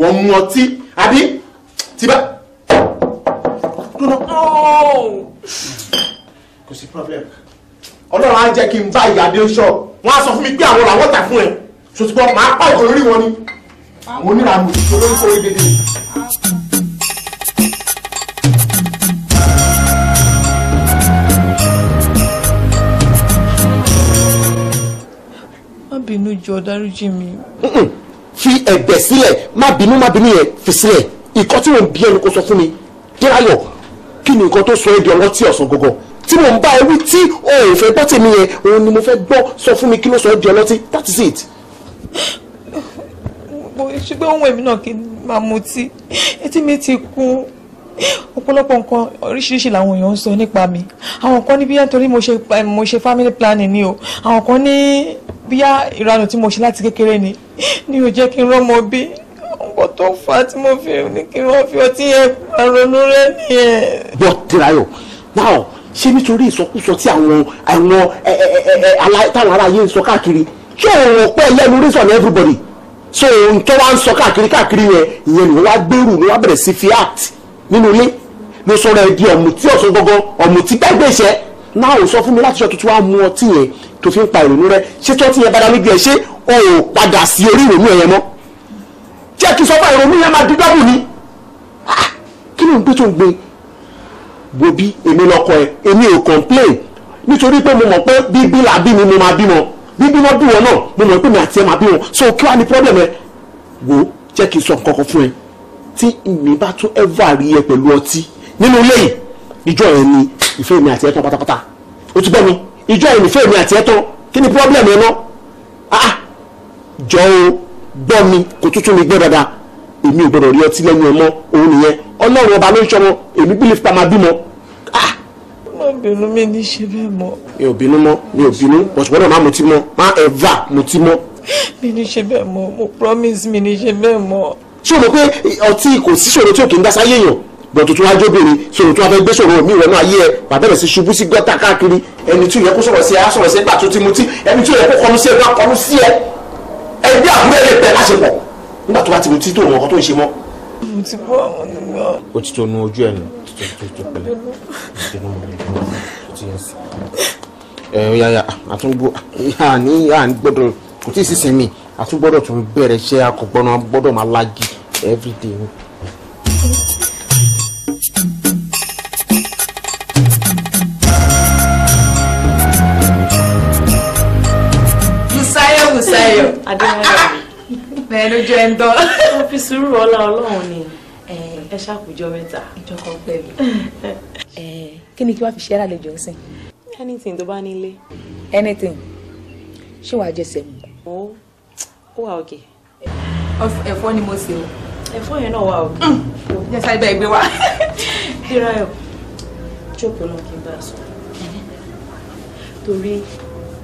ìwọ mu ọtí àbí tí bá. Oh! kò sí problem ọlọ́run á jẹ́ kí n bá ìyáde ṣọ́ wọ́n á sọ fún mi pé àwọn làwọn tà fún ẹ ṣòṣùpọ̀ màá pa ìkòrò rí wọn ni àwọn oníranú olórí kórè dédé. má bínú jọ̀ọ́ dáríjì mi fi ẹ̀bẹ̀ sílẹ̀ má bínú má bínú yẹn fi sílẹ̀ ìkọ́ tí mo ń bí ẹnu kó sọ fún mi dírayọ̀ kí ni nǹkan tó sọ ẹ́ di ọlọ́tí ọ̀sán gọ́gọ́ tí mo ń bá ẹ wí tí o ò fẹ́ gbọ́ tèmi yẹn òun ni mo fẹ́ gbọ́ sọ fún mi kí ló sọ ẹ́ ọlọ́tí that is it. ṣùgbọ́n ohun èmi náà kì í máa mutí etí mi ti kú ọ̀pọ̀lọpọ̀ nǹkan oríṣiríṣi làwọn èèyàn ń sọ nípa mi àwọn kan ní bíyà nítorí mo ṣe eh, mo ṣe family planning ni o àwọn kan ní bíyà ìranù tí mo ṣe láti kékeré ni ni ò jẹ́ kí n rọ́mọ bí nǹkan tó fà á tí mo fi ní kí wọ́n fi ọtí yẹn ronú rẹ nìyẹn. bọ́ tìrayọ̀ now ṣé nítorí ìsọkúsọ tí àwọn àwọn eh, eh, táwọn aráyé ń sọ káàkiri ṣé òun pẹ́ lẹ́nu reason everybody so ohun tó wá ń sọ káàkiri káàkiri yẹn ìyẹn ni wọ́n wá gbèrú ni wọ́n wá bẹ̀rẹ̀ sí fi act nínú ilé ló sọ̀rọ̀ ẹ̀ di ọ̀mùtí ọ̀sán gangan ọ̀mùtí gbàgbé ìṣẹ́ náà ò sọ fún mi láti ṣe tuntun wá mu ọtí yẹn tó fi ń pa ìrònú rẹ ṣé tí ọtí yẹn bá dá lójú ẹ ṣé o ò padà sí orí ìrònú ẹ yẹn mọ́ jẹ́ kí sọ́fà ìrònú yẹn máa dídọ́bù ni ah, kí ló ń gbé tó ń gbé wo bí èmi lọ́kọ ẹ èmi ò complain nítorí pé mo mọ̀ pé bíbí là bí mi mo máa bímọ bíbí wọn bí wọn náà mo mọ̀ pé mi àti ẹ máa bí wọn so kí wàá ní problem ẹ wo jẹ́ kí n sọ nǹkan kan fún ẹ tí mi bá tún ever rí ẹ pẹ̀lú ọtí nínú ilé yìí ìjọ yẹn ni ìfẹ́ mi àti ẹ̀tọ́ pátápátá o ti gbọ́ mi ìjọ yẹn ni ìfẹ́ mi àti ẹ̀tọ́ kí ni problem yẹn náà ah, ah. jọ o gbọ́ mi kò tuntun mi gbẹ́ dáadáa èmi ò gbọ́dọ̀ rí ọtí lẹ́nu ẹ̀ mọ́ òun nìyẹn ọlọ́run ọba ló ń ṣọmọ èmi bí lifta máa bímọ ah. má bínú mi ní ṣe bẹ́ẹ̀ mọ́. mi ò bínú mọ́ mi ò bínú bọ̀sùpọ̀dọ̀ má mutí mọ́ má ever mutí mọ́. mi ní promise mi ní ṣé o mọ̀ pé ọtí kò sí ṣòro tí ò kì í dá sáyé èèyàn gbọ̀n tuntun wájú obìnrin ṣòro tí wọ́n fẹ́ gbé ṣòro mi ìwọ̀n náà ayé ẹ bàbá bẹ̀rẹ̀ sí ṣubú sí gọ́tà káàkiri ẹni tí ò yẹ kó sọ̀rọ̀ sí ẹ á sọ̀rọ̀ sí ẹ gbà tó ti mutí ẹni tí ò yẹ kó kọnu sí ẹ gbà sí ẹ ẹbí àbúrò ẹ lè pẹ̀ láṣepọ̀ nígbà tó bá ti mutí tó wọn tó ń ṣe mọ́. mo ti bọ́ ojú ẹ̀ kò tí ì sísìn mi àtúngbọdọ tún bẹ̀rẹ̀ iṣẹ́ akọgbọnà gbọ́dọ̀ máa lagi everyday o. Busayo Busayo. Bẹ́ẹ̀ ló jẹ́ ń dán. Mo fi sùúrù ọlá Ọlọ́run ni ẹ ṣàkójọ mẹ́ta. Ìjọkọ̀ pẹ̀ mi. Kí ni kí wàá fi ṣe lálejò ọ̀sìn? Anything tó bá nílé. Anything. Ṣé wàá jẹ sẹ̀mù? Ó wà òkè. Ẹ̀fọ́ ni mo ṣe o ẹ̀fọ́ yẹn náà wà o. jẹ́ mm. sáré bẹ́ẹ̀ gbé wá. Dírayọ̀ jókòó náà kí n bá a sọ. torí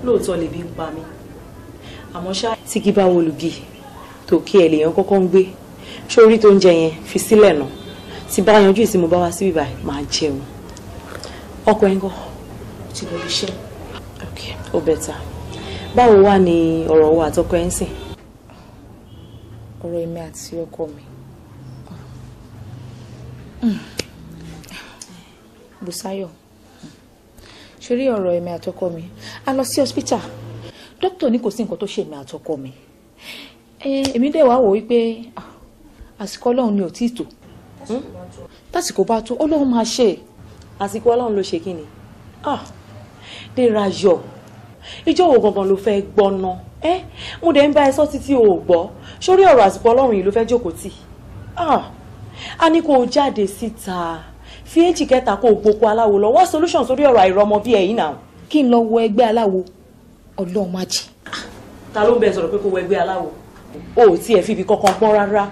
lóòótọ́ lèbi ń pa mi àmọ́ ṣá tí kí bá wo olùgì tòkí ẹ̀ lèèyàn kọ́kọ́ ń gbé sórí tó ń jẹ yẹn fi sílẹ̀ náà tí bá yanjú tí mo bá wá síbí báyìí máa jẹun ọkọ ẹ̀ ń kọ́ ti lọ bí iṣẹ́. ó bẹ̀tà báwo wà ní ọ̀rọ̀ owó àtọkọ ẹ̀ ń sìn. ọ̀rọ̀ èmi àti ọkọ mi Bùsáyọ̀ ṣeré ọ̀rọ̀ ẹ̀mí àtọkọ mi a lọ sí hospital dókítà ní kò sí nǹkan tó ṣe ẹ̀mí àtọkọ mi èmi dẹ̀ wá wò wípé àsìkò ọlọ́run ni ò tí ì tò hmm? tásìkò bá tó ọlọ́run máa ṣe. àsìkò ọlọ́run ló ṣe kí ni Dérayọ̀ ìjọ wo gangan ló fẹ́ gbọ́ná mo dẹ̀ ń bá ẹ sọ títí o ò gbọ́ sórí ọ̀rọ̀ àsìkò ọlọ́run yìí ló fẹ́ jókòó tì. Ah a ní kó o jáde síta fi èjì kẹta kó o gboko aláwo lọ wá solution sórí ọ̀rọ̀ àìrọ́mọ bí ẹ̀yìn náà. kí n lọ wọ ẹgbẹ́ aláwo ọlọ́run má jì. ta ló ń bẹ sọ̀rọ̀ pé kó wọ ẹgbẹ́ aláwo. o ò tiẹ̀ fi ibi kankan gbọ́n rárá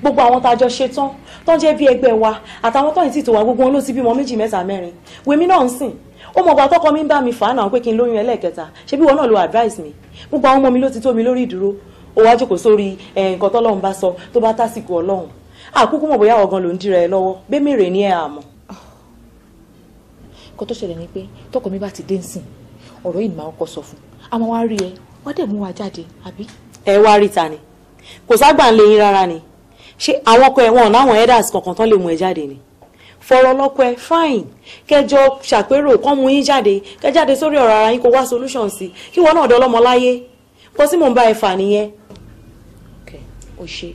gbogbo àwọn tá a jọ ṣe tán tó ń jẹ́ bí ẹgbẹ́ wa àtàwọn tó ń tì tó wa gbogbo wọn ló ti bímọ méjì mẹ́ta mẹ́rin wèmi náà ń sìn ó mọ̀ gbà tọkọ mi ń bá mi fà á náà pé kí n lóyún ẹlẹ́ẹ̀kẹta ṣé bí wọn náà lo advice mi gbogbo àwọn ọmọ mi ló ti tó mi lórí ìdúró ó wá jókòó sórí eh, nǹkan tọ́lọ́run bá sọ tó bá tásìkò ọlọ́run àkúkú ah, mọ̀ bóyá ọ̀gán ló ń dira ẹ lọ́wọ́ bẹ́mẹ̀rẹ̀ ní ẹ̀ àmọ́. kó tó ṣẹlẹ̀ ni pé tọkọ mi bá ti dé ń sìn ọ̀rọ̀ yìí ni màá kọ́ sọ fún a máa wá rí ẹ wá dẹ̀ mú wa jáde àbí. ẹ wá rí ta ni kò ságbà ń lé yín rárá ni ṣé àwọn ọkọ ẹ wọn láwọn elders kankan tán lè mú ẹ jáde ni fọ̀rọ̀ lọ́kọ ẹ fine kẹjọ ṣàpérò kán mú yín jáde kẹjáde sórí ọ̀rọ̀ ara yín kó wá solution sí kí wọn náà dọ́lọ́mọ láyé kó sì mò ń bá ẹ fà nìyẹn. ok o ṣe. Okay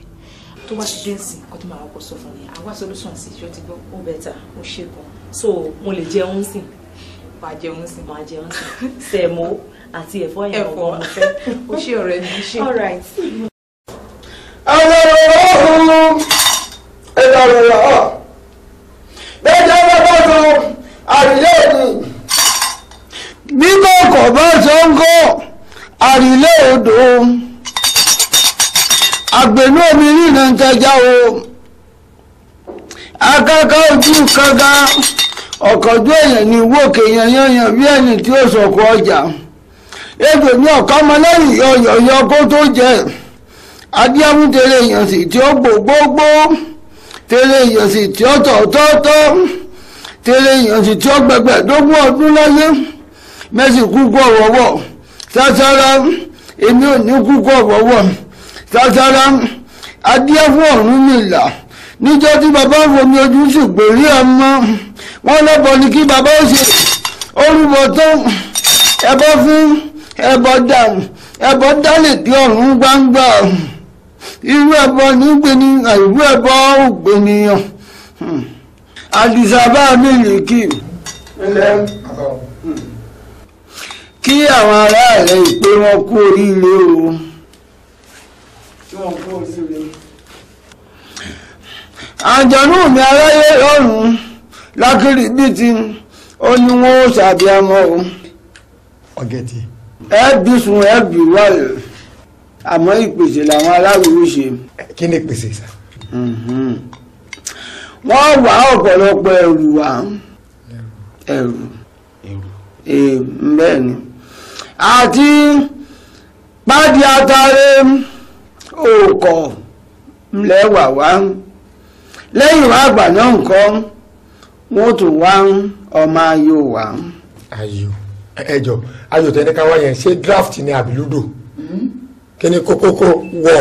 tó bá ti dé nsìn kó tó máa wọ́pọ̀ sọ fún mi àwa solution sí ṣé o ti gbọ́ ó bẹ̀tà ó ṣe gan so mo lè jẹun sìn wà á jẹun sìn máa jẹun sìn sẹ̀mó àti ẹ̀fọ́ yẹn ọ̀gbọ́n mo fẹ́ ó ṣe ọ̀rẹ́ mi ṣe. àwọn ọ̀rọ̀ ẹ̀dá rẹ̀ ọ̀ lẹ́jọ́ bá bá tó àrílẹ̀ ni bí kò kò bá ṣe ń kó àrílẹ̀ odò àgbẹ̀lú omi rìnà ń tẹja o akáká ojú kága ọ̀kànjú èèyàn ní ìwókè yẹn yányàn bí ẹni tí ó sọ̀kò ọjà ejò ní ọ̀ká ọmọlẹ́yìn ọ̀yọ̀yọ̀ kó tó jẹ adíẹ́mú tẹ̀lé èèyàn sì tí ó gbògbógbó tẹ̀lé èèyàn sì tí ó tọ̀tọ̀tọ̀ tẹ̀lé èèyàn sì tí ó gbẹgbẹ̀dógún ọdún láyé mẹ́sì kúkú ọ̀wọ̀wọ̀ sására èmi ò ní kúkú ọ̀wọ̀wọ̀ tàtàrà adíẹ́fọ́ Ọ̀rúnmìlà níjọ́ tí bàbá fomi ojú sì gbòrí ọmọ wọn lọ́bọ ni kí bàbá ó ṣe orúbọ tó ẹbọ fún ẹbọ dànù ẹbọ dálè tí ọ̀run gbangba irú ẹbọ nígbẹni àìrú ẹbọ ògbènìyàn àdìsá bá mílíkì kí àwọn ará rẹ̀ ìpè wọn kú oríire o tí wọ́n kú oríire. àjọ̀nú mi aráyé lọ́rùn lákìrì bíi ti ó ní wọn ó ṣàbí ọmọ o. ọ̀gẹ̀tì. ẹ bí sun ẹ bí wáyé àmọ́ ìpèsè làwọn aláwòrán ṣe. kí ni ìpèsè sá. Mhm. wọ́n wá ọ̀pọ̀lọpọ̀ ẹrù wá ẹrù ẹrù bẹ́ẹ̀ ni àti pàdé àtàrẹ òòkọ̀ ńlẹ̀ wà wá lẹ́yìn wá àgbà náà nǹkan wọ́n tún wá ọmọ ayò wá. ayò ẹjọ ayò tẹni ká wá yẹn ṣé draft ni àbí ludo hmm? kí ni kókókó wọ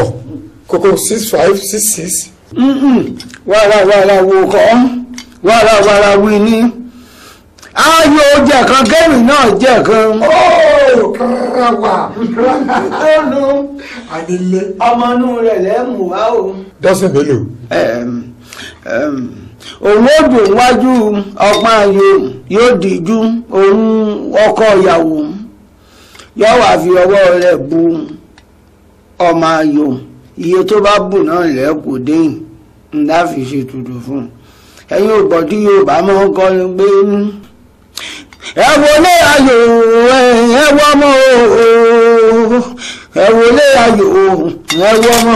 kókó six five six six. wàrà hmm, hmm. wàrà wò kọ́ wàrà wàrà wí ní. a jẹ kan kẹ́mì náà jẹ kan. ó kàn wà àdìlẹ ọmọ inú rẹ̀ wá o. dọ́sẹ̀ mélòó. òun ó dùn wájú ayò yóò díjú òun ọkọ ìyàwó yóò wá fi ọwọ́ rẹ̀ bu ọmọ ayò iye tó bá bù náà lẹ́kọ̀ọ́ déyìn ńlá fi ṣe tuntun fún un ẹ̀yin ò ẹ wọlé ayò ẹ wọ ọmọ ẹ wọlé ayò ẹ wọ ọmọ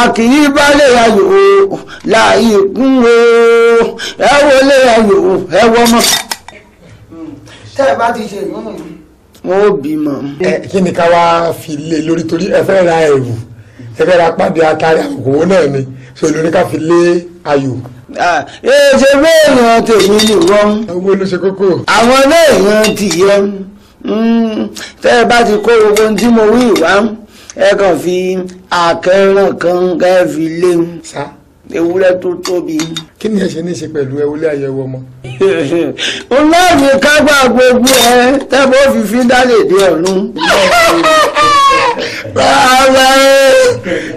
àkìyí balẹ̀ ayò láàyè kún o ẹ wọlé ayò ẹ wọ ọmọ. tẹ́ ẹ bá ti ṣe ìmúnú. wọ́n bímọ. kí ni ká wá fi lé lórí torí ẹ fẹ́ ra ẹ̀rù ẹ fẹ́ ra pàdé atari àkòwò náà ni so lórí ká fi lé ayò. ẹ ṣe bẹ́ẹ̀yàn tèmi lù wọ́n. owó ló ṣe kókó. àwọn náà ti yẹ hmm, tẹ́ ẹ bá ti kó gbogbo ohun tí mo wí ìwá ẹ kàn fi àkẹ́ràn kan ká fi lé. sa ewúrẹ́ tó tóbi. kí ni ẹ ṣe ní í ṣe pẹ̀lú ewúrẹ́ àyẹ̀wò ọmọ. ọlọ́run ká gbà gbogbo ẹ tẹ́ bó fi fi dálè dé ọ̀run. rárá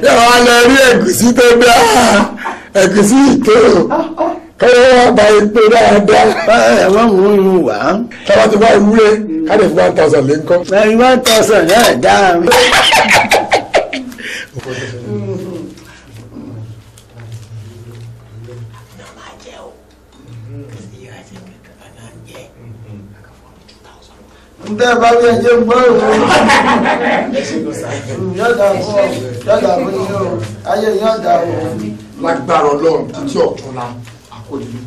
yàrá lọ rí ẹ̀gúsí tó dá ẹ̀gúsí ìtò kọ́lé wà bá ipò dáadáa. ẹ má mú irun wá. táwa ti bá wúlé ká lè one thousand lé one thousand náà dáa. ntẹ́ bá ní ẹjẹ́ gbọ́ òun yọ̀dà fún ọ yọ̀dà fún yín o ayé yọ̀dà o. lágbára ọlọ́run títí ọ̀tún la àkọ́jú.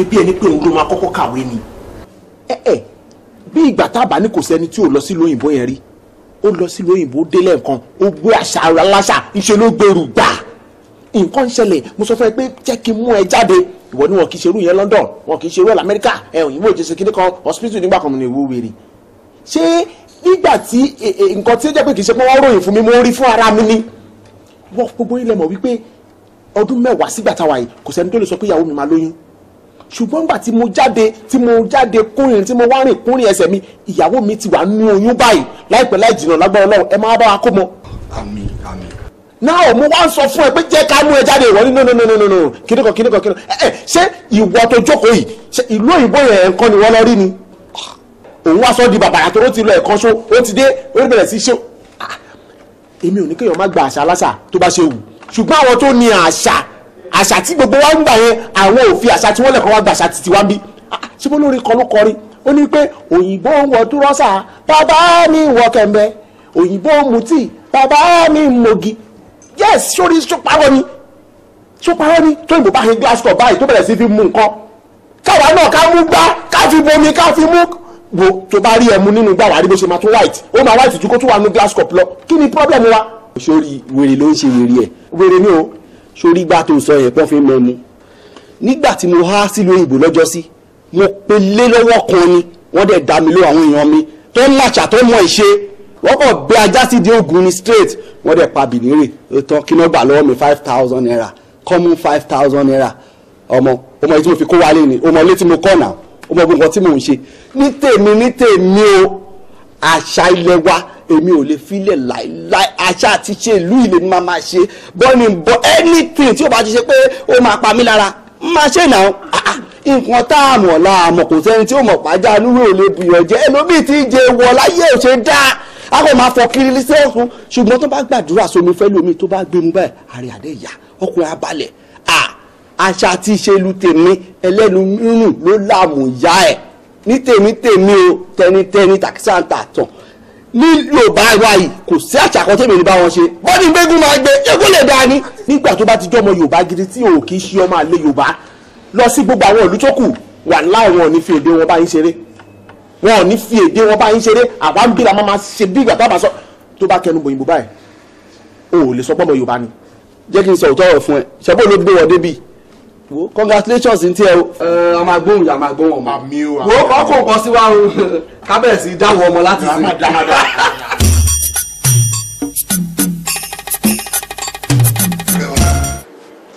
àfi bí ẹni pé òun ló máa kọ́kọ́ kàwé ni. ẹ ẹ bí ìgbà tábà ní kò sẹ́ni tí ò lọ sílùú òyìnbó yẹn rí ó lọ sílùú òyìnbó délẹ̀ nǹkan ó gbé àṣà aláṣà ńṣe ló gbèrú gbà nǹkan ṣẹlẹ̀ mo sọ fún ẹ pé jẹ́ kí n mú ẹ jáde ìwọ ni wọn kì í ṣerú yẹn London wọn kì í ṣerú ẹ l'Amẹ́ríkà ẹ òyìnbó ìjẹsẹ kíní kan hospital nígbà kan mo ní ìwú wèrè ṣé nígbà tí nǹkan tí ó jẹ́ pé kì í ṣe pé wọ́n ròyìn fún mi mo rí fún ara mi ni wọ́n gbogbo ilẹ̀ mọ̀ wípé ọdún mẹ́wàá sígbà táwa yìí kò sẹ́ni tó lè sọ pé ìyàwó mi máa lóyún ṣùgbọ́n gbà tí mo jáde tí mo jáde kúnrin tí mo wá rìn kúnrin ẹsẹ̀ mi ìyàwó mi ti wà nínú oyún báyìí láìpẹ́ láì jìnnà lágbára Ọlọ́run ẹ máa bá wa kó mọ. àmín àmín. náà mo wá ń sọ fún ẹ pé jẹ́ ká mú ẹ jáde ìwọ ní nínú kíníkan kíníkan kíníkan ẹ ẹ ṣé ìwọ tó jókòó yìí ṣe ìlú òyìnbó yẹn nǹkan ni wọ́n lọ rí ni. òun wá sọ di bàbá àtọ́ ó ti lọ ẹ̀kan ṣó ó ti àṣà tí gbogbo wa ń gbà yẹn àwọn òfin àṣà tí wọ́n lẹ̀kọ́ wá gba àṣà títí wá ń bí ah, ṣé mo lórí kan ló kọrin ó ní pé òyìnbó ń wọ túrọ́sà bàbá mi ń wọ kẹ̀mbẹ́ òyìnbó ń mutí bàbá mi ń mogi yes sórí sọparọ ni sọparọ ni tó ìbò bá ṣe glass cup báyìí tó bẹ̀rẹ̀ sí fi mú nǹkan káwa náà ká mú gbá ká fi bomi ká fi mú wo tó bá rí ẹmu nínú gbà wá rí bó ṣe máa tún white ó máa white ju kó tún wà nú glass cup lọ kí ni problem wa. sórí wèrè ló ń ṣe wèrè ẹ wèrè ni o sórí gbà tó sọ yẹn pọ́n fi mọ mu nígbà tí mo há sílùú òyìnbó lọ́jọ́ sí mo pe lé lọ́wọ́ kan ni wọ́n dẹ̀ dá mi ló àwọn èèyàn mi tó ń làṣà tó mọ ìṣe wọ́n kàn bẹ ajá sí di ogun ni straight wọ́n dẹ̀ pa bìnírè tán kí náà lọ́wọ́ mi five thousand naira common five thousand naira ọmọ ọmọ yìí tí mo fi kó wálé ni ọmọ ilé tí mo kọ́ náà ọmọ gbogbo nǹkan tí mò ń ṣe ní tèmi ní tèmi o àṣà ilẹ̀ wa èmi ò lè filẹ̀ láíláí àṣà àti ṣe ìlú ìlè ni màá máa ṣe bọ́ọ̀nì bọ́ anything tí ó bá ti ṣe pé ó máa pa mí lára máa ṣe náà ah, ah, nǹkan tá a mọ̀ la àmọ̀ kò sẹ́ni tí ó mọ̀ pàjá lúrò lè bùyàn jẹ́ ẹlòmíì tí ń jẹ wọ láyé ò ṣe dáa a kò máa fọ kiri lé sẹ́wọ̀n ṣùgbọ́n tó bá gbàdúrà sómi fẹ́ lómi tó bá gbé mu báyìí àrẹ àdé ìyá ọkùnrin abalẹ̀ ah, àṣà àti ìṣèlú tèmi ẹlẹ́nu rírùn ló láàmú ìyá ẹ̀ ní tèmi tèmi o tẹnitẹni tàkísà ń lílò bá wa yìí kò sí àṣà kan tẹ́mi ní bá wọn ṣe bọ́dí gbégún máa gbé egun lè dáa ní. nígbà tó bá ti jọmọ yorùbá gidi tí o kì í ṣe ọmọ àlè yorùbá lọ sí gbogbo àwọn ìlú tó kù wà láwọn ò ní fi èdè wọn bá yín ṣeré wọn ò ní fi èdè wọn bá yín ṣeré àwa ń bí la ṣe bí ìgbà tábà sọ tó bá kẹnu bòyìnbó báyìí o ò lè sọ pọ́nmọ yorùbá ni. jẹ́ kí n sọ òótọ́ ọ̀rọ̀ fún ẹ ṣàbọ̀ ló gbé wọn wo congratulations n tí ẹ o. ọmọ agbóhùn yà máa gbóhùn ọmọ. àmì o àmì o. wo kọ́kọ́ nǹkan sí wa o kábẹ̀sì dáwọ́ ọmọ láti sìn.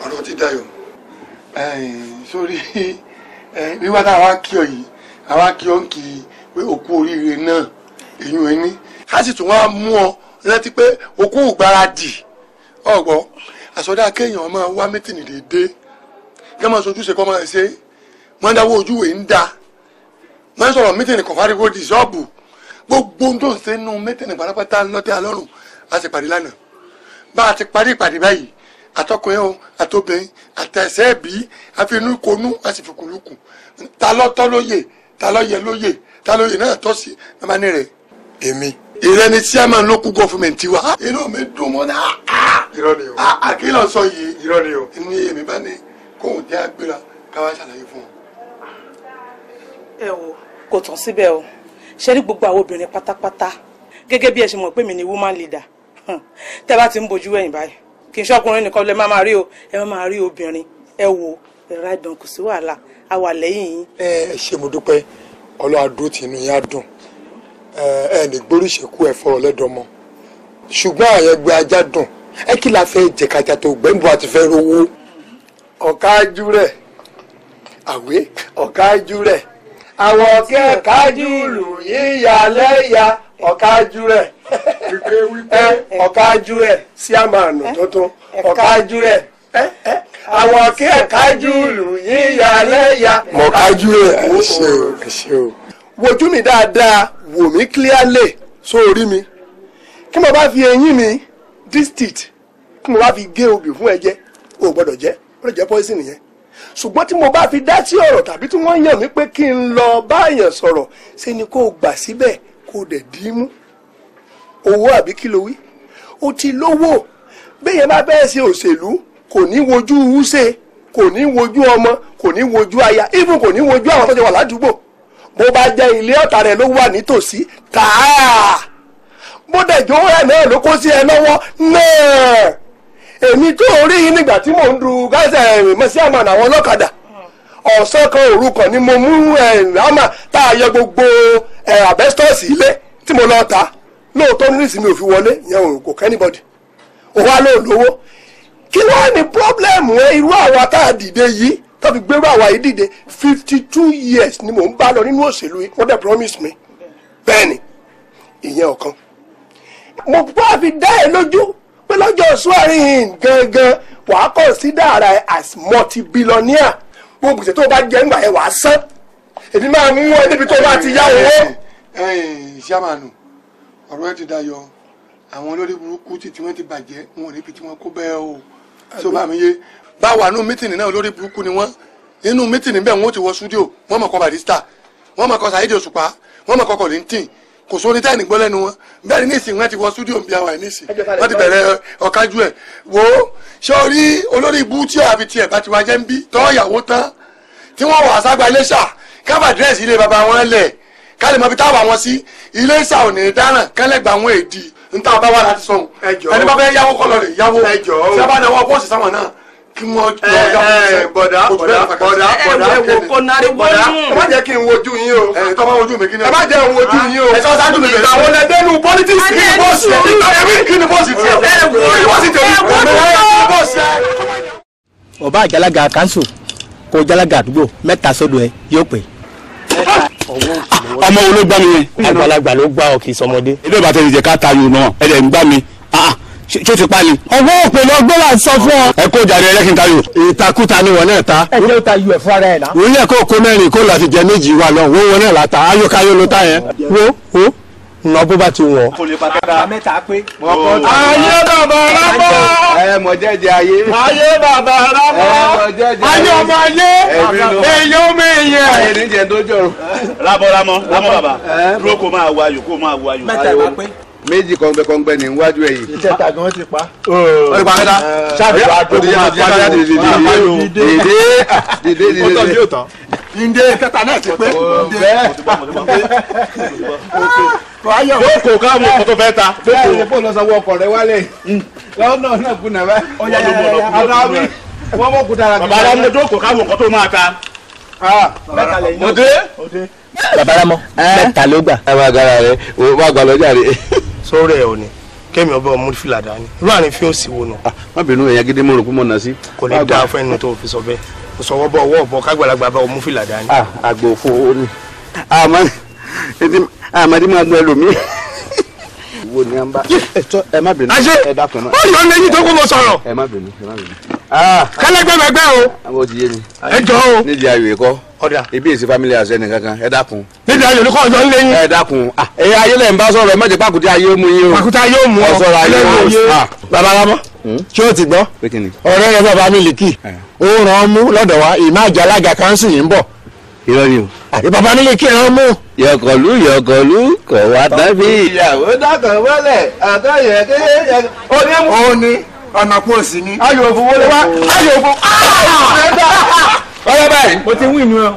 ọ̀rọ̀ ti dayọ̀ sórí wíwá tá a wá kí ọ yìí a wá kí ọ ń kí pé òkú oríire náà èyí ò ní. ká sì tún wá mú ọ rántí pé òkú ìgbáradì ọgbọ àsọdá kéèyàn máa wá mítìnì déédéé kí wọ́n máa sojú ṣe kọ́ máa ṣe wọ́n dáwọ́ ojúwe ń da wọ́n sọ̀rọ̀ mítìnì kọ̀fárígò dìsọ́ọ̀bù gbogbo ohun tó ń ṣe nínú mítìnì pátápátá lọ́tẹ́ alọ́run a sì pàdé lánàá bá a ti parí ìpàdé báyìí àtọkùnrin o àtobìnrin àtẹ̀sẹ̀ ẹ̀bí àfinú konú a sì fi kùlùkù ta lọ́tọ́ lóye ta lọ́yẹ lóye ta lóye náà tọ́ sí ẹ máa ní rẹ̀ èmi ìrẹ́ ni chairman ló kú gọ́fìmẹ̀ntì wa. inú mi dùn mọ́ ní àkìlọ̀ sọ yìí. irọ́ ni o. inú èmi bá ní kóun jẹ́ agbéra káwá ṣàlàyé fún un. ẹ wo kò tán síbẹ̀ o ṣe rí gbogbo àwọn obìnrin pátápátá gẹ́gẹ́ bí ẹ ṣe mọ̀ pé mi ni woman leader tẹ́ bá ti ń bojú ẹ̀yìn báyìí kì í ṣọkùnrin nìkan lè má máa rí o ẹ má máa rí obìnrin ẹ wo ẹ̀rọ àìdán kò sí wàhálà a wà lẹ́yìn yín. ẹ ẹ ṣe mo dúpẹ́ ọlọ́wà dúró tí inú yín á dùn ẹ ẹ ní gbórí ìṣẹ́kù ẹ fọ̀rọ̀ lẹ́dọ̀ọ́mọ ṣùgbọ́n àyẹ̀gbẹ́ ajá dùn ẹ kí la fẹ́ jẹ̀kájà tó gbẹ́ǹbù àti fẹ́ rówó ọ̀kájú rẹ̀ àwé ọ̀kájú rẹ̀ àwọn ọ̀kẹ́ kájú lù yíya lẹ́yà ọ̀kájú rẹ̀ ọ̀kájú rẹ̀ sí àmàlù tuntun ọ̀kájú rẹ̀ àwọn ọ̀kẹ́ kájú lù yíya lẹ́yà ọ̀kájú rẹ̀ ẹ ṣé o ẹ o. wojú mi dáadáa wò mí clearly sórí mi kí mo bá fi eyín mi district kí mo bá fi gé obì fún ẹ jẹ o gbọ́dọ̀ jẹ ó lè jẹ́ poison yẹn ṣùgbọ́n tí mo bá fi dá sí ọ̀rọ̀ tàbí tí wọ́n yàn mí pé kí n lọ báyàn sọ̀rọ̀ ṣe ni kó o gbà síbẹ̀ kó o dẹ̀ dì í mú owó àbí kí ló wí o ti lówó béèyàn bá bẹ́ẹ̀ ṣe òṣèlú kò ní wojú wúṣe kò ní wojú ọmọ kò ní wojú aya even kò ní wojú àwọn tó jẹ wà ládùúgbò bó bá jẹ ilé ọ̀tá rẹ̀ ló wà nítòsí tààrà bó dẹ̀ jọ̀wọ́ ẹ̀ náà ló kó sí ẹ lọ́wọ́ náà. èmi tó orí yín nígbà tí mò ń du gáàsì eh, mọ́sí àmàlà àwọn ọlọ́kadà ọ̀sán kan òrukàn ni mo mú àmà eh, tá a yọ gbogbo àbẹ́stọ́ọ̀sì eh, ilé tí mo lọ ta lóòótọ́ nílìsì mi ò fi wọlé yẹn kò lówó kí ní pọ́blẹ́mù fifty two years ni mò ń lọ nínú òṣèlú yìí wọ́n promise me. ìyẹn ọ̀kan mo bá dá pé lọ́jọ́ swearing in gangan wàá consider ara as multi-billionaire gbogbo gbèsè tó bá jẹ ńgbà yẹn wàá san èmi máa mú ẹ níbi tó bá ti yá owó. ṣàmánù ọ̀rọ̀ ẹ ti dayọ̀ àwọn olórí burúkú tí tiwọn ti bàjẹ́ wọn ò níbi tí wọn kó bẹ́ẹ̀ o tó bá mi yé báwa nù mítìnì náà olórí burúkú ni wọ́n inú mítìnì bẹ́ẹ̀ wọ́n ti wọ súdíò wọ́n mọ̀ kọ́ barista wọ́n mọ̀ kọ́ sàyédè òṣùpá wọ́n mọ̀ kọ́ kọ̀lìntìn kò sóni tá ẹnì gbọ́ lẹ́nu wọn bẹ́ẹ̀ ni nísìnyí wọ́n ti wọ studio ń bí àwa nísìnyí wọ́n ti bẹ̀rẹ̀ ọ̀kájú ẹ̀ wò ó ṣé o rí olórí ibú tí àfi tiẹ̀ bá ti wá jẹ́ ń bí tọ́ ìyàwó tán tí wọ́n wà ságbá iléṣà káfà dírẹ́sì ilé bàbá wọn lẹ̀ ká lè mọ ibi táwa wọn sí iléṣà ò ní dáràn kálẹ̀gbà wọn èdì ń tá a wà láti sọ̀hún ẹni bá fẹ́ yáwó kọ́ lọ yáwó tí kí wọ́n kí o ẹ tọ́ bá wojú mi kí ah, o ọba àjàlága kanṣu kó jàlága àdúgbò mẹta sọ́dọ̀ ẹ yóò pè ọmọ wo ló gbá mi yẹn. àgbàlagbà ló gbá ọ kì í sọmọdé. ilé ìbátan ká ta yòó náà ẹ ṣé ti pali. ọwọ́ òpè lọ gbé wa sọ fún ọ. ẹ kó jàre ẹlẹ́kìn tayò. ìtakùtà ni wọn náà ta. ẹ jẹ́ ta yù ẹ̀ fún ara ẹ̀ náà. òun yẹ kó kó mẹ́rin kó lọ́ọ́ fi jẹ méjì wa lọ wo wọn náà la ta ayọ̀káyọ̀ ló ta yẹn. wo wo nà bó bá ti wọ̀. ayé bàbá rábọ̀. ayé mọ̀jẹ́jẹ́ ayé. ayé bàbá rábọ̀. ayé ọmọ ayé. èyí ó mi yẹ. ayé níjẹ̀ dójọ́. rábọ̀ rámọ́ rámọ́ bàbá. dúró kó máa wá ayò kó máa wá ayò. mẹ́ta ìwà pé méjì kọ́ngbẹ́kọ́ngbẹ́ ní iwájú ẹ̀ yìí. ìtẹ́ta gan oh. ti pa. ó ti pa kẹta. ṣáàbì àdókòwò àpáyà dìde dìde dìde dìde. ó tọ́ bí ó tán. ǹde kẹta náà ti pé. ǹde ó kò ká mọ ọkọ tó fẹ́ ta. bẹ́ẹ̀ ni bó lọ sọ wọ ọkọ rẹ wálé hmm. lọ́nà náà kùnà bá. ọ̀yà ọ̀nà mi wọ́n mọ̀ kúta. bàbá alámúdókò ká mọ ọkọ tó máa ta. Ah. mọ̀dé babalamọ eh. mẹ́ta ló gbà. ẹ máa gara rẹ o máa gbà lọ́jà rẹ. sórí ẹ ò ní kẹmi ọba ọmúdífìlà dání láàrin fi òsì wo nù. Ah, má bínú ẹ̀yà gidi mo rò pé mo nà sí. kò ní dáa fún ẹnu tó fi sọ bẹ́ẹ̀ kò sọ wọ́bọ̀ ọwọ́ ọ̀bọ kágbàlagbà bá ọmúdífìlà dání. Ah, àgbò fún owó ni àmàdí ah, máa gbọ́ ẹlòmíì wo ni an ba. ẹtọ ẹ má bínú. ẹ dákun náà. ó yọ lẹ́yìn tó kó mo sọ̀rọ̀. ẹ má bínú ẹ má bínú. kẹlẹgbẹmẹgbẹ o. àwọn ti yé mi. ẹ jọ o. nídìí ayò ẹkọ ọ̀dà. ibi èsì family as ẹnì kankan ẹ dákun. níbi ayò olùkọ́ ọjọ́ ńlẹ̀ yín. ẹ dákun ah, ẹ̀yà ayé lẹ́yìn bá sọ̀rọ̀ mẹ́jẹ pàkúté ayé ó mú yín o. pàkúté ayé ó mú ọ ọ̀sọ̀rọ̀ ayé ó mú ọ. Ah, babalamọ hmm? ṣé o ti gbọ́ ọ̀rẹ́ rẹ bàbá mi lè kì eh. ó ràn án mú lọ́dọ̀ wa ìmọ̀ àjọ alága kanṣu yìí ń bọ̀. irọ́ ni o. àti ah, bàbá mi lè kì ràn án mú. yọkọlú yọkọlú kọ wá tábí. ìyàwó dákàn wọlé àtọyẹ kéyẹ onímù. òní ayò òfin wọlé wá ayò òfin ọlọ́ báyìí. mo ti wí inú ẹ.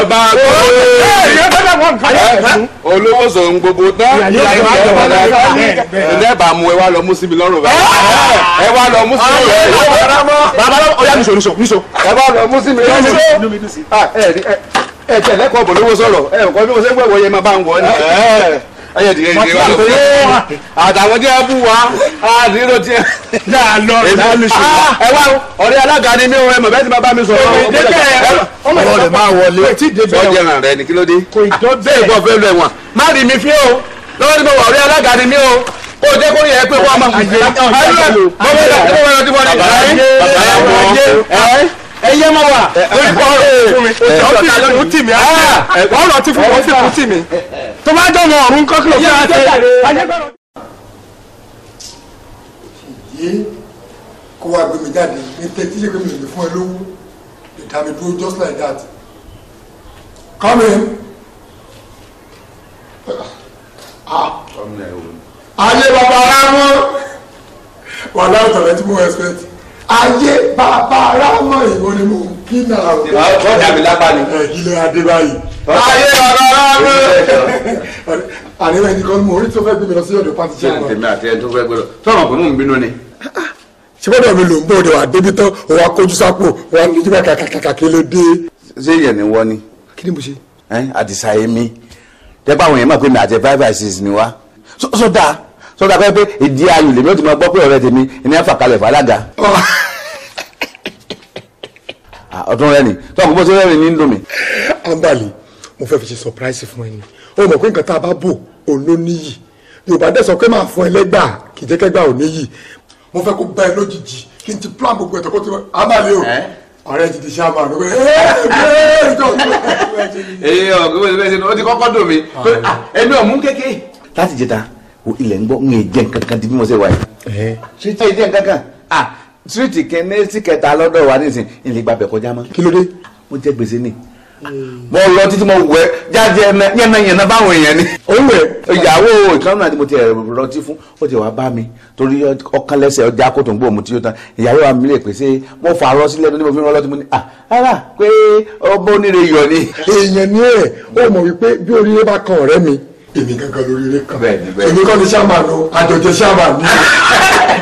ọba gbogbo olóòsò ń gbogbo tán ìlẹ́bàá mu ẹ wá lọ mú sí mi lọ́rùn báyìí ah! ẹ wá lọ mú sí mi lọ́rùn. babaláwo ọyá nìṣó nìṣó nìṣó. ẹ wá lọ mú sí mi lọ́rùn. Ah, ẹ tẹ̀lé kọ́ bọ̀ lówó sọ̀rọ̀ ẹ kọ́ bí mo ṣe ń gbẹ̀wọ̀ yẹn máa bá ń wọ̀ ẹ́ ayé ti yẹn wá lọ àtàwọn tí a bú wa a ti rò tiẹ. náà lọ náà lè ṣe wá. Ah, ẹ wá ọ̀rẹ́ alága ni mi ò ẹ mọ̀ bẹ́ẹ̀ ti máa bá mi sọ̀rọ̀. ọmọ rẹ máa wọlé sọ́jẹ̀ràn rẹ ní kí ló dé. kò ìjọ bẹ́ẹ̀ gbọ́ fẹ́ lọ ẹ̀wọ̀n má rí mi fi o lọ́wọ́ tí mo wà ọ̀rẹ́ alága ni mi o kó jẹ́ kó yẹ pé wọ́n máa. ayé ẹyẹ ma wa lórí kọ ọ̀rọ̀ fún mi ọ̀rọ̀ ti fún tì mí ọ̀rọ̀ ti fún wọn sì fún tì mí tó bá jọ wọn ọrùn kọkìlọ fún wa tẹ. yìí kó wa gbé mi jáde ní tẹ́tí ṣe pé mi lè fún ẹ lówó lè dá mi dúró just like that come in. ayé bàbá ara mọ́ wàhálà ọ̀tọ̀ rẹ tí mo expect ayé bàbá aráàmọ ìwọ ni mo kí náà. ìbáwọ̀ tó dàbí lápá ni. ẹ ilé adé báyìí. ayé bàbá aráàmọ. àníwẹ̀ nìkan mo orí tó fẹ́ gbé mi lọ sí ọ̀dọ̀ pàtí jẹ́ wọn. tèmi àti ẹni tó fẹ́ gbé lọ sọ̀rọ̀ pé mò ń bínú ni. ṣùgbọ́n mi ló ń bọ̀ de wà débi tán òun akójú sápò wà lójú bá kàkàkà kí ló dé. ṣé yẹn ni wọ́n ni. kí ni mo ṣe. àdìsá yẹn mi dẹ́gbà àwọn yẹn mọ̀ pé mi àti five by six ni wá. sọ dáa sọ́dọ̀ pé pé ìdí ayò lèmi ò ti máa gbọ́ pé ọ̀rẹ́ tèmi ní ẹ̀ fàkalẹ̀ fàlága. ọ̀tún rẹ ni tó àkókò tó rẹ́rìn ní ndomi. ambali mo fẹ́ fi ṣe surprise fún ẹni o mọ̀ pé nǹkan tá a bá bò òun ló níyì yorùbá dẹ̀ sọ pé máa fún ẹlẹ́gbà kì í jẹ́ kẹ́gbà ò níyì mo fẹ́ kó bá ẹ lójijì kí n ti plan gbogbo ẹ̀tọ́ kó ti ambali o ọ̀rẹ́ ti di sábà ló pé ee ọ̀gbìn bẹ́ẹ̀ ṣe ni ó ti kọ́kọ́ dùn mí pé ẹni ọ̀mú kékeré. láti jẹta o ilẹ̀ ń gbọ́ ń jẹ́ nǹkankan di bí mo ṣe wà yìí. ṣé tí a yìí ah síríìtì kẹ́ni sí kẹta lọ́dọ̀ wa nísìn ilé gbàgbẹ́ kọjá mọ́. kí ló dé. mo jẹ gbèsè ni. mo lọ títí mo wẹ jáde ẹnẹ yẹnna yẹnna báwọn èèyàn ni. olùwẹ ìyàwó ìkànnì àti mo ti rọtí fún ó ti wá bá mi torí ọkàn lẹ́sẹ̀ ọjà kó tó ń gbọ́ mo ti yóò tán ìyàwó wa mi lè pèsè mo fà rọ sílẹ̀ ní mo fi rán lọ́tí mo ní à ah, rárá pé ọbọ̀ oníre yọ ni. èèyàn ni ẹ ó mọ̀ wípé bí oríire bá kan ọ̀rẹ́ mi èmi gangan lórí ilé kan èmi kọ́ ni sábàá lọ àjọjọ sábàá ní.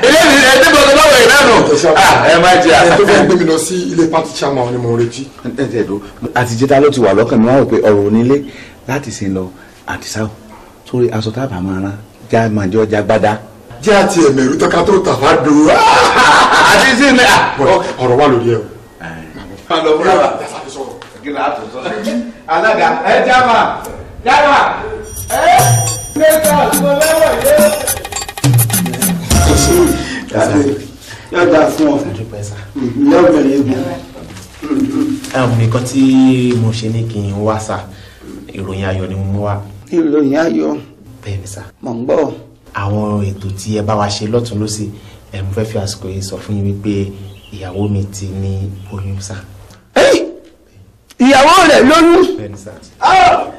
ilé mi ẹ tí mo lọ báwo ìlànà ah, ẹ má jẹ àná. ẹ tó fẹ́ gbé mi lọ sí ilé pati sábàá ni mo ń retí. àtijọ́ta ló ti wà lọ́kàn mi wọ́n rò pé ọ̀rọ̀ onílé láti sin lọ àtisáwò sórí aṣọ tábà máa rán já máa jọ jágbádá jẹ́ àti ẹ̀mẹ̀ ìlú tọ́ka tó tà wá dùn. àti sí ni ah. ọ̀rọ̀ wà lórí ẹ̀ o. lọ búra wa alága ẹ jáma jáma yóò dáa fún ọ yóò bẹ̀rẹ̀ egun. àwọn nǹkan tí mo ṣe ní kí n wá sá ìròyìn ayọ̀ ni mo wá. ìròyìn ayọ̀. bẹ́ẹ̀ ni sá. mò ń gbọ́. àwọn ètò tí ẹ bá wa ṣe lọ́tún lọ́sì ẹ̀ mo fẹ́ fi àsìkò yìí sọ fún yín wípé ìyàwó mi ti ní oyún sá. ìyàwó rẹ̀ lóyún. bẹ́ẹ̀ ni sá. Ah!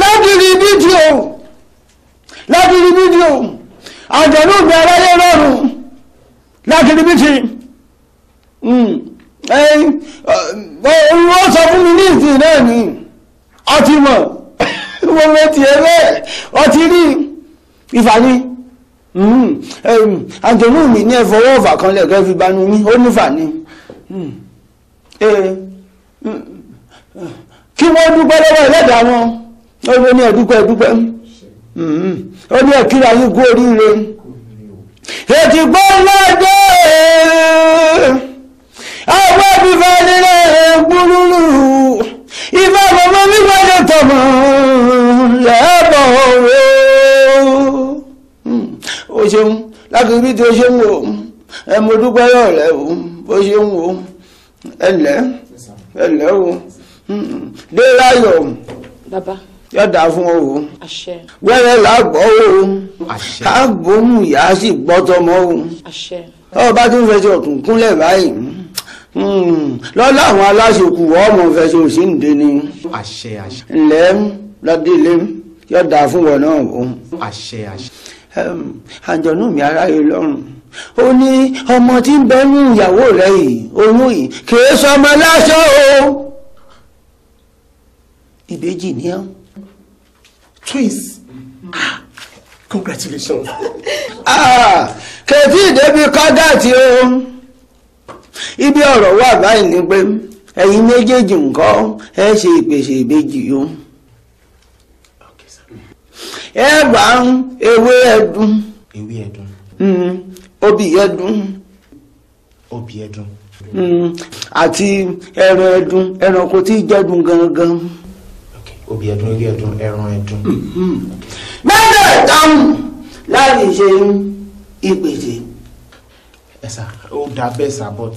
ládìrí bídìí òun ládìrí bídìí òun àjọ̀dún ìgbà aráyé lọ́rùn ládìrí bídìí hmm. wọ́n sọ fún mi ní ìsìn náà ni ọtí mọ̀ wọ́n mọ̀ tiẹ̀ bẹ́ẹ̀ ọtí rí ìfàní hmm. àjọ̀dún mi ní ẹ̀fọwọ́ ọ̀fà kan lẹ́ẹ̀kẹ́ fi banú mi ó nífà ni hmm. kí wọ́n dúpẹ́ lọ́wọ́ ẹlẹ́dàá wọn ó ní ẹ̀dúpẹ́ ẹ̀dúpẹ́ mm-hmm. ó ní ẹ̀kíra yín kú oríire ètí gbọ́ lọ́dẹ àwọn ìfẹ́ nílẹ̀ gbúrúrú ìfẹ́ bàbá mi gbọ́dọ̀ tọ̀mọ̀ lẹ́bọ̀ owó o mm. ṣeun lákìrí tí o ṣe ń wò ẹ mo dúpẹ́ lọ́ọ̀ rẹ o bó ṣe ń wò ẹ lẹ́ ẹ lẹ́ o mm. dé láyọ̀. bàbá yóò dáa fún ọ o wẹ́rẹ́ là á gbọ́ o à á gbóhùn ìyá sì gbọ́ tọmọ o ọ bá tún fẹsẹ̀ ọ̀tún kúnlẹ̀ báyìí hmm, lọ́lá àwọn aláṣekù ọmọ fẹsẹ̀ òsì ń dé ni ńlẹ̀ lọ́dẹ ilé yóò dáa fún ọ náà o àjọ̀nù mi aráyé lọ́rùn ó ní ọmọ tí ń bẹ ní ìyàwó rẹ yìí oyún yìí kì í sọmọ láṣọ o ìbejì ni ọ́. twins. Mm. Ah, congratulations. Ah, kẹ̀tí ìdẹ́bi kọ́dàtì o ibi ọ̀rọ̀ wà báyìí ni méjèèjì nǹkan ẹ ìpèsè ìbejì o ẹ bá ń ewé ẹdun ewé ẹdun mm-hmm. obì ẹdun obì ẹdun mm-hmm. obì ẹ̀dùn ilé ẹ̀dùn ẹran ẹ̀dùn. mẹ́lẹ̀ hmm, hmm. dáhùn láti ṣe ìpèsè. ẹ sà ó dáa bẹ́ẹ̀ sà but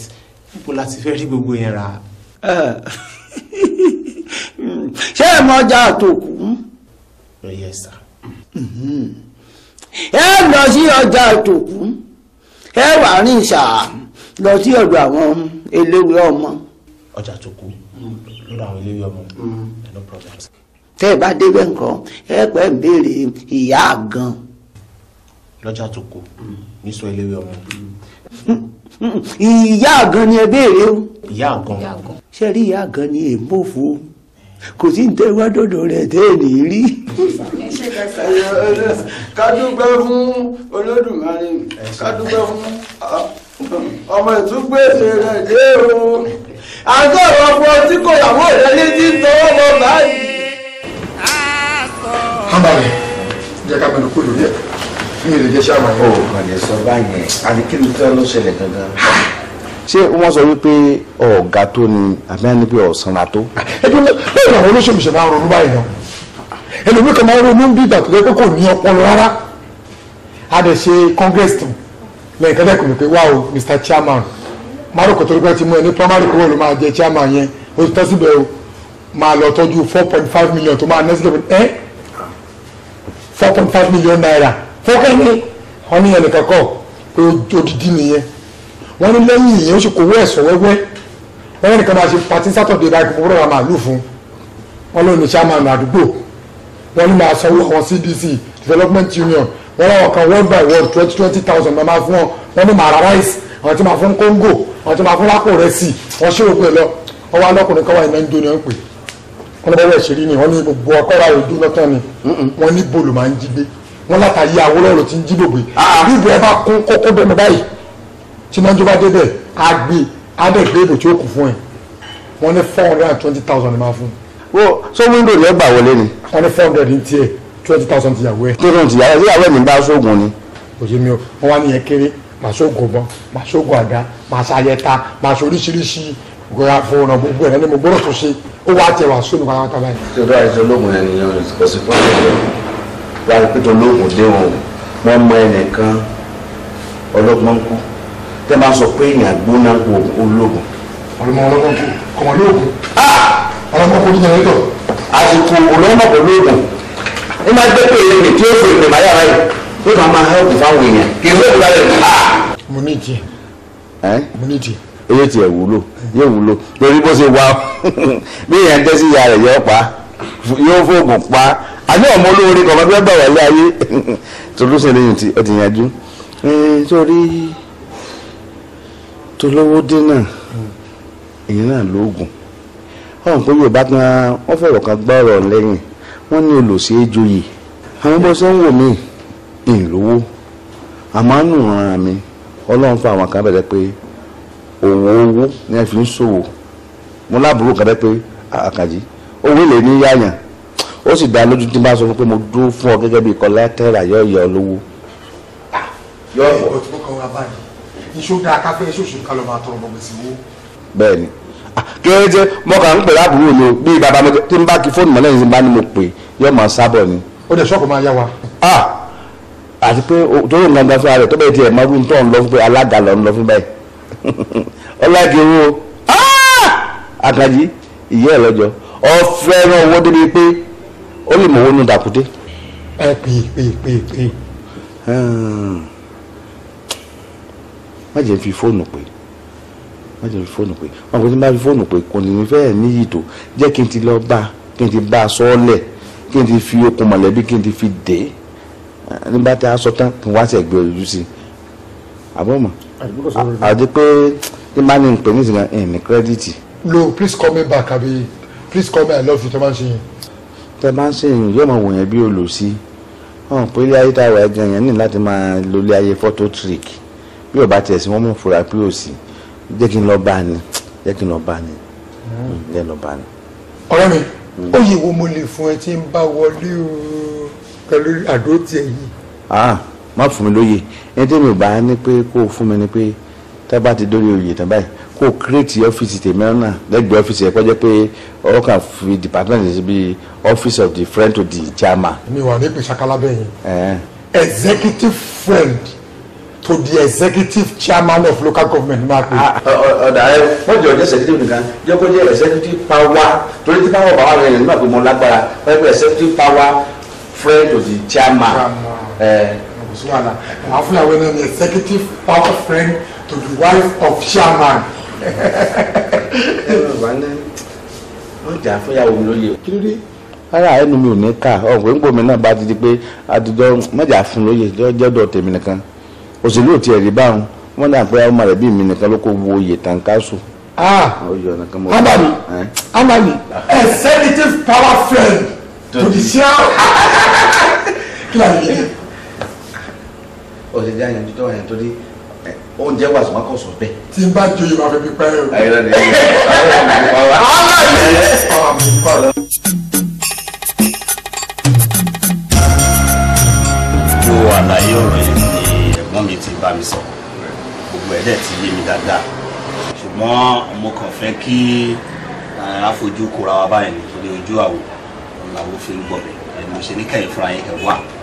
níbo la ti fẹ́ rí gbogbo yẹn rà. ṣé ẹ mọ ọjà àtòkù. Oh, yes sà. Hmm. ẹ lọ sí ọjà àtòkù ẹ wà ní ìṣà lọ sí ọ̀dọ̀ àwọn eléwé ọmọ. ọjà tó lọ́dọ̀ àwọn ilé ọmọ no problems. tẹ́ ẹ bá débẹ̀ nǹkan ẹ pẹ́ ń béèrè ìyá gan. lọ́jà tó kù mm. ní sọ ilé ọmọ. Mm. Mm. ìyá gan ni ẹ béèrè o. ìyá gan. ṣe rí ìyá gan ni èèmọ̀fọ́ kò sí ní tẹ́wá dọ̀dọ̀ rẹ̀ tẹ́ ẹ̀ ní rí. ká dúpẹ́ fún olódùmarè ká dúpẹ́ fún ah, ọmọ ìtúgbèsè rẹ̀ dé o àgọ́rọ̀ ọmọ tí kò yàwó rẹ létí tọwọ́ lọ báyìí. kábàárẹ̀ jẹ́ ká mẹ́nu kó lórí ẹ̀ mi ò lè jẹ́ sáà máa yẹ. o kàn lè sọ báyẹn àti kí ló tẹ́ ló ṣẹlẹ̀ gangan. ṣé wọ́n sọ wípé ọ̀gá tó ni àbí wọ́n ní pé ọ̀sánra tó. ẹgbẹ́ bẹ́ẹ̀ ni àwọn olóṣèlúṣẹ̀ máa ń ronú báyìí náà ẹlòmíì kan máa ń ronú bí ìgbà tó yẹ kò ní ọpọlọ rárá a dẹ̀ ṣe congress tún lẹ́yìn kẹ́lẹ́kùn mi pé wá o Mr. Chairman márùkù torí pé ti mú ẹ ní primary kúrò ló máa jẹ chairman yẹn o ti tọ́ o máa lọ tọ́jú four point five million tó máa nẹ́sìkè ẹ́ four point five million naira fọ́kẹ́ni wọ́n ní ẹnìkan kọ́ pé odidi nìyẹn wọ́n ní lẹ́yìn ìyẹn ó sì kówó ẹ̀sọ́ wẹ́wẹ́ wọ́n nìkan máa ṣe pati sátọ̀dé báyìí kó bọ́dọ̀ máa lù fún wọn lóun ní chairman àdúgbò wọ́n ní máa sanwó àwọn CDC development union wọ́n láwọn kan one by one twenty twenty thousand máa fún wọn wọ́n ní màá ra rice àwọn tí máa fún kóńgò wọ́n ti máa fún lápò rẹ̀ sí wọ́n ṣé òkú ẹ̀ lọ wọ́n wá lọ́kùnrin kan wá iná ń do ni wọ́n pè wọ́n lọ́wọ́ ìṣeré ni wọ́n ní gbogbo ọkọ́ra òdu lọ́tàn ni wọ́n ní bòlù máa ń jí gbé wọ́n látàyè Awólọ́wọ̀ ti ń jí gbogbo yìí ah. bí ẹ bá kún kókó bẹ́ẹ̀ báyìí tí náà jọba débẹ̀ á gbé adẹ́gbẹ́ ibò tí ó kù fún ẹ̀ wọ́n ní four hundred and twenty thousand ni máa fún wo so window yẹn gbà wọlé ni. wọ́n ní four hundred ní tiẹ̀ twenty thousand tìyàwó ẹ̀. twenty thousand tìyàwó ẹ̀ mi bá sóògùn ni. òye mi o wọ́n wá nìyẹn kéré màá ṣoògùn ọbọn màá ṣoògùn àdá màá ṣàyẹta màá ṣe oríṣiríṣi gbọ́dọ̀ fún ọ̀nà gbogbo ẹ̀ lẹ́nu mo gbọ́dọ̀ tó ṣe ó wá tiẹ̀ wá sóògùn pátápátá báyìí. tí o bá rí tolóògùn ẹni yan kò sí fún ẹ̀rọ bá a rí pé tolóògùn dé wọn wọn mọ ẹnìkan ọlọ́gbọ́n kú tẹ́ máa sọ pé èèyàn gbóná oògùn olóògùn. ọlọmọ ọlọ́gbọ́n kú kọmọ lóògùn. ọlọmọ kò ní jẹrẹ tọ. àsìkò ọlọmọ kò lóògùn ẹ máa gbé pé èèyàn tí ó mo ní ìdí ẹ mo ní ìdí tiẹ̀ wúlò yóò wúlò torí bó ṣe wá bí tẹ́ sí ìyá rẹ̀ pa yóò fóògùn pa àní ọmọ bẹ̀rẹ̀ ayé tolóṣèlú lẹ́yìn tí ó ti yanjú torí tolówó dínà èyí náà lóògùn ọ̀hún pé yorùbá wọ́n kan gbọ́rọ̀ lẹ́yìn wọ́n ní àwọn bó ṣe ń wò mí ìlówó àmọ́ ọlọ́run fún àwọn kan bẹ̀rẹ̀ pé òun owó ni ẹ fi ń ṣòwò mo lábúrò kan bẹ́ẹ̀ pé àkànjí owó èlé ní yáyàn ó sì dá lójú tí n bá sọ fún pé mo dúró fún ọ gẹ́gẹ́ bí kọ́látẹ́rà yọ ìyá olówó. yọ ọ tí mo kàn wá báyìí iṣó dáa káfẹ́ iṣó ṣe ká lọ máa tọrọ bọ̀gbẹ̀ sí owó. bẹ́ẹ̀ni kéde mo kàn ń pè láàbùrò mi bí bàbá mi tí n bá kí fóònù mọ́lẹ́yìn tí n bá ní mo pè yọ máa sábọ̀ ni. ó dẹ̀ sọ́kọ̀ máa yá wa. ah àti pé torí nǹkan fún ara rẹ̀ tó bẹ̀rẹ̀ tiẹ̀ máa ń tọ̀ ń lọ fún pé alága lọ ń lọ fún báyìí ọláìkí owó àkànjí ah! ìyá ẹ̀ lọ́jọ́ ọ fẹ́ràn owó débi pé ó lè mọ̀ owó nù dàkúté. ẹ pè pè pè pè. Hmm. má jẹ́ fi fóònù pè má jẹ́ fi fóònù pè wọn kò ní bá fi fóònù pè kò ní fẹ́ẹ̀ níyì tó jẹ́ kí n ti lọ bá kí n ti bá a sọ́ọ́lẹ̀ kí n ti fi okùn mọ̀lẹ́bí kí n ti fi dè nígbà tí a sọ tán kí wọ́n á sì ẹ̀gbẹ́ ojú sí i àbọ̀mọ̀ àti pé ní máa ní ìpè ní ìsìnkà ẹ̀ ní kírẹ́díìtì. no please call me back àbí please call me i love you tẹ́ máa ń ṣe yẹn. tẹ́ máa ń ṣe yẹn yóò máa wò yẹn bí olùsí hàn pé ilé ayé tá a wà yẹn ní láti máa lo ilé ayé photo trick bí ọba tiẹ̀ sí wọ́n mú fura pé ò sí jẹ́ kí n lọ bá a ní jẹ́ kí n lọ bá a ní hmm. jẹ́ lọ bá a ní. ọ̀rẹ́ mi ó hmm. yẹ wo mo lè fún ẹ tí ń bá wọlé o pẹ̀lú àdó tiẹ̀ yìí. ah má fún mi lóye ẹni tí mi ò bá ní pé kó o fún mi ni pé tá a bá ti dórí oyè tán báyìí kó o kírètì ọ́fíìsì tèmi náà lẹ́gbẹ̀ẹ́ ọ́fíìsì ẹ̀ kọ́jẹ́ pé ọ kàn fi department ṣe bí office of the friend to the chairman. mi wà nípe sakala bẹ́yìn. Eh. executive friend to the executive chairman of local government máa pe. Ah, ọ̀dà ẹ fọ́jọ́ ọ̀jẹ́ executive nìkan jẹ́ kó jẹ́ executive power torí ti power bàbá rẹ̀ yẹn nígbà pé mo lágbára wọ́n yẹ pé executive power friend of the chairman. Eh. wàhálà àwọn fúlàwé náà ni executive power friend to the wife of chairman. Eh, wọ́n jà fúnyàwó mi lóye. kí ló dé ara ẹnu mi ò ní kà ọ̀pọ̀ nípò mi náà bá ti di pé àdìjọ mọ̀jà fún lóye jọ́jọ́dọ̀ tèmi nìkan òṣèlú ò tiẹ̀ rí báwọn wọ́n dà pé ọmọ rẹ̀ bíi mi nìkan ló kó wo oyè tàn káṣù. amami executive power friend to the chairman kí ló ń lè. ọ̀sẹ̀ jẹ́ àyànjú tó àyànjú tó dé oúnjẹ wà sùn akọ̀ sọ bẹ́ẹ̀. tí n bá jó yìí máa fi fi pẹ́rẹ́ o. ayọ̀rọ̀ ni àwọn ọmọ mi wà àlàyé ọ̀rọ̀ yìí ni ẹ̀gbọ́n mi ti bá mi sọ gbogbo ẹ̀dẹ̀ ti yé mi dáadáa ṣùgbọ́n mo kàn fẹ́ kí àfojú kóra wa báyìí nítorí ojú àwò làwọn fi ń gbọ́ bẹ̀ ẹ̀ ṣe ní kẹ́yìn fúnra yín kẹ́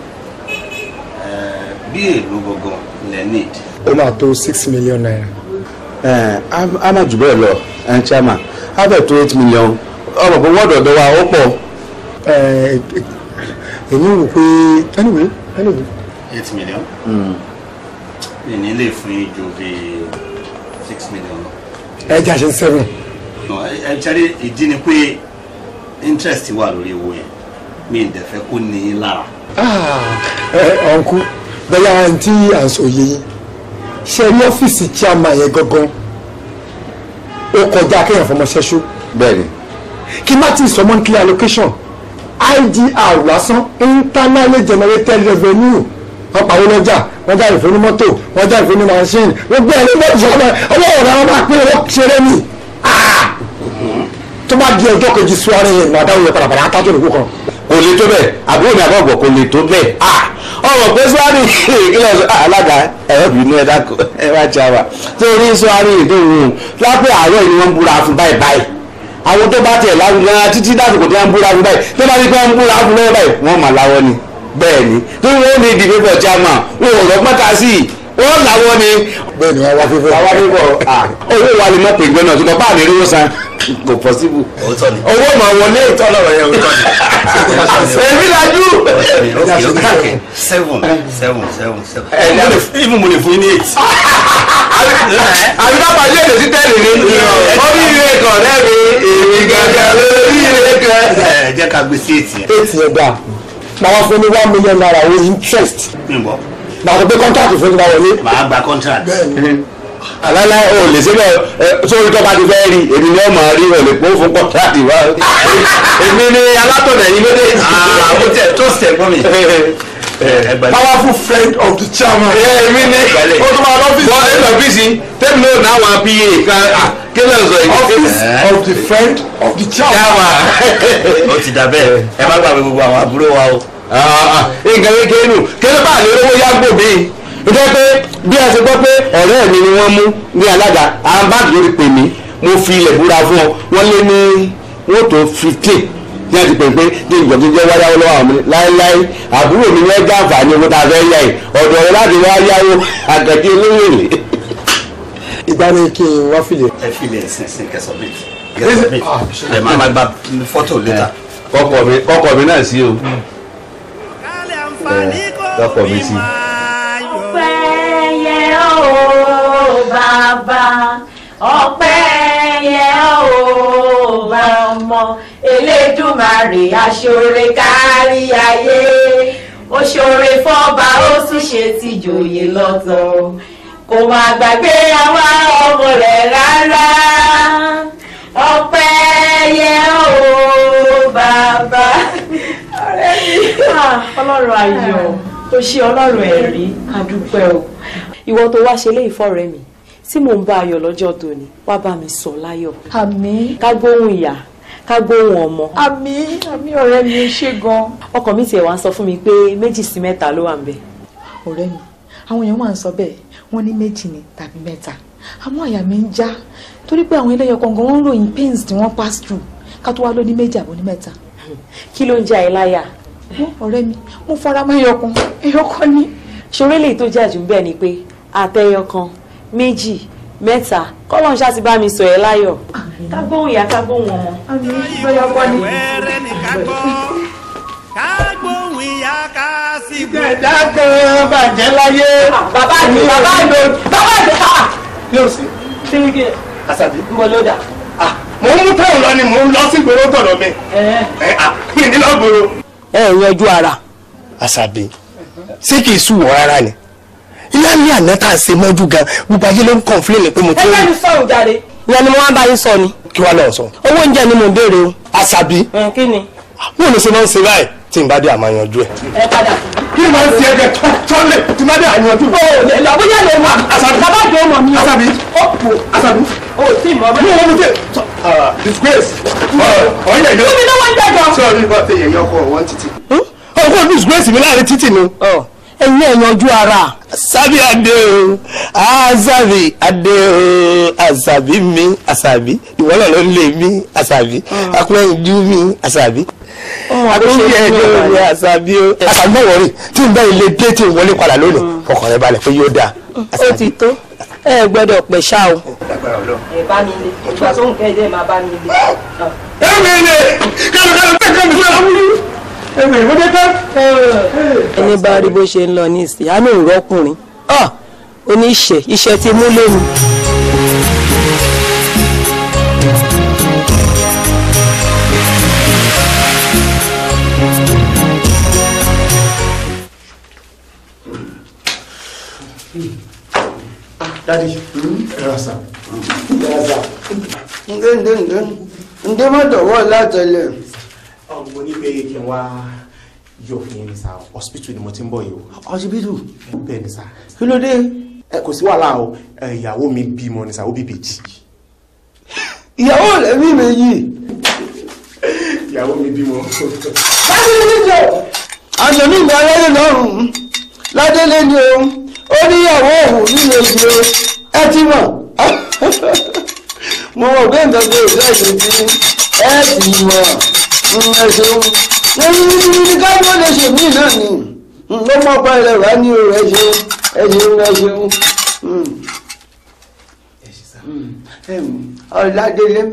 Eh, bí èlò gangan lẹ need. ó máa tó six million naira. Eh, a máa jù bẹ́ẹ̀ lọ eh, chairman a fẹ́ tó eight million ọmọ pé wọ́ọ̀dù ọ̀dọ̀ wa ó pọ̀. èmi rò pé anyway anyway. eight million. èmi hmm. lè fún yín ju bíi six million lọ. ẹ jẹ́ àṣẹ seven. ẹ jẹ́rìí ìdí ni pé interest wà lórí owó yẹn mi ì dẹ̀ fẹ́ kó ní í lára. Ah, ọ̀nkú bẹ́ẹ̀ ara tí à ń sòye yín ṣe rí ọ́fíìsì chairman yẹn gangan ó kọjá kéèyàn fọmọṣẹ́ ṣó. bẹ́ẹ̀ni. kí má ti sọ monthly allocation IGR lásán internally generated revenue wọ́n pàwọ́ lọ́jà wọ́n jáde fún ní mọ́tò wọ́n jáde fún ní machine gbogbo ẹ̀ ló bẹ́ẹ̀ jù ọmọ ọlọ́wọ́ rẹ̀ wọ́n máa pín owó ṣeré mi ah! tó bá di ọjọ́ kejì sùn ara yẹn ìmọ̀ àdáwò yẹn padà padà á tájọ́ nìkú kan. kò le tó bẹ́ẹ̀ àbúrò mi àbọ̀gbọ̀ kò lè tó bẹ́ẹ̀ à pé sọ́wárì ìkílẹ̀ ọ̀sán alága ẹ̀dá ẹ̀ wá jẹ́ wa ìdóhùn lápẹ́ àárọ̀ ni wọ́n ń búra fún báyìí báyìí àwọn tó bá tẹ̀ láwùjọ náà títí ń búra fún báyìí tó bá rí pé ni bẹ́ẹ̀ ni tó wọ́n sí i kò pọ́síbù. owó màá wọlé ìtọ́ lọ́rọ̀ yẹn òótọ́ ni. èmi lajú. seven seven seven seven. even mo lè fún yín ní eight. àbí bá pàdé èdè títẹ́ lè ní. orí ire kan lẹ́bi èmi gàgà lórí ire kan. ẹ jẹ́ ká gbé sí eight yẹn. eight yẹn gbà màá fún ní one million naira with interest. mi bọ̀. màá gbé contract fún mi náà wọlé. màá gba contract. bẹ́ẹ̀ ni alala o lè ṣe bẹ́ẹ̀ sórí tó bá ti fẹ́ rí èmi ni ó máa rí o lè kó fún kọ́ńtàtì wa. èmi ni alátọ̀nà yìí méjèèjì. Ah, mo tẹ tó sẹ̀ fún mi. powerful friend of the chairman. èmi ni o tún máa lọ́fíìsì. wọ́n ah, ń lọ́fíìsì tẹ́mi náà náà wà pa kan kílẹ̀ sọ yìí. office eh? of the friend of the chairman. o ti dà bẹ́ẹ̀ ẹ má gbàgbé gbogbo àwọn àbúrò wa o. Ah, nǹkan kékeré nù kí ló bá owó yá gbòmíì nítorí pé bí a ṣe gbọ́ pé ọ̀rẹ́ mi ni wọ́n mú ní alága àwọn báàgì lórí pè mí mo fi ilẹ̀ búra fún ọ wọ́n lé ní wọ́n tó fifteen ní àti pèpè ní ìjọba jẹ́ wáyáwó lọ́wọ́ àwọn ọmọdé láéláé àbúrò mi ní ẹgbẹ́ àǹfààní owó tá a fẹ́ yá ẹ̀ ọ̀dọ̀ rẹ láti wá yáwó àgàjì olóyèrè. ìdáni kí n wá filẹ̀. ẹ filẹ̀ ìsinsin kẹsàn mi kẹsàn mi ẹ máa máa gba fọ́tò lẹ́tà. kọkọ mi náà sí o kọkọ mi sí i ó bàbá ọpẹ́ yẹ ó ọmọ Elédùmarè aṣoore kárí ayé ó ṣoore fọ́ba ó tún ṣe ti jòyè lọ́tọ̀ kò má gbàgbé àwa ọmọ rẹ̀ rárá ọpẹ́ yẹ ó bàbá ah, ọlọ́run ayọ̀ tó ṣe ọlọ́run ẹ̀rí adúpẹ́ o ìwọ tó wá ṣe léyìí fọ́rẹ́ mi tí mò ń bá ayọ̀ lọ́jọ́ tòní wá bá mi sọ láyọ̀. àmín. ká gbóhùn ìyá ká gbóhùn ọmọ. àmín àmín ọ̀rẹ́ mi ṣe gan. ọkàn mi tiẹ̀ wá ń sọ fún mi pé méjì sí mẹ́ta ló wà ń bẹ. ọ̀rẹ́ mi àwọn èèyàn máa ń sọ bẹ́ẹ̀ wọ́n ní méjì ni tàbí mẹ́ta àmọ́ àyà mi ń já torí pé àwọn ẹlẹ́yọ kọ̀ọ̀kan wọ́n ń ròyìn pains tí wọ́n pass through ká tó wá lóní méjì àbọ̀ ní mẹ́ta. kí ló ń já ẹ láyà. ọ̀rẹ́ mi mo fara mọ́ ẹyọkan ẹyọkan ni. ṣoré lè tó jà jù bẹ́ẹ̀ ni pé àtẹyọ kan méjì mẹ́ta kọ́lọ́n ṣá ti bá mi sọ ẹ́ láyọ̀. ká gbóhùn ìyá ká gbóhùn ọmọ. àmì ìfọyọ ni. wẹ́rẹ́ ni ká gbọ́ ká gbóhùn ìyá ká sì gbọ́. ìgbẹ́dá kan bàjẹ́ láyé. bàbá àjò bàbá àjò bàbá àjò ha. yóò sì. tíríkì. àṣàbí. ń bọ̀ lódà. mò ń mú táwọn lọ ni mò ń lọ sí gbòòrò tọ̀dọ̀ mi. ẹ ẹ mi ẹ ẹ yanjú ara. àṣàbí ṣé kì í sùn wọ́n rárá ni lálẹ́ àná tá a ṣe mọ́jú gan gbogbo ayé ló ń kọ̀ǹflé pé mo ti rí. ẹgbẹ́ mi sọ̀rọ̀ jáde. ìwọ ni mo wá bá yín sọ ni. kí wàá lọ sọ. owó oúnjẹ ni mo ń béèrè o. àṣàbí. kí ni. wọn ò ní ṣe máa ń ṣe báyìí tí n bá dé àmọ́ yanjú ẹ̀. ẹ padà. kí ni màá ń ṣe ẹgbẹ́ tọ́lẹ̀ tí n bá dé àyanjú. o lè lọ bóyá lè wà. àṣàbí bàbá àjọ mọ̀ mi. àṣàbí ó pò àṣàbí. o ti mọ̀ bẹ́ẹ̀. mi ò mọ̀ bẹ́ẹ̀. disgrace. ọ̀yẹ̀ yọ. kí ni ló wọ́n ń dẹ́gbọ̀. sọ̀rọ̀ mi bá ti yẹ̀yẹ́ ọkọ̀ wọn títì. ọkọ̀ hm? disgrace mi láàrin títì ni ẹ̀yin ẹ̀ yanjú ara. sábì adé o azabi adé o azabi mi asabi ìwọ́lọ̀ ló ń lé mi asabi hmm. akúnyẹ́njú mi asabi oh, akúnyẹ́njú mi asabi o. asabi náà wọ̀rí tí n bá ilé dé tí n wọlé padà lónìí hmm. ọkàn rẹ balẹ̀ pé yóò dáa. Hmm. ó ti tó ẹ gbọ́dọ̀ pẹ ṣá o. ẹ bá mi lé ìgbà tó ń kẹ́ ẹ dẹ́ máa bá mi lé. ẹ mi lè ẹni bá rí bó ṣe ń lọ ní ìsìn àmì ìrọ́kùnrin oníṣẹ́ ah! iṣẹ́ ti mú lónìí. dadi rasa rasa. ǹdẹ́ ǹdẹ́ ǹdẹ́ ǹdẹ́ mọ́tò wọ́ọ̀ látọ̀lẹ́ mo ní pé kí n wá yọ fún yín ní sá hospital ni mo ti ń bọ̀ yìí o. hospital. bẹ́ẹ̀ ni sá. kí ló dé. ẹ kò sí wàhálà o ìyàwó mi bímọ ni sá ó bí ìbejì. ìyàwó rẹ̀ bí ìbejì. ìyàwó mi bímọ. láti ní ìjọ àjọ̀ní ìgbà ayẹyẹ lọ́rùn ládélé ni o ó níyàwó òun nílé ìdí o ẹ ti mọ̀ mo mọ̀ pé nǹkan tó ìjọ ìṣèjì ẹ ti mọ̀ ẹ ṣeun ní káyọ̀ lè ṣe mí náà ni ló mọ̀ pa ilẹ̀ wá ní o ẹ ṣeun ẹ ṣeun ẹ ṣeun. ọ̀làdélé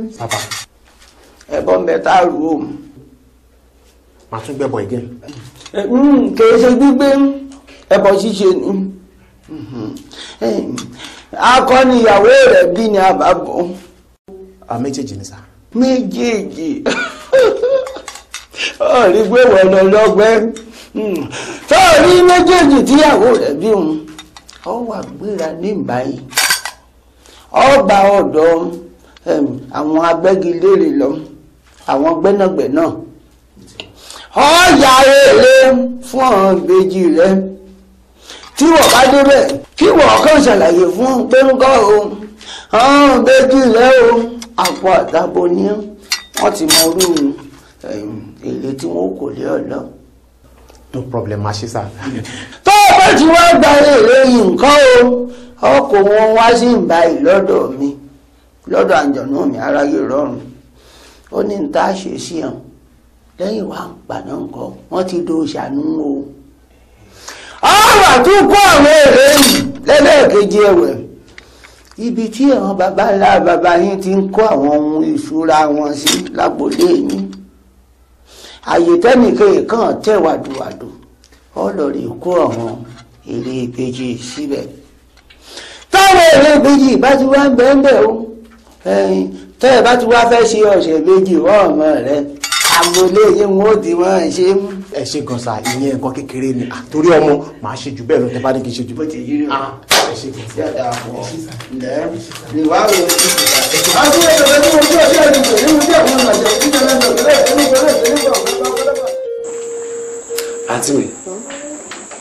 ẹ̀bọ̀n mẹ́ta rú o. màá tún gbẹ̀bọ̀ ìgẹ́. kì ṣe gbígbé ẹbọ ṣíṣe ni akọni ìyàwó rẹ bí ni àbábọ. àméjèèjì ni sá. méjèèjì ọ̀rí gbé wọ̀lọ̀ lọ́gbẹ́ hmm. fọ́ọ̀rí méjèèjì tíyàwó rẹ̀ bí òun ọ wà gbéra ní ìbáyìí ọba ọ̀dọ̀ àwọn agbẹ́gilére lọ àwọn gbẹ́nàgbẹ́nà ọ̀yà èrè fún àwọn ìbejì rẹ̀ tí wọ́n bá débẹ̀ kí wọ́n kàn ṣàlàyé fún gbẹ́ngọ́ o àwọn ìbejì rẹ̀ o àpò àtàbọ̀ ni wọ́n ti mọ orú ẹ̀yìn èrè tí wọn kò lé ọ̀nà. no problem ma ṣe sá. tó o bá ti wá gba èrè yìí nǹkan o ọkọ̀ wọn wá sí ìgbà yìí mi lọ́dọ̀ àjọ̀nú mi aráyé rọrùn ó ní ní tá a ṣe sí hàn lẹ́yìn wá ń pàdé nǹkan wọ́n ti do ìṣàánú o. ọ̀rọ̀ tún kọ́ àwọn èrè yìí lẹ́lẹ́ẹ̀kejì ẹ̀wẹ̀ ibi tí àwọn baba ńlá ti ń kó àwọn ohun ìṣúra wọn sí lágbolé yín àyè tẹ́nìkan tẹ̀wàdùwàdù ọlọ́rí kó àwọn èrè ìbejì síbẹ̀ táwọn èrè ìbejì bá ti wá ń bẹ́ẹ̀ bẹ́ẹ̀ o ẹyin tẹ́ ẹ bá ti wá fẹ́ ṣe ọ̀sẹ̀ méjì ọmọ rẹ àmọ́ léyìn wọn ò dì wọ́n ṣe mú ẹ ṣe gan sa ìyẹn nǹkan kékeré ni torí ọmọ màá ṣe jù bẹ́ẹ̀ lọ tẹ bá ní kí n ṣe jù bẹ́ẹ̀. bó ti yí rí o ẹ ṣe gan sa dáadáa fún ọ ǹdẹ́ ni wàá wo ti ti ta ẹ. a ti ẹ̀ ṣẹ̀ṣẹ̀ tí mo jẹ́ ọ̀ṣẹ́ ẹ̀dùn kò ní mo jẹ́ ọ̀ṣẹ́ ẹ̀dùn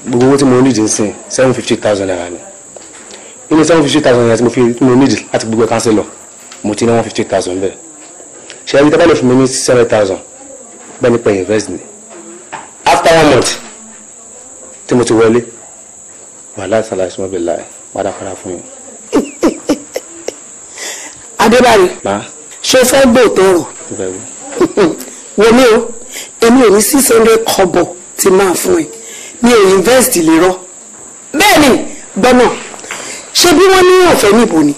gbogbo owó tí mo nídìí ń sìn seven fifty thousand naira ni nínú seven fifty thousand naira tí mo fi mo nídìí láti gbogbo ẹ̀ka sílọ mo ti ní one fifty thousand bẹ́ẹ̀ ṣe ẹni tábàlẹ̀ fún mi ní seven thousand bẹ́ẹ̀ ni pé invest ni after one month tí mo ti wọlé wàhálà ìsàlàyé sọmọ bẹ́ẹ̀ láì padà padà fún mi. adébárí ṣe fẹ́ gbòòtọ́ rò wọlé o èmi ò ní six hundred kọ́bọ̀ ti máa fún ẹ mi ò invest lérò bẹ́ẹ̀ ni gbọ́nà ṣé bí wọ́n ní ọ̀fẹ́ níbo ni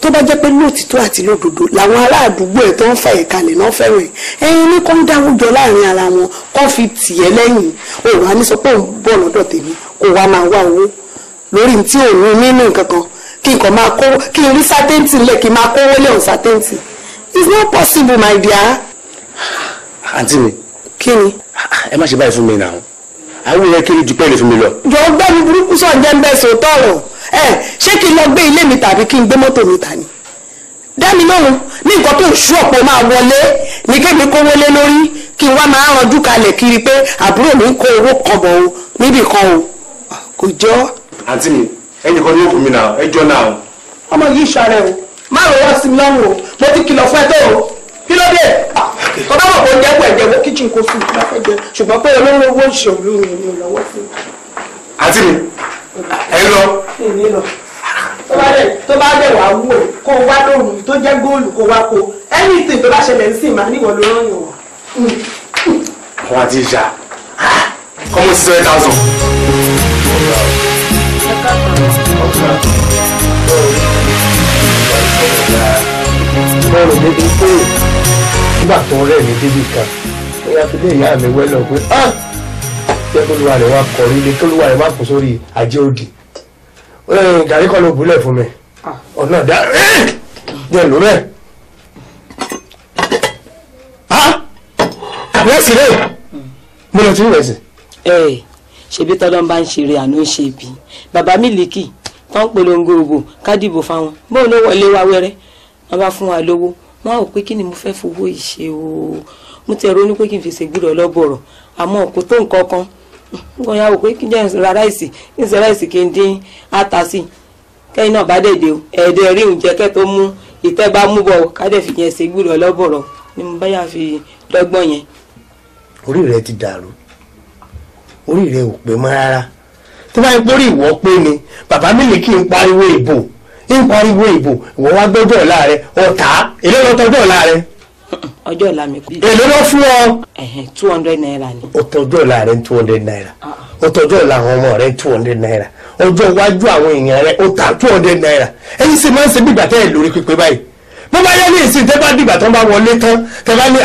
tó bá jẹ́ pé lóòtítọ́ àti lódodo làwọn ará ẹ̀ tó ń fa ìkàlẹ̀ náà fẹ́ràn ẹ̀ ẹ̀yin ní kó ń dáwùjọ láàrin ara wọn kó fi tì ẹ́ lẹ́yìn òun á ní sọ pé òun bọ̀ lọ́dọ̀ tèmi kó wá máa wá owó lórí tí òun nínú nǹkan kan kí nǹkan máa kó kí n rí sátẹ́ǹtì lẹ̀ kí n máa kówó lé òun sátẹ́ǹtì it's not possible my dear. àǹtí mi. kí ni. ẹ má ṣe báyìí fún mi náà àwọn èèyàn kiri jù pẹ́ẹ́lì fún mi lọ. jọ gbẹ́ni burúkú sọ̀ ń jẹ́ ń bẹ̀ sòótọ́ ọ̀rọ̀ ẹ ṣé kí n lọ gbé ilé mi tàbí kí n gbé mọ́tò mi tà ni dámi lóhùn ní nǹkan tó ń ṣú ọ̀pọ̀ máa wọlé ní kébi kówó lé lórí kí n wá máa ranjú kalẹ̀ kiri pé àbúrò mi ń kó owó kan bọ̀ o níbì kan o kò jọ. àǹtí mi ẹnì kan ní òkú mi náà ẹ jọ náà. ọmọ yìí ṣàrẹ o má rọwọ́ sí mi lọ́rùn o mo ti kìlọ̀ fún tó o dé tọ́lá ah, mọ̀ kó jẹ́ pẹ̀jẹ́ wọ́n kíchìn kó sùn bá fẹ́ jẹ ṣùgbọ́n pé olówó owó ìṣòro mi ni ìlọ́wọ́ fún mi. àti mi ẹ lọ. tó bá dẹ̀ wá wò kó wá lóru tó jẹ́ góòlù kó wá kó anything tó bá ṣẹlẹ̀ ń sìn máa níwọ̀n ló rán yàn wá. àwọn àti ìjà kọ́mọ sí seven thousand. Thank you nígbà tó rẹ̀ ní débi kan ó yà fi lé ìyá mi wẹ́lọ̀ pé ah jẹ́ kó lùwà rẹ̀ wá kọ̀rí ilé kó lùwà rẹ̀ wá kó sórí ajé òdì gàrí kan ló búlẹ̀ fún mi ah. ọ̀nà dá eh! jẹ́ ló bẹ́ẹ̀. Ah! àbẹ́sì rẹ̀ mo lọ sí ìrẹsì. ṣebí tọ́lọ́ bá ń ṣeré àná ṣe bí bàbá Mílíkì tó ń polongo òbò kádìbò fáwọn bóun ló wọlé wá wẹ́rẹ́ wọ́n bá fún wa lówó wọn á wò pé kí ni mo fẹ́ fowó yìí ṣe o mo ti ronú pé kí n fèsì gbúdọ̀ lọ́bọ̀rọ̀ àmọ́ kò tó nǹkan kan nǹkan yà wò pé kí n jẹ́ ra ráìsì kí n ṣe ráìsì kí n dín ata sí kẹ́yìn náà bá dèdè o ẹ̀ẹ́dẹ̀ rí oúnjẹ kẹ́ tó mú ìtẹ́ bá mú bọ̀ kádẹ́ fi yẹn ṣe gbúdọ̀ lọ́bọ̀rọ̀ ni mo bá yà fi dọ́gbọ́n yẹn. orí rẹ ti dàrú orí rẹ ò pé mọ́ rárá tí wọ́n á ń gbórí ìwọ́ pé ni bàbá mi lè kí n pariwo ìbò ń pariwo ìbò ìwọ wá gbọ́jọ́ ọ̀la rẹ ọ̀tá èlé lọ tọjọ́ ọ̀la rẹ. ọjọ́ ọ̀la mi kú. èlé lọ fún ọ. two hundred naira ni. ọ̀tọ̀jọ́ ọ̀la rẹ two hundred naira ah, ah. ọ̀tọ̀jọ́ ọ̀la àwọn ọmọ rẹ two hundred naira ọjọ́ iwájú àwọn èèyàn rẹ ọ̀tá two hundred naira ẹ̀yin sì máa ń ṣe bígbà tẹ́ ẹ̀ lórí pípé báyìí bó bá yẹ ní ìsìn tẹ́ bá dìgbà tán bá wọlé tán tẹ́ bá ní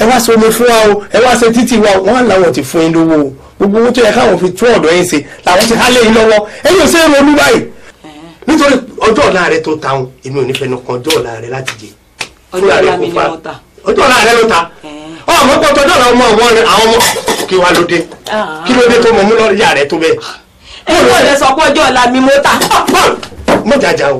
ẹ wá ṣe fún wa o ẹ wá ṣe títì wa wọn làwọn ti fún yín lówó gbogbo owó tó yẹ káwọn fi tún ọ̀dọ̀ yín ṣe làwọn ti hálẹ̀ yín lọ́wọ́ ẹ̀yin ò ṣe é ronú báyìí nítorí ọjọ́ ọ̀la rẹ tó ta òun èmi ò ní fẹnu kan ọjọ́ ọ̀la rẹ láti jẹ ọjọ́ ọ̀la mi ni mo ta ọjọ́ ọ̀la rẹ ló ta ọmọ pọ̀ tọjọ́ ọ̀la ọmọ ọmọ rẹ àwọn ọmọ kí wàá lóde ah. kí lóde tó mọ mú lọ yà rẹ tó bẹ́ẹ̀. ẹ kò lè sọ pé ọjọ́ ọ̀la mi mo ta. mo jàjà o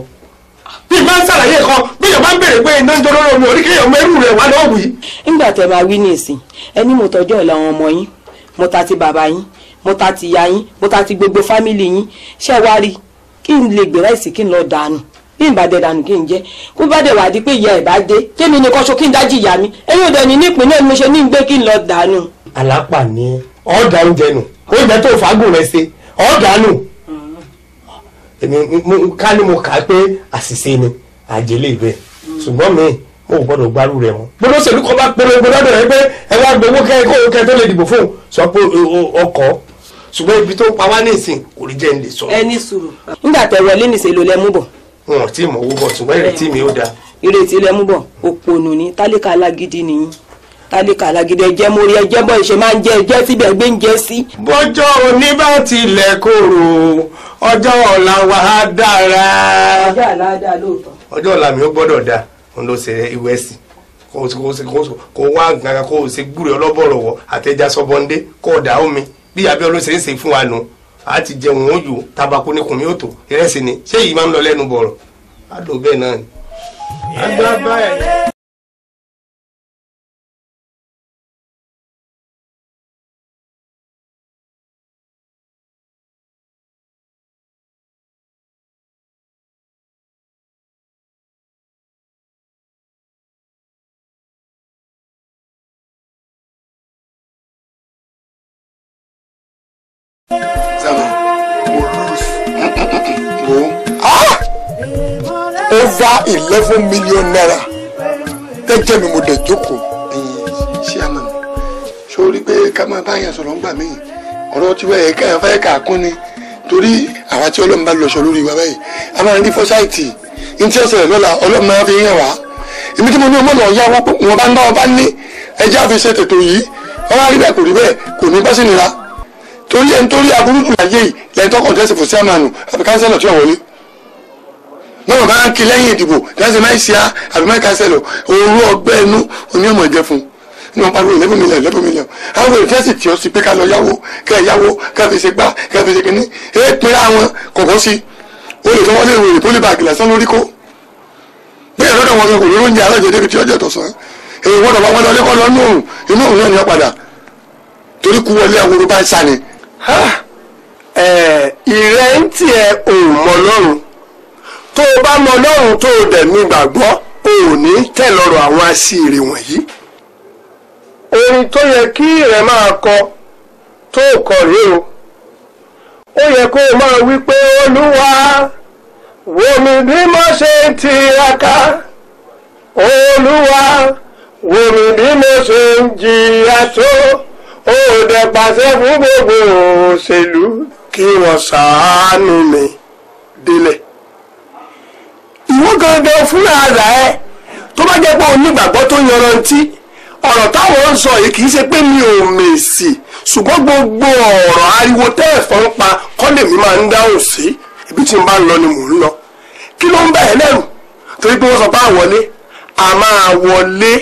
bí n bá ń ṣàlàyé kan bí yorùbá ń béèrè pé iná ń jọlọ́rọ́ omi orí kéèyàn mọ irú rẹ̀ wá lọ́wọ́ wí. nígbà tẹ bá wí ní ìsìn ẹni mo tọjọ́ ọ̀la ta ti bàbá yín mo ta ti ìyá yín mo ta ti gbogbo fámìlì yín ṣé wàá rí i kí n lè gbé ráìsì kí n lọ dànù bí n bá dẹ dànù kí n jẹ kó bá dẹ wà di pé ìyá ẹ bá dé kémi ni kọṣọ kí n dájú ìyá mi ẹ̀yin òde ní nípìn náà mo ṣe ní gbé kí n lọ dànù. alápà ni ọ̀dà oúnjẹ nù oúnjẹ tó fàágùn rẹ ṣe ọ̀dà nù èmi ká ní mo kà á pé àṣìṣe ni àjèlé ibẹ̀ ṣùgbọ́n mi mo gbọ́dọ̀ gbárù rẹ̀ mọ́. gbọ́dọ̀ ṣèlú kan bá polongo lọ́dọ̀ rẹ pé ẹ wá gbowó kẹ́ kó kẹ́ tó lè dìbò fóun ọkọ̀ ṣùgbọ́n ibi tó ń pa wá ní ìsìn kò rí jẹ́ ń lè sọ. ẹ ní sùúrù nígbà tẹ wọlé nìṣe ló lẹ mú bọ̀. wọn ò tí ì mọ owó bọ̀ ṣùgbọ́n ìrètí mi ó dáa. ìrètí lẹ mú bọ̀ òpònù ni tálíkà alágídí nìyí tálíkà alágídí ẹjẹ mórí ẹjẹ bọ ìṣe máa ń jẹ ẹjẹ síbẹ̀ gbé ń jẹ sí. bọ́jọ́ òní bá tilẹ̀ korò ọjọ́ ọ̀la wa á dára. ọjọ́ ọ̀la mi ó gbọ́dọ̀ dáa òun ló ṣe ìwé sí kò wá gàgà kó o ṣe gbúre ọlọ́bọ̀rọ̀wọ̀ àtẹjá sọ́bọ̀ndé kó o dà omi bí Abíọ́lá ṣe ń ṣe fún wa nù a ti jẹun ó jù tabako ní kùnmí ó tó ìrẹsì ni ṣé yìí máa ń lọ lẹ́nu bọ̀rọ̀ á dùn bẹ́ẹ̀ náà ni. jẹ́ mi mo dẹ̀ jókòó ẹ̀yin ṣé àmọ́ mi ṣó rí pé ká máa báyàn sọ̀rọ̀ ńgbà míì ọ̀rọ̀ tí wẹ́ẹ̀ ká fẹ́ kà kún ni torí àwa tí ọlọ́run bá lọ sọ lórí wa báyìí a máa rí fọ́sáìtì ní tí ọ̀sẹ̀ lọ́la ọlọ́run máa fi hàn wá èmi tí mo ní ọmọọmọ ọ̀yá wọn bá ń bá wọn bá ní ẹjẹ́ àfi ṣe tètò yìí wọn bá rí bẹ́ẹ̀ kò rí bẹ́ẹ̀ kò ní bá sí nira torí ẹni torí aburú jù láyé yìí lẹ́yìn tó kọ̀ọ̀tẹ́sì fún sí àmàlù àbí káńsẹ́lọ̀ tí ò wọlé ní wọn bá ń kí lẹ́yìn ìdìbò dáṣe máa ń ṣe á àbí máa ń kásẹ̀ lọ òru ọgbẹ́ inú oní ọmọ jẹ fún un ní wọn pariwo eleven million eleven million àwọn èèyàn sì tí ọ sí pé ká lọ yáwó ká yáwó ká fi ṣe gbá ká fi ṣe kínní èé pin àwọn kọ̀ọ̀kan sí o lè tọwọ́ lé ìròyìn pólíbàgì lásán lórí kó bí ẹ̀rọ náà wọn kò lóró oúnjẹ alájọ débi tí ọjọ́ tọ̀sán èyí wọ́n dọ̀bá wọn lọ lẹ́kọ́ lọ nùrùn inú òun náà ni wọ́n padà torí kú wọlé tó o bá mọ ọlọ́run tó o dẹ̀ ní gbàgbọ́ o ò ní tẹ̀lọ́rọ̀ àwọn aṣèrè wọ̀nyí. orin tó yẹ kí rẹ máa kọ tó o kọ rèé o ó yẹ kó o máa wí pé olúwa wò mí bí mo ṣe ń tiraka olúwa wò mí bí mo ṣe ń jìyà tó ó dẹ̀ pàṣẹ fún gbogbo òṣèlú kí wọ́n ṣàánú mi délẹ̀ ìwọ gangan fúnra rà ẹ tó bá jẹ́ pé onígbàgbọ́ tó yanrantí ọ̀rọ̀ táwọn ń sọ yìí kì í ṣe pé mi ò mèsì ṣùgbọ́n gbogbo ọ̀rọ̀ ariwo tẹ́ ẹ̀fọn pa kọ́lẹ̀ mi máa ń dáhùn sí ibi tí n bá ń lọ ni mò ń lọ kí ló ń bẹ̀ ẹ́ lẹ́rù torí pé wọ́n sọ pé àwọlé a máa wọlé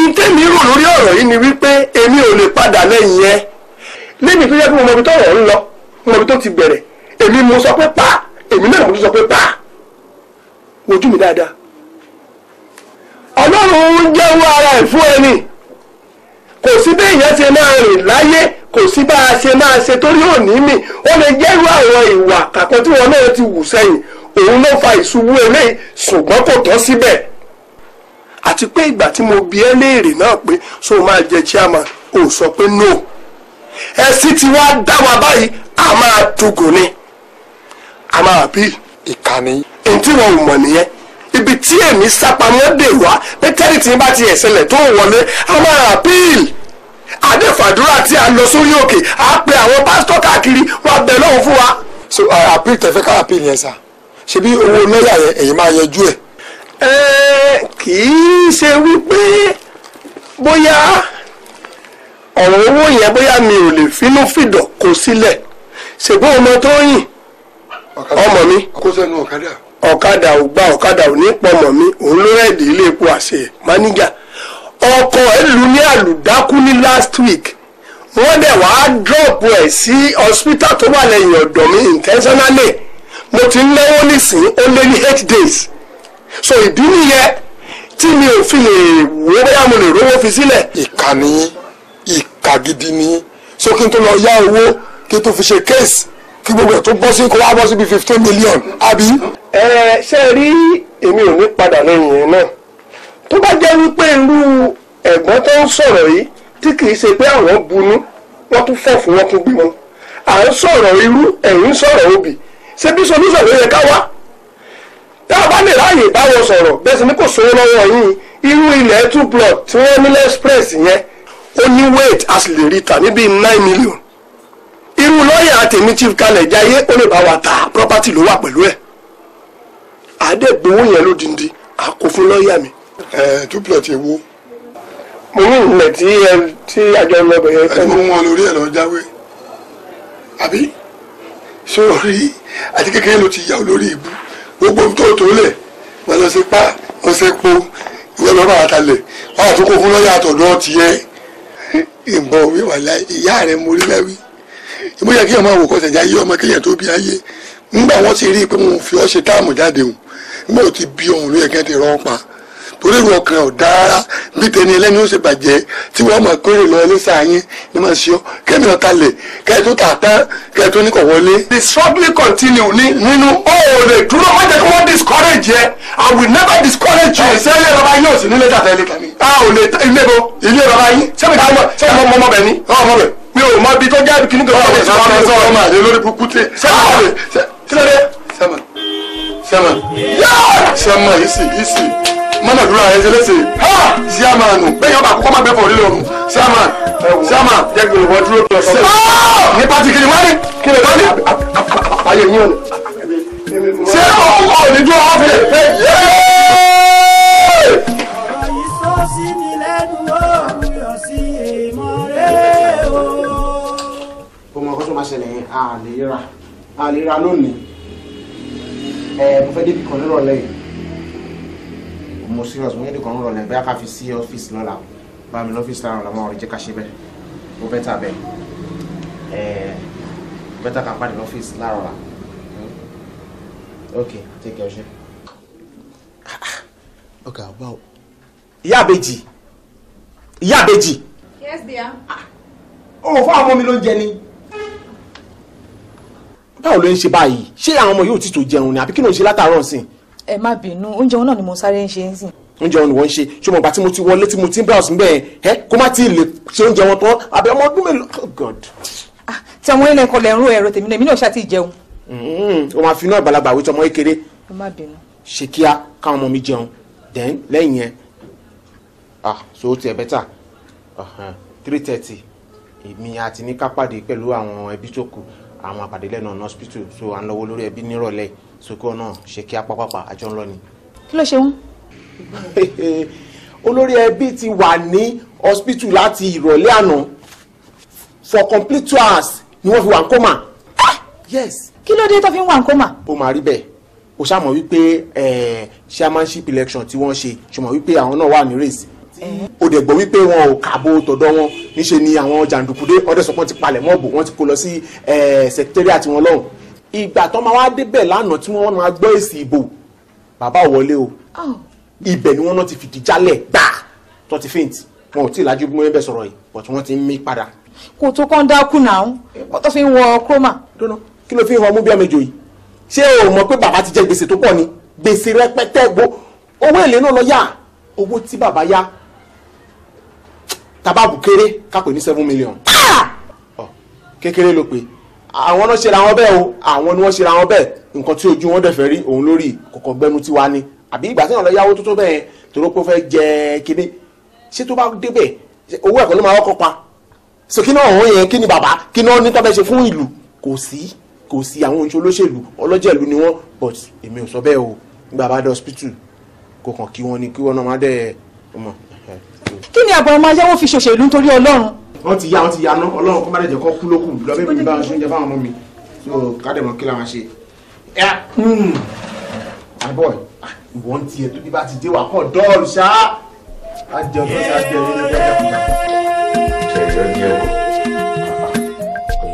ìtẹ́mi rò lórí ọ̀rọ̀ yìí ni wípé èmi ò lè padà lẹ́yìn ẹ lẹ́mi tó yẹ kí mo mọ ibi tọ́rọ̀ ń lọ mo mọ ibi tó ti bẹ̀rẹ̀ èmi mo sọ pé pa èmi náà mo tún sọ pé pa wojú mi dáadáa ọlọ́run ń jẹ́wọ́ ara ẹ̀ fún ẹni kò sí bí èèyàn ṣe máa rìn láyé kò sí bá a ṣe máa ṣe torí òní mi ó lè jẹ́rú àwọn ìwà kàkan tí wọn náà ti wù sẹ́yìn òun ló fa ìṣubú eléyìí ṣùgbọ́n kò tán síbẹ̀ àti pé ìgbà tí mo bi ẹ́ léèrè náà pé so máa jẹ chairman ò sọ pé no ẹ̀sìn tí wàá dá wa báyìí a máa tugùn ni a máa bí ìkànnì ntí wọn ò mọ̀ nìyẹn ibi tí èmi sápamọ́ dè wá pé tẹ́rìtì bá ti ẹ̀sẹ̀lẹ̀ tó wọlé a máa appeal adéfàdúrà tí a lọ sórí òkè a pe àwọn pásítọ̀ káàkiri wọn bẹ̀ lọ́wọ́ fún wa. so appeal tẹ̀fẹ́ ká appeal yẹn sá ṣebí owó lọ́ọ̀yà yẹn èyí máa yẹjú ẹ̀. ẹ kì í ṣe wípé bóyá ọ̀rọ̀ owó yẹn bóyá mi ò lè finú fìdọ̀ kó sílẹ̀ ṣègbọ́n ọmọ tó yìn ọmọ mi ọ̀kadà ò gbà ọ̀kadà ò ní pọmọ mi òun ló rẹ̀dí ilé epo àṣẹ máníjà ọkọ ẹ lù ní àlùdákú ní last week wọ́n dẹ̀ wá dọ́ọ̀pù ẹ̀ sí hospital tó wà lẹ́yìn ọ̀dọ̀ mi intentionally mo ti ń náwó nísìnyí ó lé ní eight days so ìdí nìyẹn tí mi ò fi lè wó bóyá mo lè rówó fi sílẹ̀. ìkà ni ìkà gidi ni so kí n tó lọ yá owó kí n tó fi ṣe kéèsì kí gbogbo ẹ̀ tó bọ́ sí kó wá bọ́ síbi fifteen million àbí. ẹ ṣe rí èmi ò ní padà lẹ́yìn yẹn náà tó bá jẹ́ wípé irú ẹ̀gbọ́n tó ń sọ̀rọ̀ yìí tí kì í ṣe pé àwọn bunú wọ́n tún fọ̀ fún wọn tún bímọ à ń sọ̀rọ̀ irú ẹ̀yìn sọ̀rọ̀ obì ṣé bí solúsọ̀ ló yẹ ká wá tá a bá lè ráàyè bá wọn sọ̀rọ̀ bẹ́ẹ̀ sì ni kò sówó lọ́wọ́ yín irú ilẹ̀ two block tí wọ́n ní express yẹn ó ní weight a sì lè rí tà ní bíi nine million irú lọ́ọ̀yà tèmi ti kalẹ̀ jayé ó lè bá wa ta property ló wà pẹ̀lú ẹ̀ àdẹ́gbowó yẹn lódindi àkó fún lọ́ọ̀yà mi. ẹ two plot yẹn wo. mo ní ìlẹ̀ tí ẹ tí àjọ lọ́bẹ̀ yẹn. ẹ mú wọn lórí ẹ lọ jáwé àbí sórí àti kékeré ló ti yà ó lórí ìbú gbogbo tó tó lẹ̀ wọn lọ sí pa ọsẹ po ìwé lọ́ba àtàlẹ̀ wọn àtúkò fún lọ́ọ̀yà àtọ̀dọ̀ tiẹ̀ ìbọn wíwà láì ìyá rẹ̀ mo rí lẹ́wìí ìbó yẹ kí ọmọ àwòkọ́sẹ̀ já yé ọmọ kéèyàn tó bí ayé ńgbà wọ́n sì rí i pé wọn ò fi ọ́ ṣe táàmù jáde hùn ńgbà ò ti bí ọ̀hún ló yẹ kí wọ́n ti rán pa torí ìwọ kan ò dára bí tẹni ẹlẹ́ni ó ṣe bàjẹ́ tí wọ́n mọ̀ kórè lọ ilé sáyín ni mà ṣe ọ́ kẹ́mi ọ̀tá lẹ̀ kẹ́ tó tà tán kẹ́ tó ní wọlé. the struggle continue ní nínú oòrè dúró má jẹ́ kí wọ́n discourage yẹ i will never discourage you. ṣé ilé baba yín ò sí nílé tàtà ilé ni. a ò lè ilé bo ilé baba yín. sẹ́mi tí mo mọ bẹ̀ ni. ọmọ bẹ̀ mi ò mọ ibi tó jẹ́ kíní kan sọ́kè sọ́kè sọ́kè sọ́kè máa lé lórí kúkú tẹ. sẹ́mọ̀n kílódé. sẹ́mọ̀n sẹ́mọ̀n sẹ́mọ̀n yìí sì yìí sì mọ́nàdúrà ẹ̀ ṣe léṣe sẹ́mọ̀n nù bẹ́ẹ̀ yẹn bá kọ́kọ́ máa bẹ́ fọ̀ lílọ́run sẹ́mọ̀n sẹ́mọ̀n jẹ́ kí olùwọ́ dúró kí ọ̀sẹ̀. ní pati kiri wọ́n ní kiri wọ́n ní ayé yín ọ̀nà. ṣé ọkọ̀ òní dúró ọ̀fẹ́ yẹ́ẹ́. máa ṣẹlẹ̀ yẹn àlera àlera lónìí ẹ mo fẹ́ débi kan nírọ̀lẹ́ yìí mo serious mo fẹ́ débi kan nírọ̀lẹ́ bẹ́ẹ̀ ká fi sí ọ́fíìsì lọ́la bá mi lọ́fíìsì lára làwọn ọ̀rẹ́ jẹ́ ká ṣe bẹ́ẹ̀ mo bẹ́ẹ̀ tà bẹ́ẹ̀ ẹ bẹ́ẹ̀ tà ká pàdé lọ́fíìsì lára la ok take care ṣe. ọkà báwo. ìyá àbèjì ìyá àbèjì. yes dear. Ah, o fún àwọn ọmọ mi ló ń jẹ ni báwo ló ń ṣe báyìí ṣé àwọn ọmọ yóò ti tó jẹun ni àbí kí ló ń ṣe látàárọ̀ sìn. ẹ má bínú oúnjẹ wọn náà ni mo sáré ń ṣe ń sìn. oúnjẹ wọn ni wọ́n ń ṣe ṣé mo gbà tí mo ti wọlé tí mo ti ń bá ọ̀sùn bẹ́ẹ̀ ẹ kó má tíì lè ṣe oúnjẹ wọn tán àbí ọmọ ọdún mélòó oh god. Ah, tí àwọn ilé ẹ̀kọ́ lẹ̀ ń ro ẹ̀rọ tèmi náà èmi náà ṣáà ti jẹun. Mm-hmm. o máa fi iná ìgbàlagbà wé tọmọ kékeré. ẹ then lẹ́yìn ah so ó tiẹ̀ bẹ́tà three thirty èmi àti ní ká pàdé pẹ̀lú àwọn ẹbí tó kù àwọn àpàdé lẹ́nu ọ̀nà hospital so à ń lọ́wọ́ lórí ẹbí nírọ̀lẹ́ so kí wọn náà ṣe kí apápápá àjọ ńlọ ni. kí ló ṣe wọn. olórí ẹbí ti wà ní hospital láti ìrọ̀lẹ́ àná for complete two hours ni wọ́n fi wà ń kómà. Ah! yes. kí ló dé tó fi ń wà ń kómà. ó máa rí bẹ́ẹ̀ o ṣàmọ̀ wípé eh, chairmanship election tí wọ́n ṣe ṣùgbọ́n wípé àwọn náà wà ní race o dẹ̀ gbọ́ wípé wọn ò kààbò tọ̀dọ̀ wọn níṣe ni àwọn jàǹdùkú dé ọdẹ sọpọ́n ti palẹ̀ mọ́ọ̀bù wọ́n ti kó lọ sí sẹkítẹ́rìàtì wọn lọ́hùn ìgbà tó máa wá débẹ̀ lánàá tí wọ́n máa gbọ́ èsì ìbò bàbá wọlé o oh. ibẹ̀ ni wọ́n náà ti fìdí jálẹ̀ gbà tó ti faint wọn ò tí ì lajú bí mo bẹ sọ̀rọ̀ yìí but wọ́n ti ń mí padà. kò tó kán dákú náà wọ́n tó fi ń wọ chroma. kí ló fi ń wọ mú bí ọmọ ìjò yìí ṣé o mọ̀ pé bàbá ti jẹ gbèsè tó pọ̀ ni gbèsè rẹpẹtẹ gbó owó èlé náà lọ yá owó tí bàbá yá tababu kéré kápẹ́ ní seven million. Oh, kékeré ló pe àwọn náà ṣera wọn bẹ́ẹ̀ o àwọn ni wọ́n ṣera wọn bẹ́ẹ̀ nǹkan tí ojú wọn dẹ̀ fẹ́ rí òun lórí kọ̀kọ́ gbẹnu tí wàá ní àbí ìgbà tí wọn lọ yáwó tó tó bẹ́ẹ̀ torí pé ó fẹ́ jẹ kínní ṣé tó bá débẹ̀ owó ẹ̀kọ́ ló máa wọ́kọ̀ pa so kí náà òun yẹn kí ni bàbá kí náà ní tọ́bẹ̀ ṣe fún ìlú kò sí kò sí àwọn oúnjẹ olóṣèlú ọlọ́jẹ̀lú ni wọ́n but èmi ò sọ bẹ́ẹ̀ o nígbà bá dé hospital kò kàn kí wọ́n ni kí wọ́n náà má dẹ̀ ọmọ kí ni àbọ̀ ọmọ ayáwó fi ṣòṣèlú nítorí ọlọ́run. wọ́n ti ya wọ́n ti ya ná ọlọ́run kó má dẹ̀ jẹ́ kó kú lókù lọ́bẹ̀ mi bá aṣọ oúnjẹ fáwọn ọmọ mi so kádẹ́mọ̀ kí làwọn ṣe. àbọ̀ hmm. ah, ìwọ̀n tiẹ̀ tó ní bá ti dé wà kàn dọ́ọ̀lù ṣá. a jẹ ọdún sí ajé ẹni ló bẹ́ẹ̀ kúta.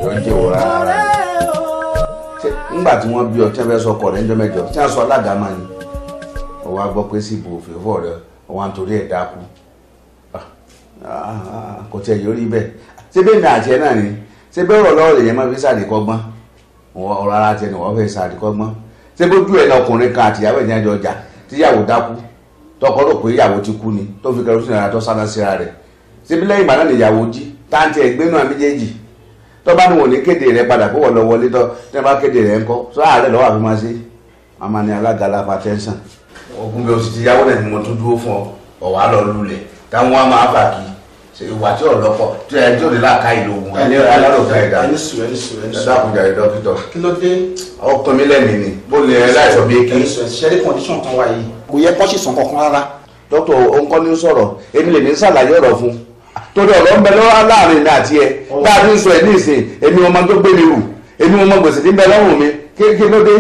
ọ̀yọ́ jẹ́ wọ ọ̀yọ́ jẹ́ wọ rárá nígbà tí wọ́n bí ọ tí wọ́n fẹ́ sọ ọkọ̀ rẹ̀ ń jọ mẹ́jọ tí wọ́n sọ alága máa ní ọwọ́ kò tiẹ̀ yóò rí bẹ́ẹ̀ ṣé bẹ́ẹ̀ mi àti náà ni ṣé bẹ́ẹ̀ ọ̀rọ̀ lọ́wọ́ lèyẹn máa fi ṣàdìkọ́gbọ́n ọ̀rọ̀ ara tiẹ̀ ni wọ́n fẹ́ ṣàdìkọ́gbọ́n ṣé bójú ẹ̀ lọkùnrin kan àtìyàwó ẹ̀ ní ẹjọ́ ọjà tíyàwó dákú tọkọ rò pé ìyàwó ti kú ni tó fi kẹrù sínú ara tó sáná síra rẹ̀ ṣé bí lẹ́yìn ìbàdàn ìyàwó jí táǹtì ẹ̀gbẹ́ náà méjèèjì tó bá wọn ní kéde rẹ padà kó wọ́n lọ wọlé tó tí wọ́n bá kéde rẹ ńkọ́ sọ ààrẹ lọ́wọ́ àfi màmá ni alága aláfa tẹ́ńsán. ogun bí o sì ti yáwó náà ni mo tún dúró fún ọ ọ̀wá lọ lulẹ̀ táwọn á máa fà kí ìwà tí ọlọ́pọ̀ tí ẹ tí ò lè láàka ìlú ògùn ẹni alárògbà ẹ̀dá ẹ̀dàkùnjà ẹ̀dá dókítà. kí ló dé. ọkàn mi lẹ́mìí ni bó lè láìsọ bí eke. ṣẹ́rí kọ́ndíṣọ̀n kan wáyé. kò yẹ kọ́ sì sàn kankan rárá. dókítà òǹkọ́ ni ó sọ̀rọ̀ èmi lè ní sàlàyé ọ̀rọ̀ fún un. torí ọ̀rọ̀ ń bẹ lọ́wọ́ láàrin ìlà àti ẹ oh. bá a ti ń sọ ẹ̀ ní ìsìn èmi ọmọ tó gbé mi rù èmi ọmọ gbèsè tí ń bẹ lọ́rùn mi kí ló dé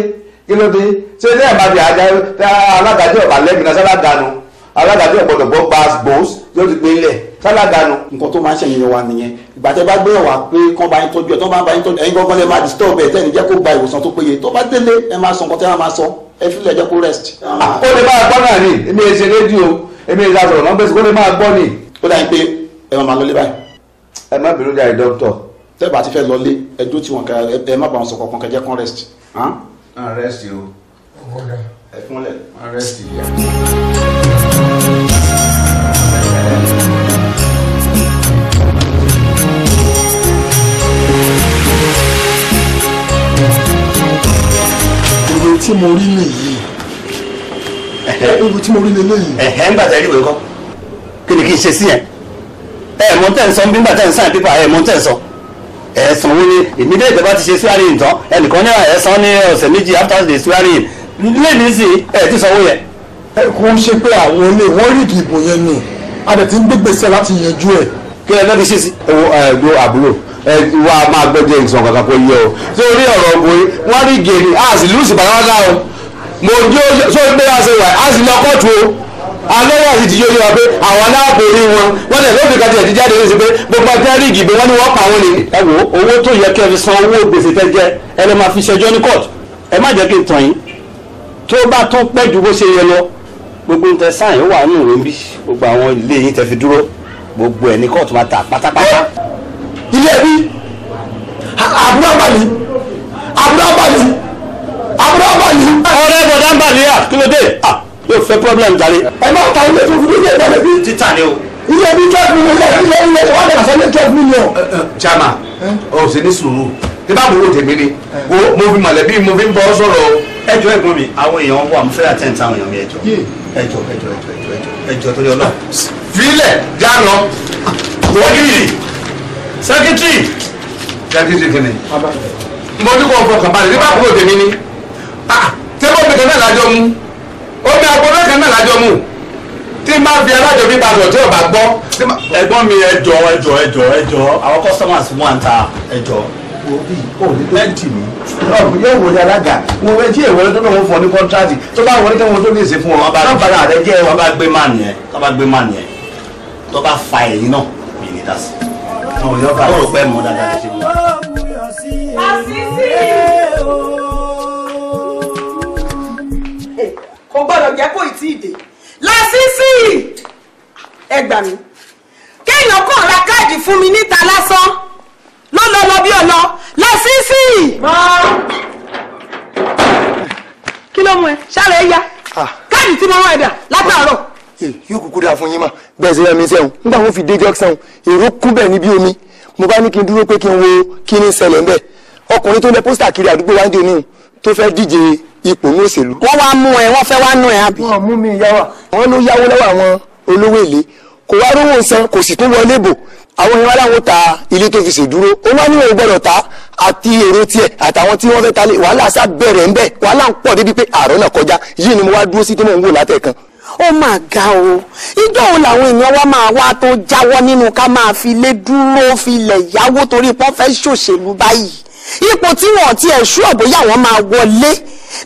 kí ló dé ṣé ilé ẹ̀ máa fi àjà alágàjẹ́ ọ̀bà lẹ́mìí náà sálá dànù alágàjẹ́ ọ̀gbọ̀dọ̀gbọ̀ pa gbòós yóò ti gbé ilẹ̀ kálàdánù nǹkan tó máa ń ṣẹ̀yìn wa nìyẹn ìgbà tẹ́ bá gbé ẹ̀wà pé kán bá yín tọ́jú ẹ̀ tán bá ń bá yín tọ́jú ẹ̀yin gangan lè máa disturb ẹ̀ tẹ́ni jẹ́ kó gba ìwòsàn tó péye tó bá délé ẹ máa sọ nǹkan tẹ́ máa sọ ẹ fi lẹ̀ jẹ́ kó rest. Ah, ó lè máa gbọ́ náà ni èmi ẹ̀ ṣe rédíò èmi ẹ̀ ṣàṣọ̀rọ̀ náà bẹ́sẹ̀ ó lè máa gbọ́ ni. ó dà yín pé ẹ máa lọ lé báyìí. ẹ má bínú jàre dókítọ̀. tẹ́ bá ti fẹ́ lọ lé ẹjọ́ tí wọn ẹ má bá wọn sọ kankan kẹjẹ́ kan rest. rest o. ẹ fúnlẹ̀. rest tí mo rí nìyí ewu tí mo rí lélẹ́yìn. ẹ̀hẹ́ ń bàtà ìwé kọ́ kí ni kí n ṣe sí yẹn ẹ̀ mọ tẹ̀ ń sọ bí ń bàtà ń sàn pípa ẹ̀ mọ tẹ̀ ń sọ ẹ̀ sanwó ni èmi dé ìjọba ti ṣe swearing tán ẹnìkan náà ẹ̀ san ní ọ̀sẹ̀ méjì after the swearing lé ní sí ẹ̀ ti sanwó yẹn. ẹ kò ń ṣe pé àwọn ilé wọn rí ìdìbò yẹn ni a dẹ̀ ti ń gbégbèsè láti yanjú ẹ̀. kí ẹ lọ́ wa máa gbẹ́jẹ́ ìsàn kankan kó yẹ o tó rí ọ̀rọ̀ ọkùnrin wọ́n rí gèdè a sì lùsì bàbá o mo jó só gbé wa ṣe wà a sì lọ kóòtù o alẹ́wọ̀ sì ti yé wa pé àwọn aláàbò rí wọn wọ́n lè lóbi kájí ẹ̀dí jáde lóṣù pé gbogbo ajá rí ìgbìmọ̀ wọ́n ní wọ́n pa wọn ni. ẹ wo owó tó yẹ kẹ́ fi san owó gbèsè tẹ́ jẹ ẹ lè máa fi ṣẹjọ́ ní kóòtù ẹ má jẹ́ kí n tàn yín tó bá tún pẹ́ ju bó ṣe yẹ lọ gbogbo ń tẹ sáàyàn wà nù rẹ̀ bí gbogbo àwọn ilé yín tẹ fi dúró gbogbo ẹ̀ ní kóòtù máa ta pátápátá ilé ẹbí abúlábàlì abúlábàlì abúlábàlì. ọ̀rẹ́ bọ̀dá ń bàlẹ́ à kí ló dé yóò fẹ́ problem jàre. ẹ má ta ilé tó fún ilé ìdájọ́ bí. títà ni o. ilé ẹbí twelve million ilé ilé wà lè sọ ní twelve million. jama o ṣe ní sùúrù tí bá wúwo tèmi ni mo fi mọ̀lẹ́bí mo fi ń bọ́ sọ̀rọ̀ ẹjọ́ ẹ̀gbọ́n mi àwọn èèyàn wà mo fẹ́ àtẹ̀ǹtà àwọn èèyàn mi ẹjọ́ ẹjọ́ ẹjọ́ ẹjọ́ ẹjọ́ tó yọ náà. fílẹ̀ já lọ wọ́n yìí sẹ́kítírì. sẹ́kítírì kìíní. mo ní kó o balẹ̀ nígbà kúrò tèmi ni tébó mi kan náà lájọ mu omi agbóná kan náà lájọ mu tí n bá fi alájọ bí bàtọ̀ tí o bá gbọ́. ẹ̀gbọ́n mi ẹ jọ̀ọ́ ẹ jọ̀ọ́ àwọn customers mú àǹtà ẹ jọ̀ọ́ òbí òní tó ń tì mí yóò wọlé alága wọn wẹ tí èèwọ̀ lọ́dọ̀ wọn fún ọ ní kọ́ńtrátì tó bá wọlé kẹ́wọn tó lè ṣe fún ọ lábàárà rẹ jẹ́ wọn bá gbé màn yẹn tó màn yẹn tó bá fa ẹ̀yìn náà èyí ni dá sí àwọn èèyàn bá lọ́rọ̀ pẹ́ mọ́ dáadáa ṣe mọ́. kò gbọ́dọ̀ jẹ́ kó ì tí ì dé lásìsì ẹ gbà mí kéèyàn kàn ra káàdì fún mi níta lásán ló lọ lọ bí ọlọ lásìsì. kí ló mú ẹ ṣáà rẹ yá ah. káàdì tí mo wá ẹ dà látàárọ̀ yóò kúkú dáa fún yín mà gbẹ̀sẹ̀ yẹn mi sẹ́wọ̀n nígbà wọn fi dé junction èrò kún bẹ́ẹ̀ níbi omi mo bá ní kí n dúró pé kí n wo kí ni ṣẹlẹ̀ ń bẹ̀ ọkùnrin tó ń lẹ pósítà kiri àdúgbò wáńdí oníhùn tó fẹ́ díje ipò ní òṣèlú. wọ́n wá mú ẹ wọ́n fẹ́ wá nù ẹ àbí. wọ́n mú mi yáwà wọ́n ló yáwó lọ́wọ́ àwọn olówó èlé kò wá rówó san kò sì tún wọlé bò àwọn ìwà láwọn ta ilé tó fi ṣèdúró ó wá níwọ̀n gbọ́dọ̀ ta àti èrò tiẹ̀ àtàwọn tí wọ́n fẹ́ ta wàhálà sá ń bẹ̀ wàhálà ń pọ̀ débi pé àárọ̀ náà kọjá yìí ni mo wá dúró sí tí mò ń wò látẹ̀kan ó mà ga o ìjọ òun làwọn èèyàn wa máa wá tó jáwọ́ nínú ká máa fi lé dúró fi lẹ̀ yáwó torí pọ́n fẹ́ ṣòṣèlú báyìí ipò tí wọn ti ẹ̀ṣú ọ̀bọ̀yà wọn máa wọlé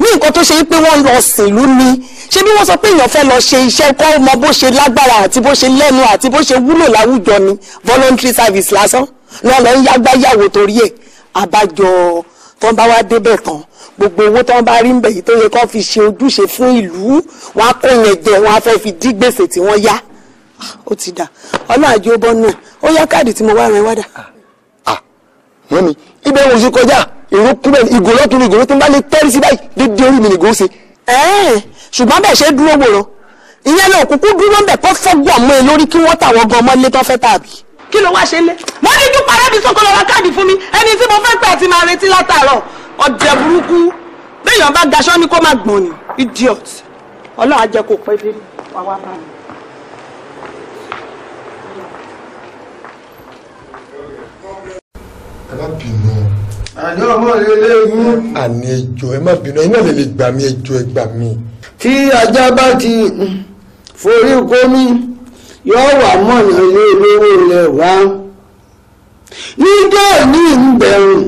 ní nǹkan tó ṣe pé wọ́n lọ sìnlú ni ṣé bí wọ́n sọ pé èèyàn fẹ́ lọ ṣe iṣẹ́ kọ́ mọ bó ṣe lágbára àti bó ṣe lẹ́nu àti bó ṣe wúlò láwùjọ ni voluntary service lásán lọ́ọ́ lọ ń yágbáyàwó torí ẹ̀ abájọ tó ń bá wá débẹ̀ tán gbogbo owó tó ń bá rí ń bẹ̀ yìí tó yẹ kó fi ṣe ojúṣe fún ìlú wọn á kó yẹn jẹ wọn á fẹ́ fi dí gbèsè tí wọ́n yá ah, ó ti dà ọlọ́àjì ó bọ́ nù ẹ̀ ó yá káàdì tí mo wá rẹ wá dà. wọ́n ah, ah, mi ibẹ̀ wò sí kọjá èrò kúbẹ̀ ìgò lọ́tún ìgò lọ́tún bá lè tẹ́rí sí báyìí dédé orí mi nìgò ṣe. ṣùgbọ́n bẹ́ẹ̀ ṣe dúró wòran ìyẹn lè òkùnkùn dúró ń bẹ̀ kó fọ́gbọ̀n mọ́ ẹ lórí kí wọ́n tàwọn gan mọ́lé tó fẹ́ tàbí kí ló wá ṣe lé mo ní ju parẹ́ mi sókòlò ra káàdì fún mi ẹni tí mo fẹ́ pẹ́ àti máa retí látàárọ̀ ọ̀dẹ̀ burúkú béèyàn bá gaṣọ ni kó máa gbọ̀n ni idiot ọlọ́run á jẹ́ kó pẹ́ dé wá wá bá mi. àní ẹjọ ẹ má bínú ẹ náà lè lè gbà mí ẹjọ ẹ gbà mí. tí ajá bá ti mm, forí kó mi. yóò wà mọ̀nà ilé olówó ilẹ̀ wa níjọ́ ní ìbẹ̀rù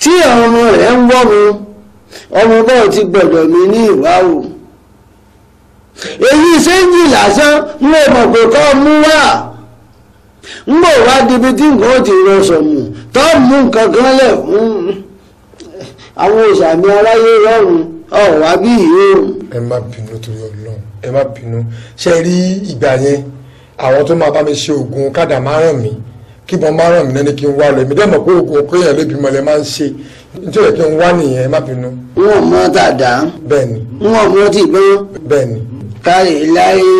tí ọmọ rẹ̀ ń wọ́mu ọmọ bọ́ọ̀ ti gbọdọ mi ní ìwà èyí lásán mọ̀ pé kọ́ mú wá wá dibi tí nǹkan ó ọ̀ wá bí yìí o. ẹ má bínú torí Ọlọ́run ẹ má bínú ṣe rí ìgbà yẹn àwọn tó máa bá mi ṣe oògùn kádà máa ràn mí kí mo máa ràn mí lẹ́ni kí n wá lọ èmi dẹ́ mọ̀ pé oògùn kéèyàn lè bímọ lẹ máa ń ṣe nítorí kí n wá nìyẹn ẹ má bínú. n ò mọ dàda. bẹ́ẹ̀ni. n ò mọ ti gbọ́. bẹ́ẹ̀ni. káyé láyé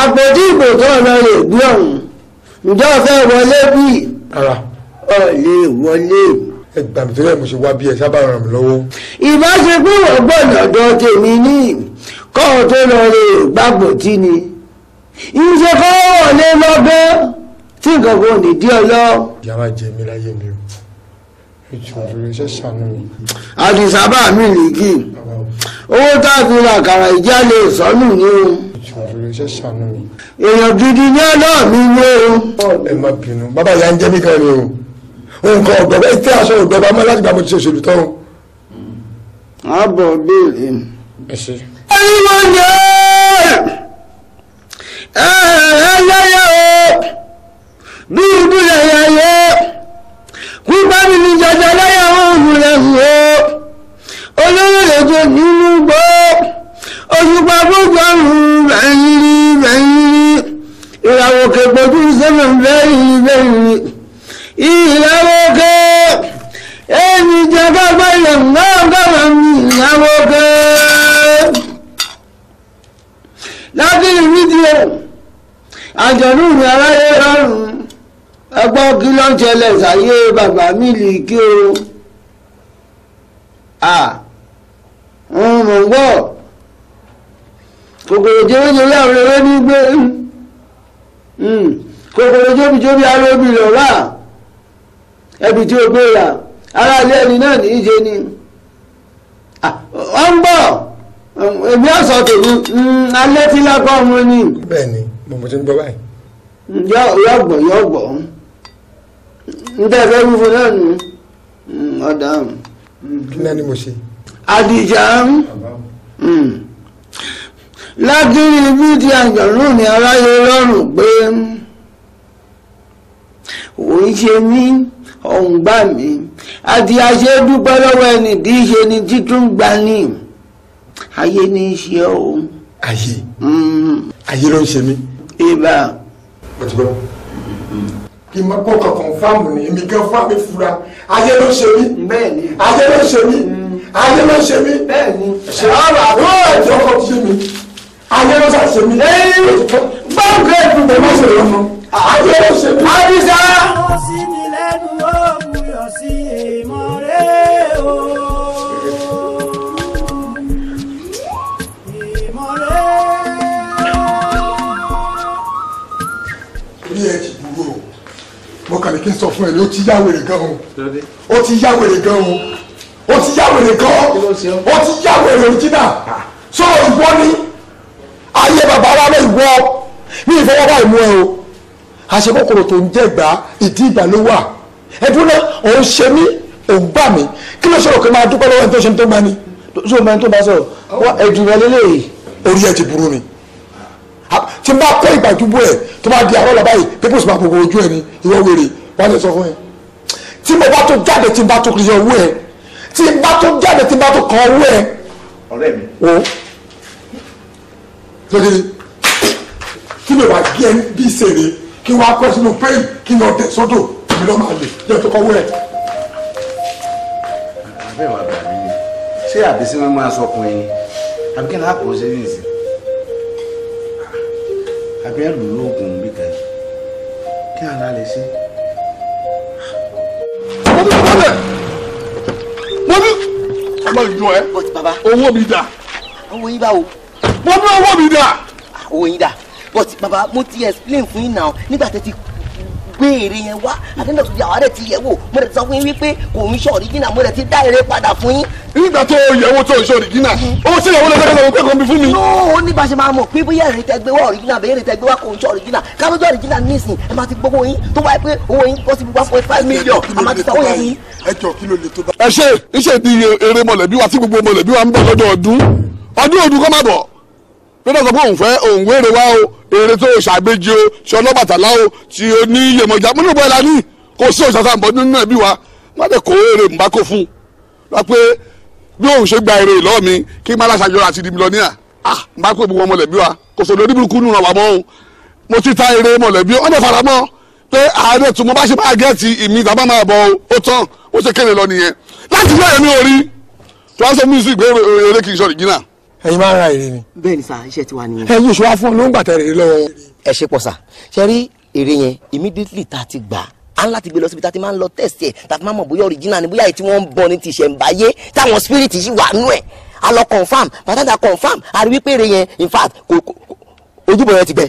àpótí ìbò tó ọ̀nà lè gbé ọ̀hún ǹjọ́ fẹ́ wọlé bí. ara. wọlé ẹgbàmì tó yẹ mo ṣe wá bí ẹ sábà ràn mí lọ́wọ́. ìbá ṣe pé tèmi ní kọ́ tó lọ rè gbàgbọ́ tí ni ìṣe kọ́ wọlé lọ́gbẹ́ tí nǹkan kò ní dí ọ lọ. ìyá máa jẹ mí láyé mi o àdìsábà mi lìkì owó tá a fi ra àkàrà ìjà lè sọnù ní o èèyàn gidi ní ọlọ́ọ̀ mi ní o. ẹ má bínú bàbá ìyá ń jẹ́ mi kan ni o nǹkan ọ̀dọ̀ bẹ́ẹ̀ tí aṣọ ọ̀dọ̀ bá mọ́ láti gbà mo ti ṣe òṣèlú tán. àbọ̀ béèrè. ẹyin wọn ni ẹ ẹyẹyẹ o bí ibi ẹyẹyẹ pípa mi ni jọjọ lẹ́yìn àwọn òmùlẹ̀hùn o olóyè lè jẹ nínú gbọ́ òṣùpá gbogbo ọ̀run rẹ̀ ń rí rẹ̀ ń rí ìràwọ̀ kẹ̀kọ́ tó ń sẹ́nu bẹ́ẹ̀ ni bẹ́ẹ̀ ni ìyàwókè ẹni jẹba gbẹyẹ náà gbọdọ ìyàwókè lábí fídíò àjọ̀dún ní aráyé rọrùn ẹgbọ́n kí ló ń ṣẹlẹ̀ ṣàyé bàbá Miliki o àwọn mò ń gbọ́ kòkòrò jẹ́rẹ́jẹ́rẹ́ àwọn eré ní gbé hmm, kòkòrò jóbi jóbi aróbi lọ́wọ́ ẹbí tí o gbé ya. ara ilé ẹni náà ní ije ni ọ ń èmi ọ̀sọ̀ tèmi mm, alẹ́ tí lápá ọmọ ni. bẹ́ẹ̀ ni bọ̀mọ tí ń gbọ́ báyìí. yọ gbọ̀ yọ gbọ̀ n tẹ́ fẹ́ wúfo náà nù mm, ọ̀dà. kí náà ni mo ṣe. àdìjà mm. bí ti àjọ̀rún ni aráyé pé òun ṣe ní. ọ̀hún gbà mí àti àṣẹ dúpẹ́ lọ́wọ́ ẹni tí í ṣe ni títún gbà ní ayé ní í ṣe o. ayé mm-hmm. ayé ló ń ṣe mí. ibà. ọ̀túbọ̀ kì í máa bọ́ kankan fáàmù ni èmi gan fáàmù fura ayé ló ń ṣe mí. bẹ́ẹ̀ni. ayé ló ń ṣe mí. Mm-hmm. ayé ló ń ṣe mí. bẹ́ẹ̀ni. ṣe ara àwọn ẹ̀jọ̀ kò ti yé mi ayé ló sà ṣe mí. ẹ̀yin báńkì ẹ̀dùn bẹ̀rẹ̀ má ṣe lọ́mọ ayé ló ṣe mí. àdìsá. sọ̀kalẹ̀ kí n sọ fún ẹ ní ó ti yá wèrè gan o ó ti yá wèrè gan o ó ti yá wèrè gan o ó ti yá wèrè òjìnà sọ ìwọ ni ayé bàbá wa lọ ìwọ ní ìfọwọ́bá ìmú ẹ o àṣekọ̀kọ̀rọ̀ tó ń jẹ́ ìgbà ìdí ìgbà ló wà ẹdún náà òun ṣe mí òun gbà mí kí ló sọ̀rọ̀ pé máa dúpẹ́ lọ́wọ́ ẹni tó ṣe tó gbani tó ṣe tó tó bá sọ̀rọ̀ ẹ̀dùn rẹ orí ẹ̀ ti burú ni tí n bá kọ́ ìgbà ìdúgbò ẹ̀ tó bá di àárọ̀ lọ́ba yìí pépùsì máa gbogbo ojú ẹ̀ ni ìwọ wèrè wọ́n lè sọ fún ẹ. tí mo bá tó jáde tí n bá tó yọ owó ẹ tí n bá tó jáde tí n bá tó kàn owó ẹ. ọ̀rẹ́ mi. o lókèrè kí ló wàá gé ẹni bí ìṣèré kí wàá kọ́ sínú pẹ́yì kí lọ dẹ̀ sódò mi lọ́ máa lè yẹ tó kọ́ owó ẹ. àbẹ̀wò àbẹ̀wò ṣé àbẹ̀sí máa sọkùnrin àbíkẹ́ bẹ́ẹ̀ lù lóògùn bí kan kí àná lè ṣe. mo ní kọ́ bẹ́ẹ̀ mo ní ọmọ ìjọ ẹ owó mi dà. owó yín báwo. mo ní owó mi dà. Ah, owó yín dà but baba mo ti explain fún yín náà nígbà tẹ́ ti gbé èrè yẹn wá àtẹnudọ tó di àwọn àrẹ ti yẹ̀ mo rẹ ti sọ fún yín wípé kò ń ṣe ọ̀ríjìnà mo rẹ ti dá èrè padà fún yín. nígbà tó yẹ̀wò tó ṣe ọ̀ríjìnà ó ṣe ìyàwó lọ́gbẹ́rẹ́ lọ́wọ́ pé kò ń bí fún mi. ó ní bá ṣe máa mọ̀ pé bóyá èrè tẹ gbé wá ọ̀ríjìnà bẹ́ẹ̀ èrè tẹ gbé wá kò ń ṣe ọ̀ríjìnà kábíyèsí ọ̀ríjìnà nísìn ẹ máa ti gbogbo yín tó wáyé pé owó yín bọ́ ti sanwó yẹn yín. ẹ lọ́dọ̀ sọ pé òun fẹ́ òun wéèrè wá o èrè tó ṣàgbéjì o ṣe ọlọ́bàtàlá o tí o ní iyèmọ̀já mo ní ìbọn ẹ̀la ní kò sí òṣàṣà àbọ̀ nínú ẹ̀bí wa má lè kó èrè mbá kó fún un lọ pé bí òun ṣe gba èrè lọ́ọ̀ mi kí má láṣà yọra àti ìdìbò lọ́níà ah mbá kó ìbùwọ̀n mọ̀lẹ́bí wa kò sọ̀rọ̀ oníburúkú nù ràn wá mọ́ òun mo ti ta èrè mọ̀lẹ́bí ọ̀nà faramọ́ pé ààrẹ tó mo bá ṣe máa gẹ́ẹ̀tì ìmí ìgbà máa bọ̀ ó tán ó ṣe kéde lọ nìyẹn láti lọ́ọ̀yẹ̀ mi ò rí tí wọ́n sọ mí sí ìgbé èrè kì í ṣọ̀rì jìnnà ẹ̀yin máa ń ra èrè ni. bẹ́ẹ̀ ni sà iṣẹ́ tiwa nìyẹn. ẹ̀yin ìṣòwò afọ ló ń gbàtà èrè lọ́wọ́. ẹ ṣe pọ̀ sà ṣe rí èrè yẹn immediately tá a ti gbà á ń láti gbé lọ síbi tá a ti máa ń lọ test ẹ̀ tá a ti máa mọ̀ bóyá original ni bóyá èyí tí wọ́n ń bọ̀ ní ti ṣẹ̀ǹbáyé táwọn spirit yìí wà nú ẹ̀ a lọ confam bàtàtà confam a rí wípé èrè yẹn in fact ojúbọ yẹn ti gbẹ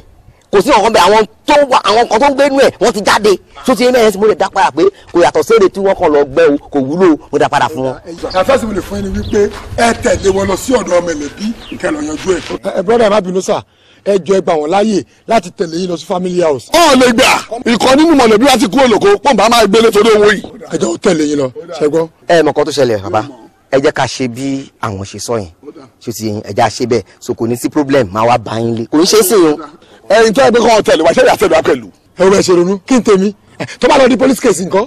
kò sí ọ̀kan bẹ àwọn tó wà àwọn kan tó ń gbé nú ẹ̀ wọ́n ti jáde tó ti mẹ́rin sí mo lè dá padà pé kò yàtọ̀ sí tí wọ́n kàn lọ gbẹ́ o kò wúlò mo dá padà fún wọn. àfẹ́sì mi lè fún ẹni wípé ẹ tẹ̀lé wọn lọ sí ọ̀dọ̀ ọmọ ẹlẹ́bí kẹlọ̀ yanjú ẹ̀. ẹ brọ́dà ẹ má bínú sà ẹ jọ ẹ gbà wọn láàyè láti tẹ̀lé yín lọ sí family house. ọ lè gbà ìkan nínú mọ̀lẹ́bí láti kúrò lóko pọ́ǹpà máa gbélé torí owó yìí. ẹ jọ tẹ̀lé yín lọ ṣẹgbọ́n. ẹ mọ̀ kan tó ṣẹlẹ̀ bàbá ẹ jẹ́ ká ṣe bí àwọn ṣe sọ yẹn ṣé ti yẹn ẹ jẹ́ àṣẹ so kò ní sí problem máa wá bá yín lé kò ní ṣe é sìn yín ẹyin tó ẹgbẹ́ kan ọ̀tẹ̀lẹ̀ wà sẹ́yìn àfẹ́lẹ́ pẹ̀lú. ẹ wọ ẹsẹ ronú kí n tèmi tó bá lọ di police case nǹkan.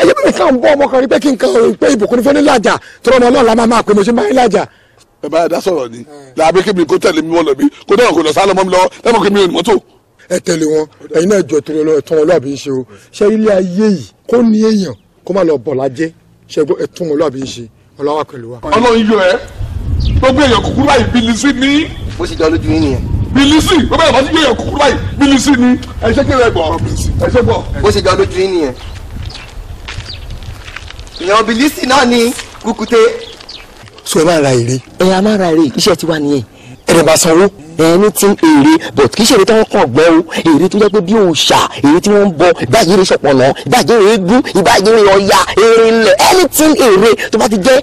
ẹ yẹ bíbí kan bọ ọmọ kan rí pé kí n kan rò pé ìbùkún fún ní làjà tó rọmọ ọlọ́ọ̀la máa máa pè mo ṣe máa ń làjà. ẹ bá dá sọ̀rọ̀ ni làbí kí mi kó tẹ̀lé mi wọlọ̀ mi kó dẹ́wọ̀n kó lọ sálọ mọ́ mi lọ lẹ́mọ̀ kí mi rìn mọ́tò. ẹ tẹ̀lé wọn ẹ̀yin náà jọ torí ọlọ́ọ̀ tán ọlọ́àbí ṣe o ṣé ilé ayé yìí kó ní èèyàn kó má lọ bọ̀ lájẹ́ ṣe ẹ tún ọlọ́àbí ṣe ọlọ́wà pẹ̀lú wa. ọlọ́run yọ ẹ gbogbo èèyàn kúkúrú àìbílisí ní. bó ṣe jọ lójú yín nìyẹn bilisi gbogbo ẹ̀ bá ti yẹ̀yẹ̀ kúkú báyìí bilisi ni ẹ ṣe kéré ẹgbọ̀ ọ̀rọ̀ bilisi ẹ ṣe gbọ̀. bó ṣe jọ lójú yín nìyẹn ìyàn bilisi náà ni kùkùté. so ẹ máa ra èrè. ẹ a máa ra èrè iṣẹ́ tiwa nìyẹn. ẹ̀rẹ̀ bá sanwó. ẹni tí èrè but kì í ṣe èrè tí wọ́n kàn gbọ́ o èrè tó jẹ́ pé bí òun ṣà èrè tí wọ́n ń bọ ìbáyé èrè ṣọ̀pọ̀nà ìbáyé èrè gún ìbáyé èrè ọ̀ya èrè ńlẹ̀ anything èrè tó bá ti jẹ́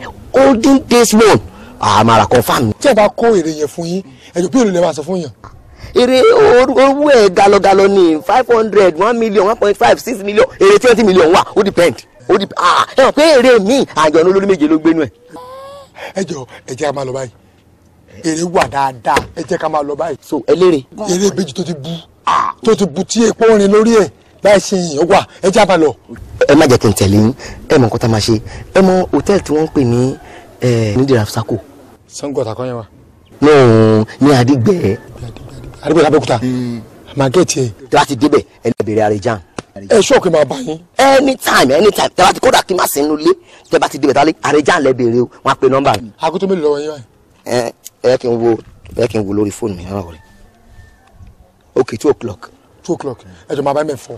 olden days loan àmàrà confam. tí ẹ bá kó èrè yẹn fún yín ẹjọ bí olùlẹ̀ máa sọ fún yàn. èrè owó ẹ̀ galọ̀galọ̀ ni five hundred one million one point five six million èrè twenty million wà ó depend ó depend ah ẹ hàn pé èrè mi àjọyọ̀ olórí méje ló gbénu ẹ̀. ẹjọ ẹ jẹ́ ká máa lọ báyìí èrè wà dáadáa ẹ jẹ́ ká máa lọ báyìí. so eléré. eré ìbejì tó ti bu tó ti bu tí epo rin lórí ẹ̀ láì ṣe yìnyín wà ẹ jẹ́ àbá lọ. ẹ má jẹ́ kí n tẹ̀lé yín ẹ mọ nǹkan tá a máa ṣe ẹ mọ hòtẹ́ẹ̀lì tí wọ́n ń pè ní nídìí rafsako. sango ọ̀tà wa ní ọ̀hún ní adigbẹ́. adigbẹ́ labẹ́kúta màá hmm. gẹ̀ẹ́tì ẹ̀. tí wàá ti débẹ̀ ẹni bẹ̀rẹ̀ àrèjàn. ẹ ṣọ́ọ̀ máa bá yín. anytime anytime tẹ́ bá ti kódà kí n má sí inú ilé tẹ́ bá ti débẹ̀ tálẹ́ àrèjàn lẹ bèrè o wọn á pe nọ́mbà mi. lọ́wọ́ yín báyìí. ẹ ẹ kí n wo ẹ kí n wo lórí fóònù mi náà rẹ ok two o'clock. two o'clock ẹ jọ máa bá mẹ́fọ́.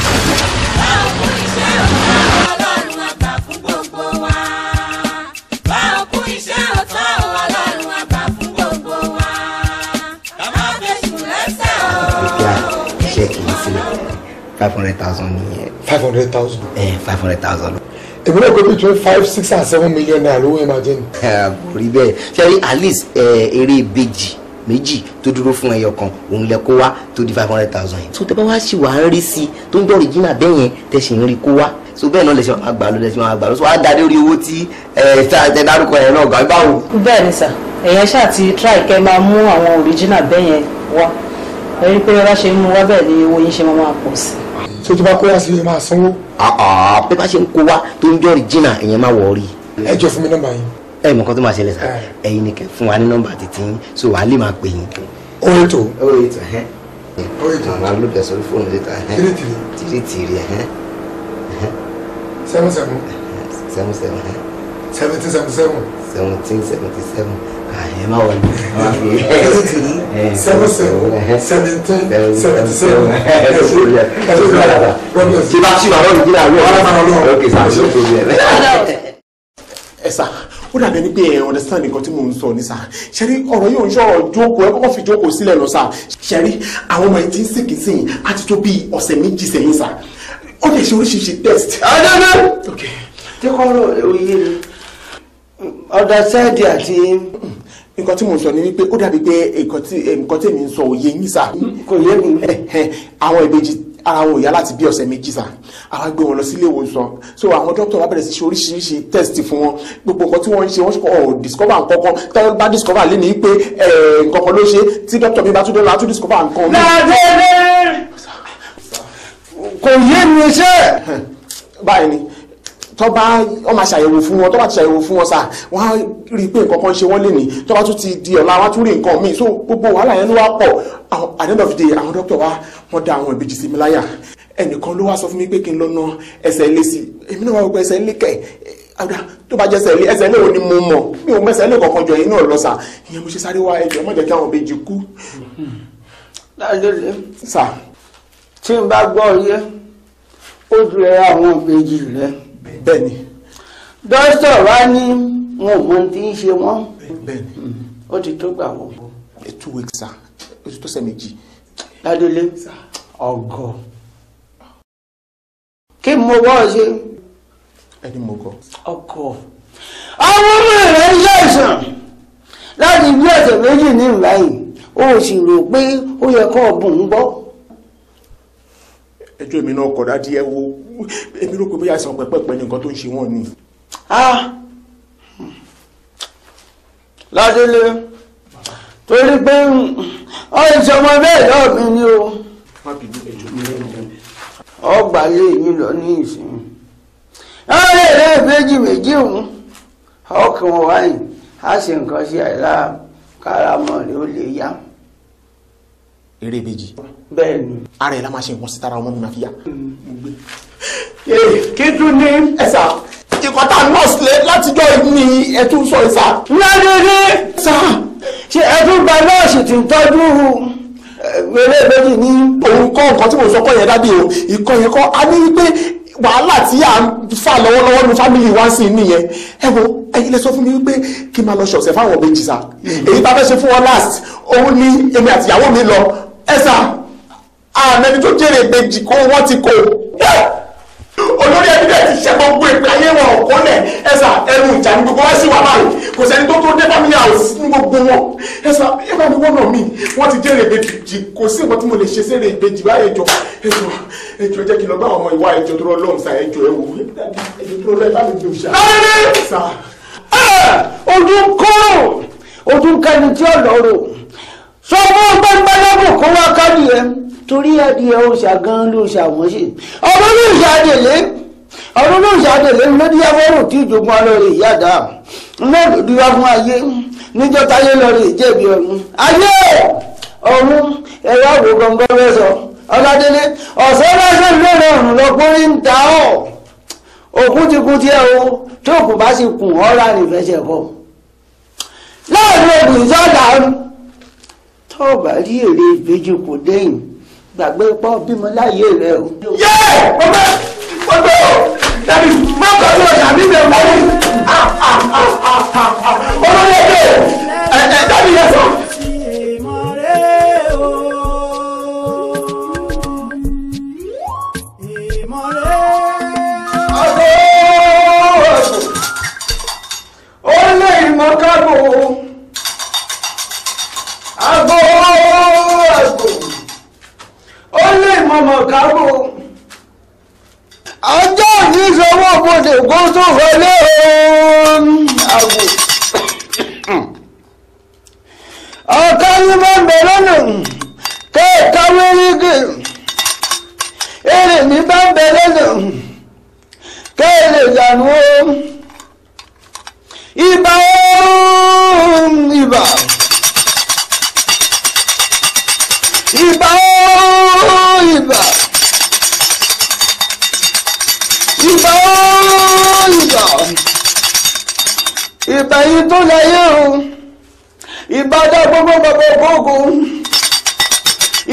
five hundred thousand nìyẹn. five hundred thousand. ẹ five hundred thousand. èmi náà kó between five six and seven million naira lówó imagine. kò rí bẹ́ẹ̀ ṣe at least eré ìbejì méjì tó dúró fún ẹyọ kan òun lẹ kó wá tó di five hundred thousand yẹn. so tẹ bá wá sì wà ń rí sí i tó ń dọ̀rọ̀ jìnnà bẹ́ẹ̀ yẹn tẹ sì ń rí kó wá so bẹ́ẹ̀ náà lẹ̀sìn máa gbà ló lẹ̀sìn máa gbà ló so wá dá lórí owó tí ẹ dárúkọ yẹn náà gbà báwo. bẹ́ẹ̀ ni sà èèyàn ṣáà ti try kẹ́ máa mú àwọn original bẹ́ẹ̀ yẹn wá ẹ rí pé ọlá ṣe ń mú wá bẹ́ẹ̀ ni owó yín ṣe máa máa pọ̀ sí i ṣé tó bá kó wá sí ẹ máa sanwó. bí ah, ah, bá ṣe ń kó wá tó ń jọ́rìí jìnnà ìyẹn máa wọ̀ rí. ẹ jọ fún mi nọ́mbà yín. ẹ mọ̀ kán tó máa ṣẹlẹ̀ sá ẹ̀yin nìkan fún wa ní nọ́mbà títí so wàá lè máa pè yín. o ètò. o ètò ẹ̀hẹ́n. o ètò. àwọn alóòdà sórí fóònù létà ẹ̀hẹ́n. tìrìtìrì. tìrìtìrì ẹ̀hẹ́n. seven seven. seven seven. seventeen seventy seven. seventeen seventy seven ẹ má wọlé seven seven seventeen seventy ẹ. understand nǹkan tí mò ń sọ ní sá ṣẹ́rí ọ̀rọ̀ yóò ń ṣọ̀rọ̀ jókòó ẹ kọ́kọ́ fi jókòó sílẹ̀ lọ sá ṣẹ́rí àwọn ọmọ yìí ń sìnkì sí á ti tó bí ọ̀sẹ̀ méjì sẹ́yìn sá ó lè ṣe oríṣiríṣi test. ọ̀dọ́ náà jẹ́ kọ́ ọ̀rọ̀ òye mi ọ̀dọ̀ sẹ́ẹ̀dì àti nǹkan tí mo sọ ni wípé ó dàbí pé nǹkan tí eh, nǹkan tí èmi ń sọ òye yín sà. Mm-hmm. kò yé mi. àwọn ìbejì ara wọn ò yá láti bí ọ̀sẹ̀ méjì sà àwa gbé wọn lọ sílé ìwòsàn so àwọn dókítà wa bẹ̀rẹ̀ sí ṣe oríṣiríṣi test fún wọn gbogbo nǹkan tí wọ́n ń ṣe wọ́n ò discover nǹkankan táwọn bá discover lé ní pé eh, nǹkankan ló ṣe tí dókítà mi bá tún dọ́là á tún discover nǹkan mi. kò yé mi iṣẹ́. báyìí ni tó bá wọ́n máa ṣàyẹ̀wò fún wọn tó bá ti ṣàyẹ̀wò fún wọn sà wọ́n á rí i pé nǹkan kan ṣe wọ́n lè ní tó bá tún ti di ọ̀la wọ́n á tún rí nǹkan míì so gbogbo wàhálà yẹn ló wá pọ̀ at the end of the day àwọn dókítà wa wọ́n da àwọn ìbejì sí mi láyà ẹnìkan ló wá sọ fún mi pé kí n lọ na ẹsẹ̀ ilé sí èmi náà wá gbogbo ẹsẹ̀ ilé kẹ̀ àdá tó bá jẹsẹ̀ ilé ẹsẹ̀ ilé wo ni mo mọ̀ mi ò mẹsẹ̀ ilé kankan jọ yín náà lọ sà ìyẹn mo ṣe sáré wá ẹjọ́ má kí àwọn ìbejì kú. lálẹ́ tí n bá gbọ́ yẹ ó ju ẹ àwọn ìbejì rẹ bẹ́ẹ̀ ni. dókítà wa ní wọn ò mọ ohun tí ń ṣe wọn. bẹ́ẹ̀ ó ti tó gbà wọ. two weeks sa ó ti tó sẹ́ méjì. ládùlé ọgọ kí mo bọ́ ọ ṣe. ẹni mo kọ. ọkọ ọmọ mi rẹ ń ṣàìsàn láti bí ọ̀sẹ̀ méjì ní ìgbà yìí o sì rò pé ó yẹ kó o bùn gbọ́ ẹjọ́ èmi náà kọ̀ dádì ẹ wo èmi rò pé bóyá àìsàn pẹ́pẹ́pẹ́ ni nǹkan tó ń ṣe wọ́n ni. Ah! ládélé torí pé ọ̀rẹ́ ti ọmọ bẹ́ẹ̀ náà mi ni o. ọgbà lè yín lọ ní ìsinmi. ọ̀rẹ́ rẹ̀ méjì méjì òun ọkàn wáyé a ṣe nǹkan sí àìláàkárámọ̀ ni ó lè yá eré ìbejì. bẹ́ẹ̀ni. ara ẹ̀ la máa ṣe nǹkan sítara ọmọ nínú àfíà. kí tún ní ẹ̀sà ìkọ́tà nọ́ọ̀sì lé látijọ́ ní ẹ̀tún sọ ìsà. ládéédé sà ṣe ẹ̀tún gba nọ́ọ̀sì tí ń tọ́jú eré ìbejì ní òun kọ́ nǹkan tí mo sọ kọ́ yẹn dábì o ìkọ́ yẹn kọ́ a ní pé wàhálà tí à ń fà lọ́wọ́lọ́wọ́ nu fámìlì wa sí nìyẹn ẹ wo ẹ̀yin lè sọ fún mi wípé kí n máa lọ ṣọ̀ṣẹ̀ fáwọn méjì sa mm. èyí tá a fẹ́ ṣe fún wọn last òun ni èmi àtìyàwó mi lọ ẹ̀sà àmẹ́ni tó jèrè ìbejì kó wọ́n ti kó olórí ẹbí bẹ́ẹ̀ ti ṣe gbogbo ìpè ayé wọn ọ̀kọ́lẹ̀ ẹ̀sà ẹnu ìjà ní gbogbo wá sí wàhálà rẹ̀ kò sẹ́ni tó tó dé family house ní gbogbo wọn ẹ̀sà ẹ̀fà ni wọ́n nà mí wọ́n ti jèrè ìbejì kò sí nǹkan tí mo lè ṣe sí èrè ìbejì báyìí ẹjọ́ ẹjọ́ ẹjọ́ jẹ́ kí lọ bá ọmọ ìwà ẹjọ́ tó rọ lọ́hùn sa ẹjọ́ ẹwù ẹjọ́ tó rọ lọ́hùn bá mi bí òṣà. ọdún kọ́ ọdún kẹ́ni tí ọ̀lọ́rọ̀ sọ fún ọgbẹ́ gbẹ́lẹ́gùn kó wá kádì ẹ torí adìẹ òòṣà gan ló ṣàwọn ṣe ọmọ ló ń ṣàdèlé ọdún ló ń ṣàdèlé lódì afọ́rùn tí ìjogún alọ́rẹ̀ ìyáàdá náà lòdì wá fún ayé níjọ́ táyé lọ́rẹ̀ ìjẹ̀bi ọ̀run ayé ọ̀run ẹ̀rọ àwò gbọ̀ngàn rẹ̀ sọ ọládélé ọ̀sẹ̀ lọ́sẹ̀ lórí ọ̀run lọ́gbọ́n ń ta ọ́ òkú ti kú tiẹ̀ o tó kù bá sì kù ọ́ rà nífẹ̀ẹ́ ṣẹ̀kọ́ láàrin tó o bá rí èrè ìbejì kò dẹ́yìn gbàgbé pọ́ bímọ láyé rẹ o. yé ọgbẹ́ ọgbẹ́ o dàbí má bàa lọ dàbí bẹ́ẹ̀ wọlé olóyè ẹ ẹ dàbí yẹn sọ. mọ̀mọ̀ kágbó. ọjọ́ òní ìṣòwò òbòdè kó tó wọlé ooo àgbò. ọ̀kan ní ń bẹ̀rẹ̀ nù kẹ́ẹ̀ka wírígì èrè ní bá ń bẹ̀rẹ̀ nù kẹ́ẹ̀lẹ̀ dànù ooo. ìbẹ̀yìn tó láyé o ìbádá gbogbo gbogbo gbogbo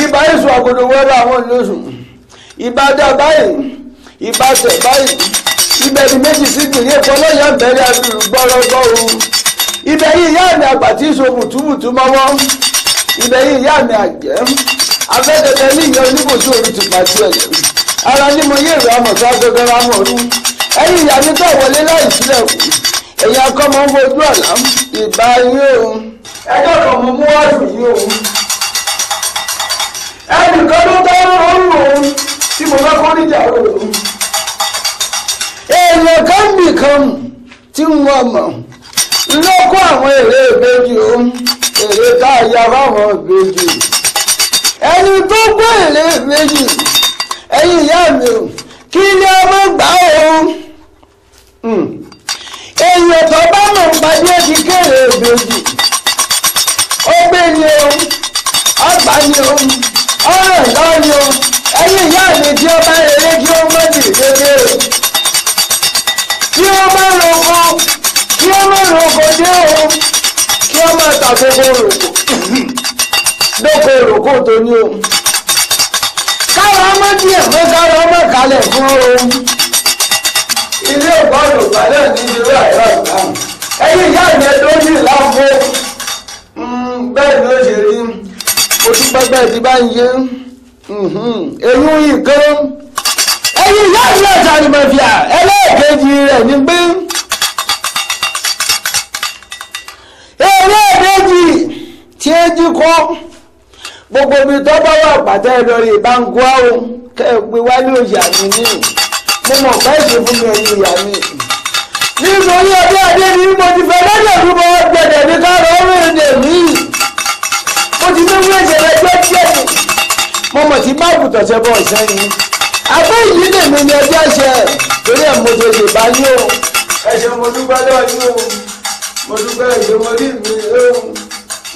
ìbá èso àgòdò wẹ́rọ àwọn ìlóṣù ìbádá báyìí ìbátẹ̀ báyìí ìbẹ̀rù méjì sí gbìyànjú ẹ̀kọ́ lọ́yà bẹ̀rẹ̀ àdúrú gbọ́rọ́gbọ́ o ìbẹ̀yìn ìyá mi àgbà tí ìṣó mùtúmùtú mọ́wọ́ ìbẹ̀yìn ìyá mi àjẹ́ afẹ́tẹ̀tẹ̀ ní ìyá oníbòsí orí ti pàtó ẹ̀ ara ní mo yé ìrọ̀ amọ̀ sáfẹ́fẹ́ ẹ̀yin akọ́mọ ń fojú àlá ìbá yín òun ẹjọ́ kan mo mú wá sí yín òun ẹnìkan ló tọ́ ọrùn òun tí mo bá kọ́ níjà òun. èèyàn kan nìkan tí wọ́n mọ̀ ló kó àwọn èrè ìbejì òun èrè tá a ya fáwọn ìbejì ẹni tó gbé èrè ìbejì ẹ̀yin ìyá mi ò kí ni ọmọ gbà ó èèyàn tó bá mọ̀ nípa bí ó ti kéré ìbejì ó ni o ọgbà ni o ọràn náà ni o ẹ̀yin ìyá mi tí ó bá eré kí ó mọ̀ ní ìdókè o kí ó má lọ kí ó má lọ dé o kí ó má ta gbogbo rògbò dókò rògbò tó ní o káwọn ọmọ díẹ̀ fún káwọn ọmọ kalẹ̀ fún o ilé ọgbà yorùbá náà ní irú àìrá ìdáhùn ẹ̀yin ìyá ìyẹn tó ní ìlàwọ hmm, bẹ́ẹ̀ ni ó ṣe rí ojúpẹpẹ ti bá ń yé eyín hmm, nǹkan ẹ̀yin ìyá ìyẹn ìsàlùmọ̀fìà ẹlẹ́ẹ̀kejì rẹ̀ ní pé ẹlẹ́ẹ̀kejì tí ẹ jí kọ́ gbogbo ibi tó bá wà pàtẹ́ lórí ìbáǹkú àwọn kẹ́ ẹ pé wálé òyà nìyí mo mọ̀ ọ̀gá ìṣe fún mi ẹ̀yìn ìyá mi. nítorí ọjọ́ adé ni mo ti fẹ́ lọ́jọ́ tó mọ gbẹ̀dẹ̀ mi káàrọ̀ ọ̀rẹ́dẹ̀ mi. mo ti mímú ẹ̀jẹ̀ rẹ gbé tiẹ̀ mi. mo mọ̀ sí báàbù tọ̀sẹ̀ bọ̀ sẹ́yìn. àbẹ́ ìlú lèmi ni ẹjọ́ ṣe torí ẹ̀ mo ṣe lè bá yí o. ẹ ṣe mo dúpẹ́ lọ́yún o mo dúpẹ́ ìṣòmọdé mi o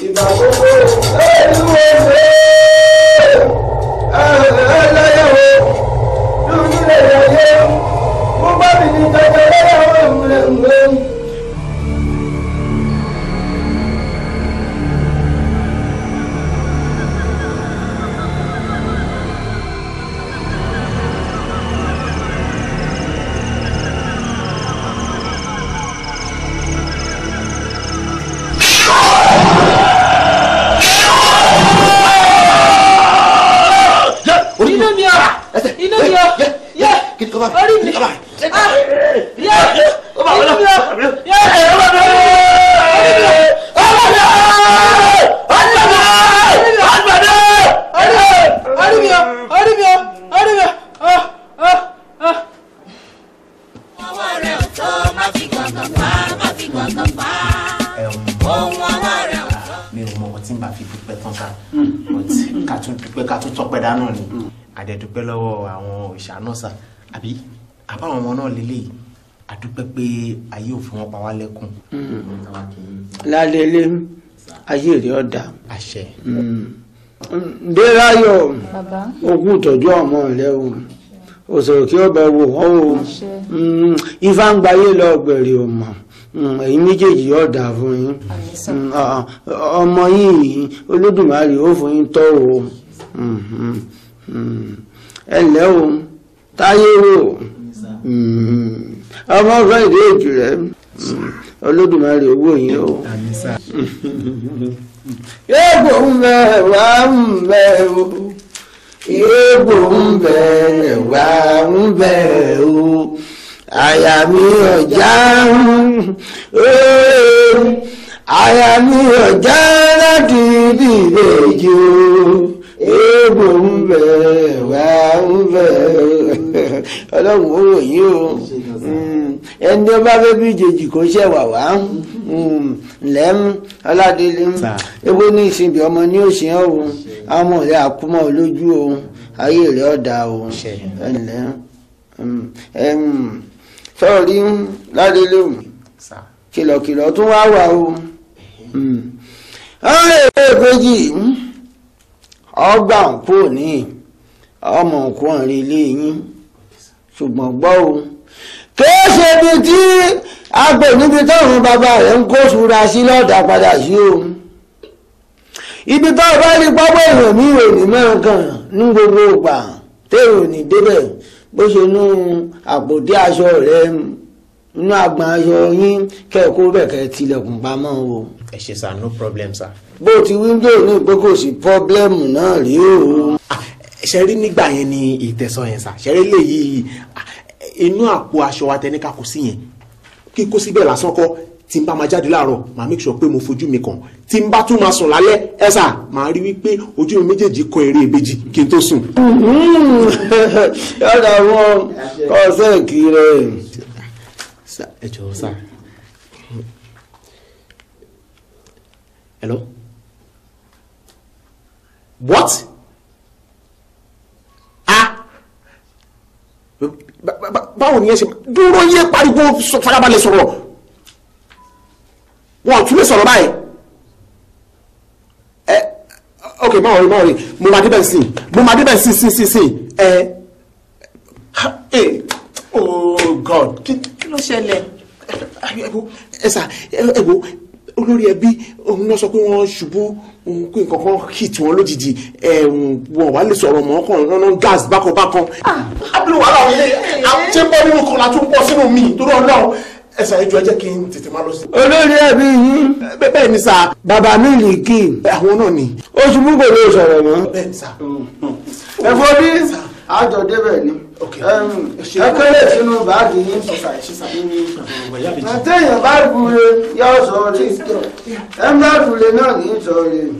ìgbà gbogbo ẹ̀ ló wọ́n fẹ́ ẹ̀ ẹ̀ lè yẹ gbogbo mi ní tọ́jú ayé ò fi wọn pa wá lẹ́kùn. lálẹ́ ilé ayé rẹ̀ ọ̀dà. àṣẹ. déráyọ̀ ogún ìtọ́jú ọmọ rẹ o òṣèré kí ọba wò ọ́ o mm, ifá ń gbayé lọ gbèrè o mọ̀ mm, ẹ̀yin méjèèjì yóò dà fún yín mm, ah, ọmọ yìí olódùmarè ó fún yín tọ́ o ẹ ǹlẹ́ o táyé o ọmọ ọgbọ́n ìdí òjò rẹ olódùmarè owó yín o yóò ń bẹ wá ń bẹ o yóò ń bẹ wá ń bẹ o àyà mi ọjà àyà mi ọjà láti ibi ìbejì o èèbò ń bẹ wá ń bẹ ọlọ́run ó ròyìn o mm. ẹni tó bá fẹ́ bí ìjèjì kò ṣẹ̀wà wá mm. lẹ́m ọládélé ewé ní ìsinbi ọmọ ní òsì ẹ̀ o àwọn ọ̀rẹ́ àkúmọ̀ olójú o ayé rẹ̀ ọ̀dà o ẹ̀lẹ́ mm. sọ́ọ̀rí ládélé o kìlọ̀kìlọ̀ tún wá wà o ọ̀rẹ́ ìwé ìpéjì ọgbà ń kú ní ọmọ nǹkan rí ilé yín ṣùgbọ́n gbọ́ o kìí ibi tí a níbi táwọn bàbá rẹ̀ ń kó ṣúra sí lọ́dà padà sí o ibi tó bá rí pápá èèyàn ní mẹ́rin kan ní gbogbo ìgbà téèrò ní débẹ̀ bó ṣe nú àpòdí aṣọ rẹ inú àgbọn aṣọ yín kẹ́ẹ̀kọ́ bẹ̀ tilẹ̀kùn pamọ́ o. ẹ ṣe sir no problem sir. bó ti wí ń dè ní pé kò sí pọ́blẹ́mù náà rí o. Ah, ṣẹ́rí nígbà yẹn ni ìtẹ̀sán yẹn sà ṣẹ́rí léyìí inú àpò aṣọ wa tẹnika kò sí yẹn kí kó síbẹ̀ lásán kọ́ tí n bá máa jáde láàárọ̀ màá make sure pé mo fojú mi kàn tí n bá tún máa sùn lálẹ́ ẹ sà màá rí wípé ojú mi méjèèjì kọ eré ìbejì kí n tó sùn. yàrá mm-hmm. wọn kọ sẹ́ẹ̀kì rẹ̀. ẹ jọ̀ọ́ sà. hello what. báwo ni ẹ ṣe dúró yé pariwo farabalẹ̀ sọ̀rọ̀ wọn ò tún lè sọ̀rọ̀ báyìí ẹ ok má wọrí má wọrí mo máa débẹ̀ sí mo máa débẹ̀ sí sí sí sí ẹ ẹ oh god kí ló ṣẹlẹ̀ ẹ wo ẹ sà ẹ wo olórí ẹbí òun náà sọ pé wọ́n ṣubú pé nǹkan kan hit wọn lójijì wọn wà lè sọ̀rọ̀ mọ́ ọkàn rán gas bákan bákan. Ah. abúlé wàhálà wọn lé ṣé bọ́ nínú kan la tún bọ́ sínú mi torí ọlọ́run ẹsẹ̀ ẹjọ́ jẹ́ kí n tètè máa lọ sí. olórí ẹbí yìí. bẹ́ẹ̀ ni sà. bàbá mi lè kí n. àwọn náà ni. oṣù gbogbo ló sọ̀rọ̀ mọ́. bẹ́ẹ̀ ni sà. ẹ̀fọ́ bí àjọ débẹ̀ ni akẹ́lẹ̀ um, um, sínú báàgì yìí àtẹ̀yìn bá gbúre yọ sọ̀rọ̀ ẹ̀ ń bá gbúre náà ní sọ̀rọ̀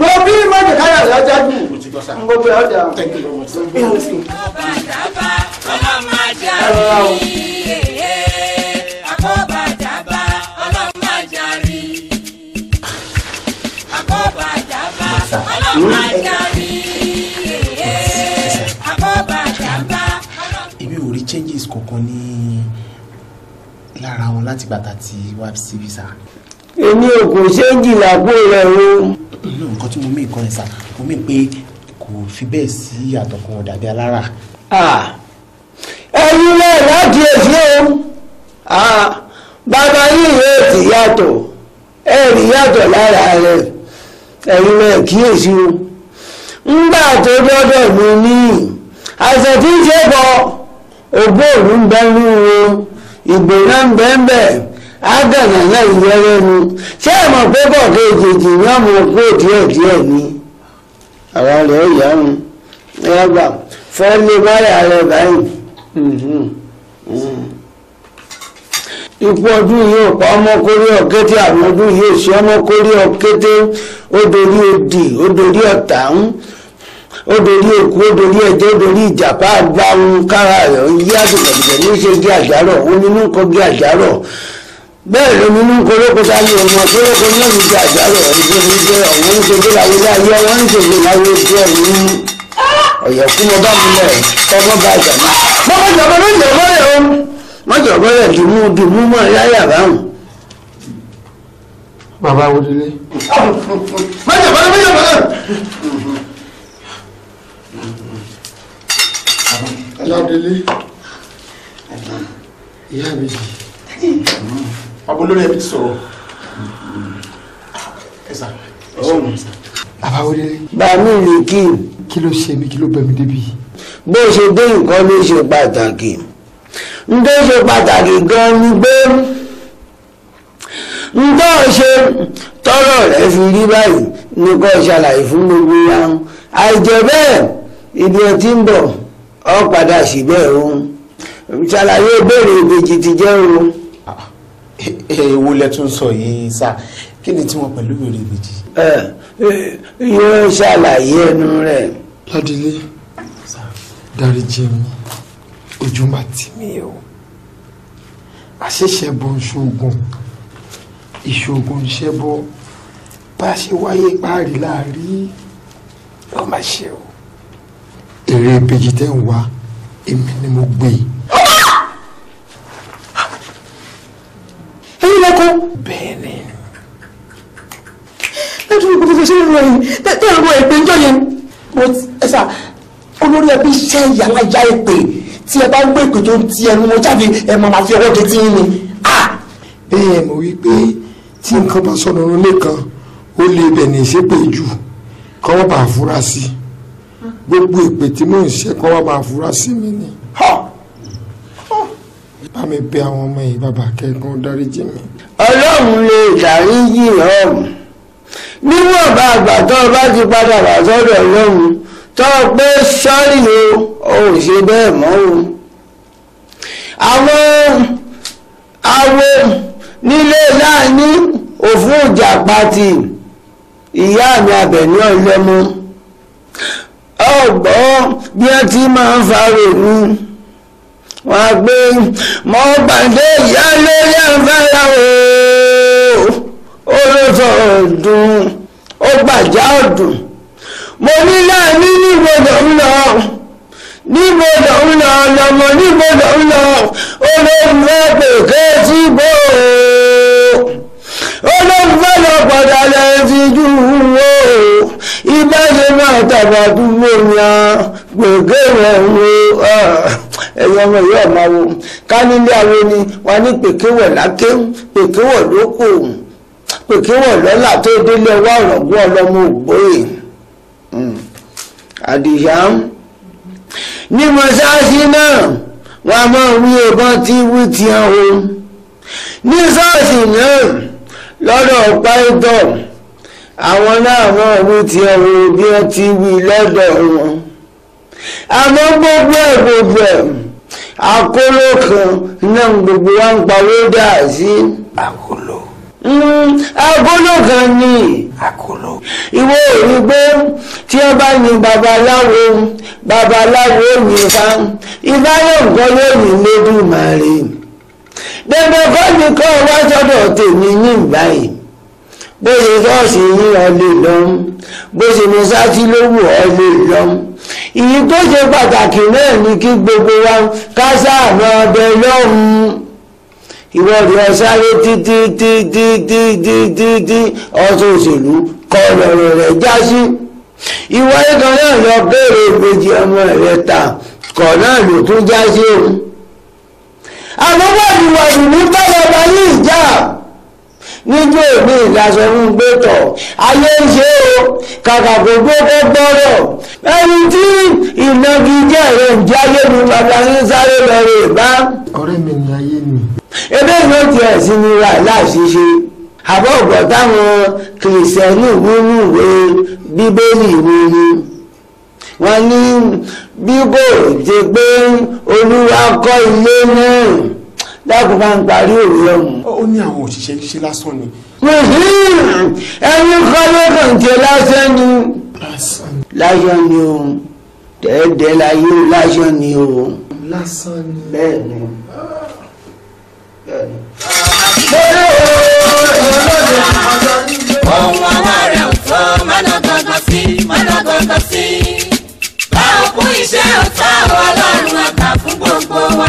mo bí mọ́jì káyà lọ́jà dùn mo bí ọjà. àbàdàbà ọmọ máa jà rí àkọ́bàdàbà ọlọ́mọ máa jà rí àkọ́bàdàbà ọlọ́mọ máa jà rí. changes kankan ní lára wọn láti gbàtà tí wá sí visa. èmi ò kò ṣéǹjì làgbó rẹ o. nǹkan tí mo mí nǹkan ẹ̀ sà mo mí pé kò fi bẹ́ẹ̀ sí ìyàtọ̀ kan dàbí alára. ẹ̀yin náà láti èsì o bàbá yìí yóò ti yàtọ̀ ẹ rí yàtọ̀ lára rẹ ẹ̀yin náà kíyèsí o ńgbà tó dọ́dọ̀ mi ní àìsàn tí ń ṣe ogóòlù ń bẹ ní wo ìgbóná ń bẹ ń bẹ ágànà náà ìyẹlẹnu ṣé ẹ mọ̀ pé èjèèjì ní ọmọ ni ń báyìí ipò ọdún yìí ò pa ọdún yìí ò sí ó dorí ó ó dorí òkú ó dorí ẹjọ́ ó dorí ìjàpá àgbà ohun kára rẹ̀ ó yí àdìgbàdìgbà ní í ṣe gé àjárọ̀ ó ní inú nǹkan gé àjárọ̀ bẹ́ẹ̀ ló ní inú nǹkan olóko ta ni ọmọ tó lóko náà ní gé àjárọ̀ ìṣe ní jẹ́ ọ̀wọ́n ń ṣe gbéyàwó láyé ọ̀wọ́n ń ṣe gbéyàwó jẹ́ òun ọ̀yẹ̀ fún ọba múlẹ̀ ọmọ bá jà ní. mọ́kàn jọ̀bọ́ ló ń jẹ́ ọ̀bọ́ yẹ̀ o mọ́jọ̀ ọ̀bọ́ yẹ̀ dìmú dìmú mọ́ yáyà báwọn. bàbá wọlé. mọ́jọ̀ bá ló ń jẹ́ ọ̀bọ́ Ọládélé ìyá mi yìí. Bàbá olórí ẹbí ti sọ̀rọ̀. Ẹ̀sà. Bàbá olórí. Bàmí lè kí n. Kí ló ṣe mí kí ló bẹ̀ mí débi? Bó ṣe dé nǹkan ló ṣe pàtàkì. N tó ṣe pàtàkì gan ni pé n tó ṣe tọ́rọ̀ rẹ̀ fi rí báyìí ni kò ṣàlàyé fún gbogbo ya. Àìjẹ́ bẹ́ẹ̀ ibi ẹ ti ń bọ̀ ọ padà síbẹ̀ òun ṣàlàyé ìbéèrè ìbejì ti jẹ́ òun. èwo ah, eh, lẹ tún sọ yìí sá kí ni tí wọn pẹ̀lú ìbéèrè ìbejì. Eh, yóò ṣàlàyé ẹnu rẹ̀. ládìlé dáríjì mi ojú mà tì mí o àṣẹṣẹ bọ ṣoògùn ìṣoògùn ìṣẹbọ bá a ṣe wáyé páàrí láàrí ọmọ ṣe o èrè ìbejì tẹ́ ń wá èmi ni mo gbé e. ẹyin lẹkọ. bẹ́ẹ̀ ni. lẹ́tọ́ ìgbà tó ṣe ń lọ yìí tẹ́ ẹ̀rọ ìpè ń jọ yẹn. mo ẹ sà olórí ẹbí ṣẹ́ ìyàlá ìyá ìpè tí ẹ bá ń gbé ìpè tó ń ti ẹnu mo jáde ẹ máa ma fi ọwọ́ de tí ń ni. bẹ́ẹ̀ mo wí pé tí nǹkan bá sọnù ọ̀run lẹ́kan ó lè bẹ̀ ní ìṣépè jù kọ́wọ́ bá fura sí i gbogbo ìpè tí mò ń ṣe kọ́ wá máa fura sí mi ni bá mi bẹ àwọn ọmọ yìí bàbá kẹ́kọ̀ọ́ dáríjì mi. ọlọ́run lè dáríjì ọ̀hún níwọ̀n bá àgbà tó o bá ti padà wá sọ́dọ̀ ọlọ́run tó o pé sọ́rí o ò ṣe bẹ́ẹ̀ mọ́ o. àwọn awo nílé láàánú òfin ìjàpá ti ìyá mi àbẹ̀ní ọ̀lẹ́mọ́ ọgbọ́ bí wọ́n ti máa ń fa rèémú wọ́n á gbé mọ́ pàdé ìyá lórí afárá o ó ló sọ̀rọ̀ dùn ó gbàjá ọ̀dùn mo ní náà ní nígbòdò ń lọ nígbòdò ń lọ lọmọ nígbòdò ń lọ olóògùn ọ̀pẹ̀ kẹ́sì bò ó olóògùn ọ̀pọ̀ padà lẹ́ẹ̀fi jù ú o ibà máa tàbà dúró yan gbègbè rẹ̀ wo ẹ̀yọ́ ọmọ ìyá ọ̀ma wo ká nílé awo ni wọn ní pèkéwọ̀ lákéwù pèkéwọ̀ lóko pèkéwọ̀ lọ́là tó délé wá ọ̀rọ̀gbọ́ ọlọ́mọ ògbóyè àdìyá ní mọ́ṣáláṣí náà wọ́n a máa wí ìbọn tí wí ti hàn o ní ṣọ́ọ̀ṣì náà lọ́dọ̀ pàìtọ́ àwọn náà wọn wí ti ẹrù bí wọn ti wí lọ́dọ̀ wọn àmọ́ gbogbo ẹ̀ gbogbo ẹ̀ àkóló kan náà gbogbo wa ń pawó dà sí. àkóló. Hmm, àkóló kan ni. àkóló. ìwọ ò rí pé tí wọn bá ní babaláwo babaláwo nìfà ìfà yóò gbọ́ lónìí lódùmarè dandan kọ́ ni kọ́ ọ wá sọ́dọ̀ tèmi ní ìgbà yìí bó ṣe ṣọ́ọ̀ṣì yín ọ lè lọ́n bó ṣe mọ́ṣáájú ló wù ọ lè lọ́n ìyí tó ṣe pàtàkì náà ni kí gbogbo wa ká sáànà ọbẹ lọ́hùn-ún ìwọ́de ọ̀sáré títí títí títí títí ọtún òṣèlú kọ lọ́rọ̀ rẹ̀ já sí ìwọ ẹ̀kan náà lọ béèrè ìbejì ọmọ rẹ̀ ta kọ̀ náà ló tún já sí òun. àgbọ̀gbọ̀ ìwà ìlú tọ́lọ̀ wáyé ìjà níjó mi ìyàsọ ń gbé tọ̀ ayé ń ṣe o kàkà kò gbógbó gbọ́rọ̀ ẹni tí ìnagijẹ rẹ̀ ń jáyé ni bàbá yín sáré lọ rè bá. ọ̀rẹ́ mi ni ayé mi. ebe ìwé tiẹ̀ sí ni ra láṣìṣe àbọ̀ ọ̀gbọ̀n táwọn kìrìsìtẹ́nì nínú ìwé bíbélì mi ni wọ́n ní bí kò ṣe pé olúwa kọ́ ilé náà dákun bá ń parí òwe ọ̀hún. ó ní àwọn òṣìṣẹ́ ṣe lásán ni. ẹni kọ́lé kàǹtẹ lásán ni. lásán ni o tẹ́ẹ̀dẹ́ láyé lásán ni o. lásán ni. bẹ́ẹ̀ ni. Ohun ọwọ́ fún gbogbo wa.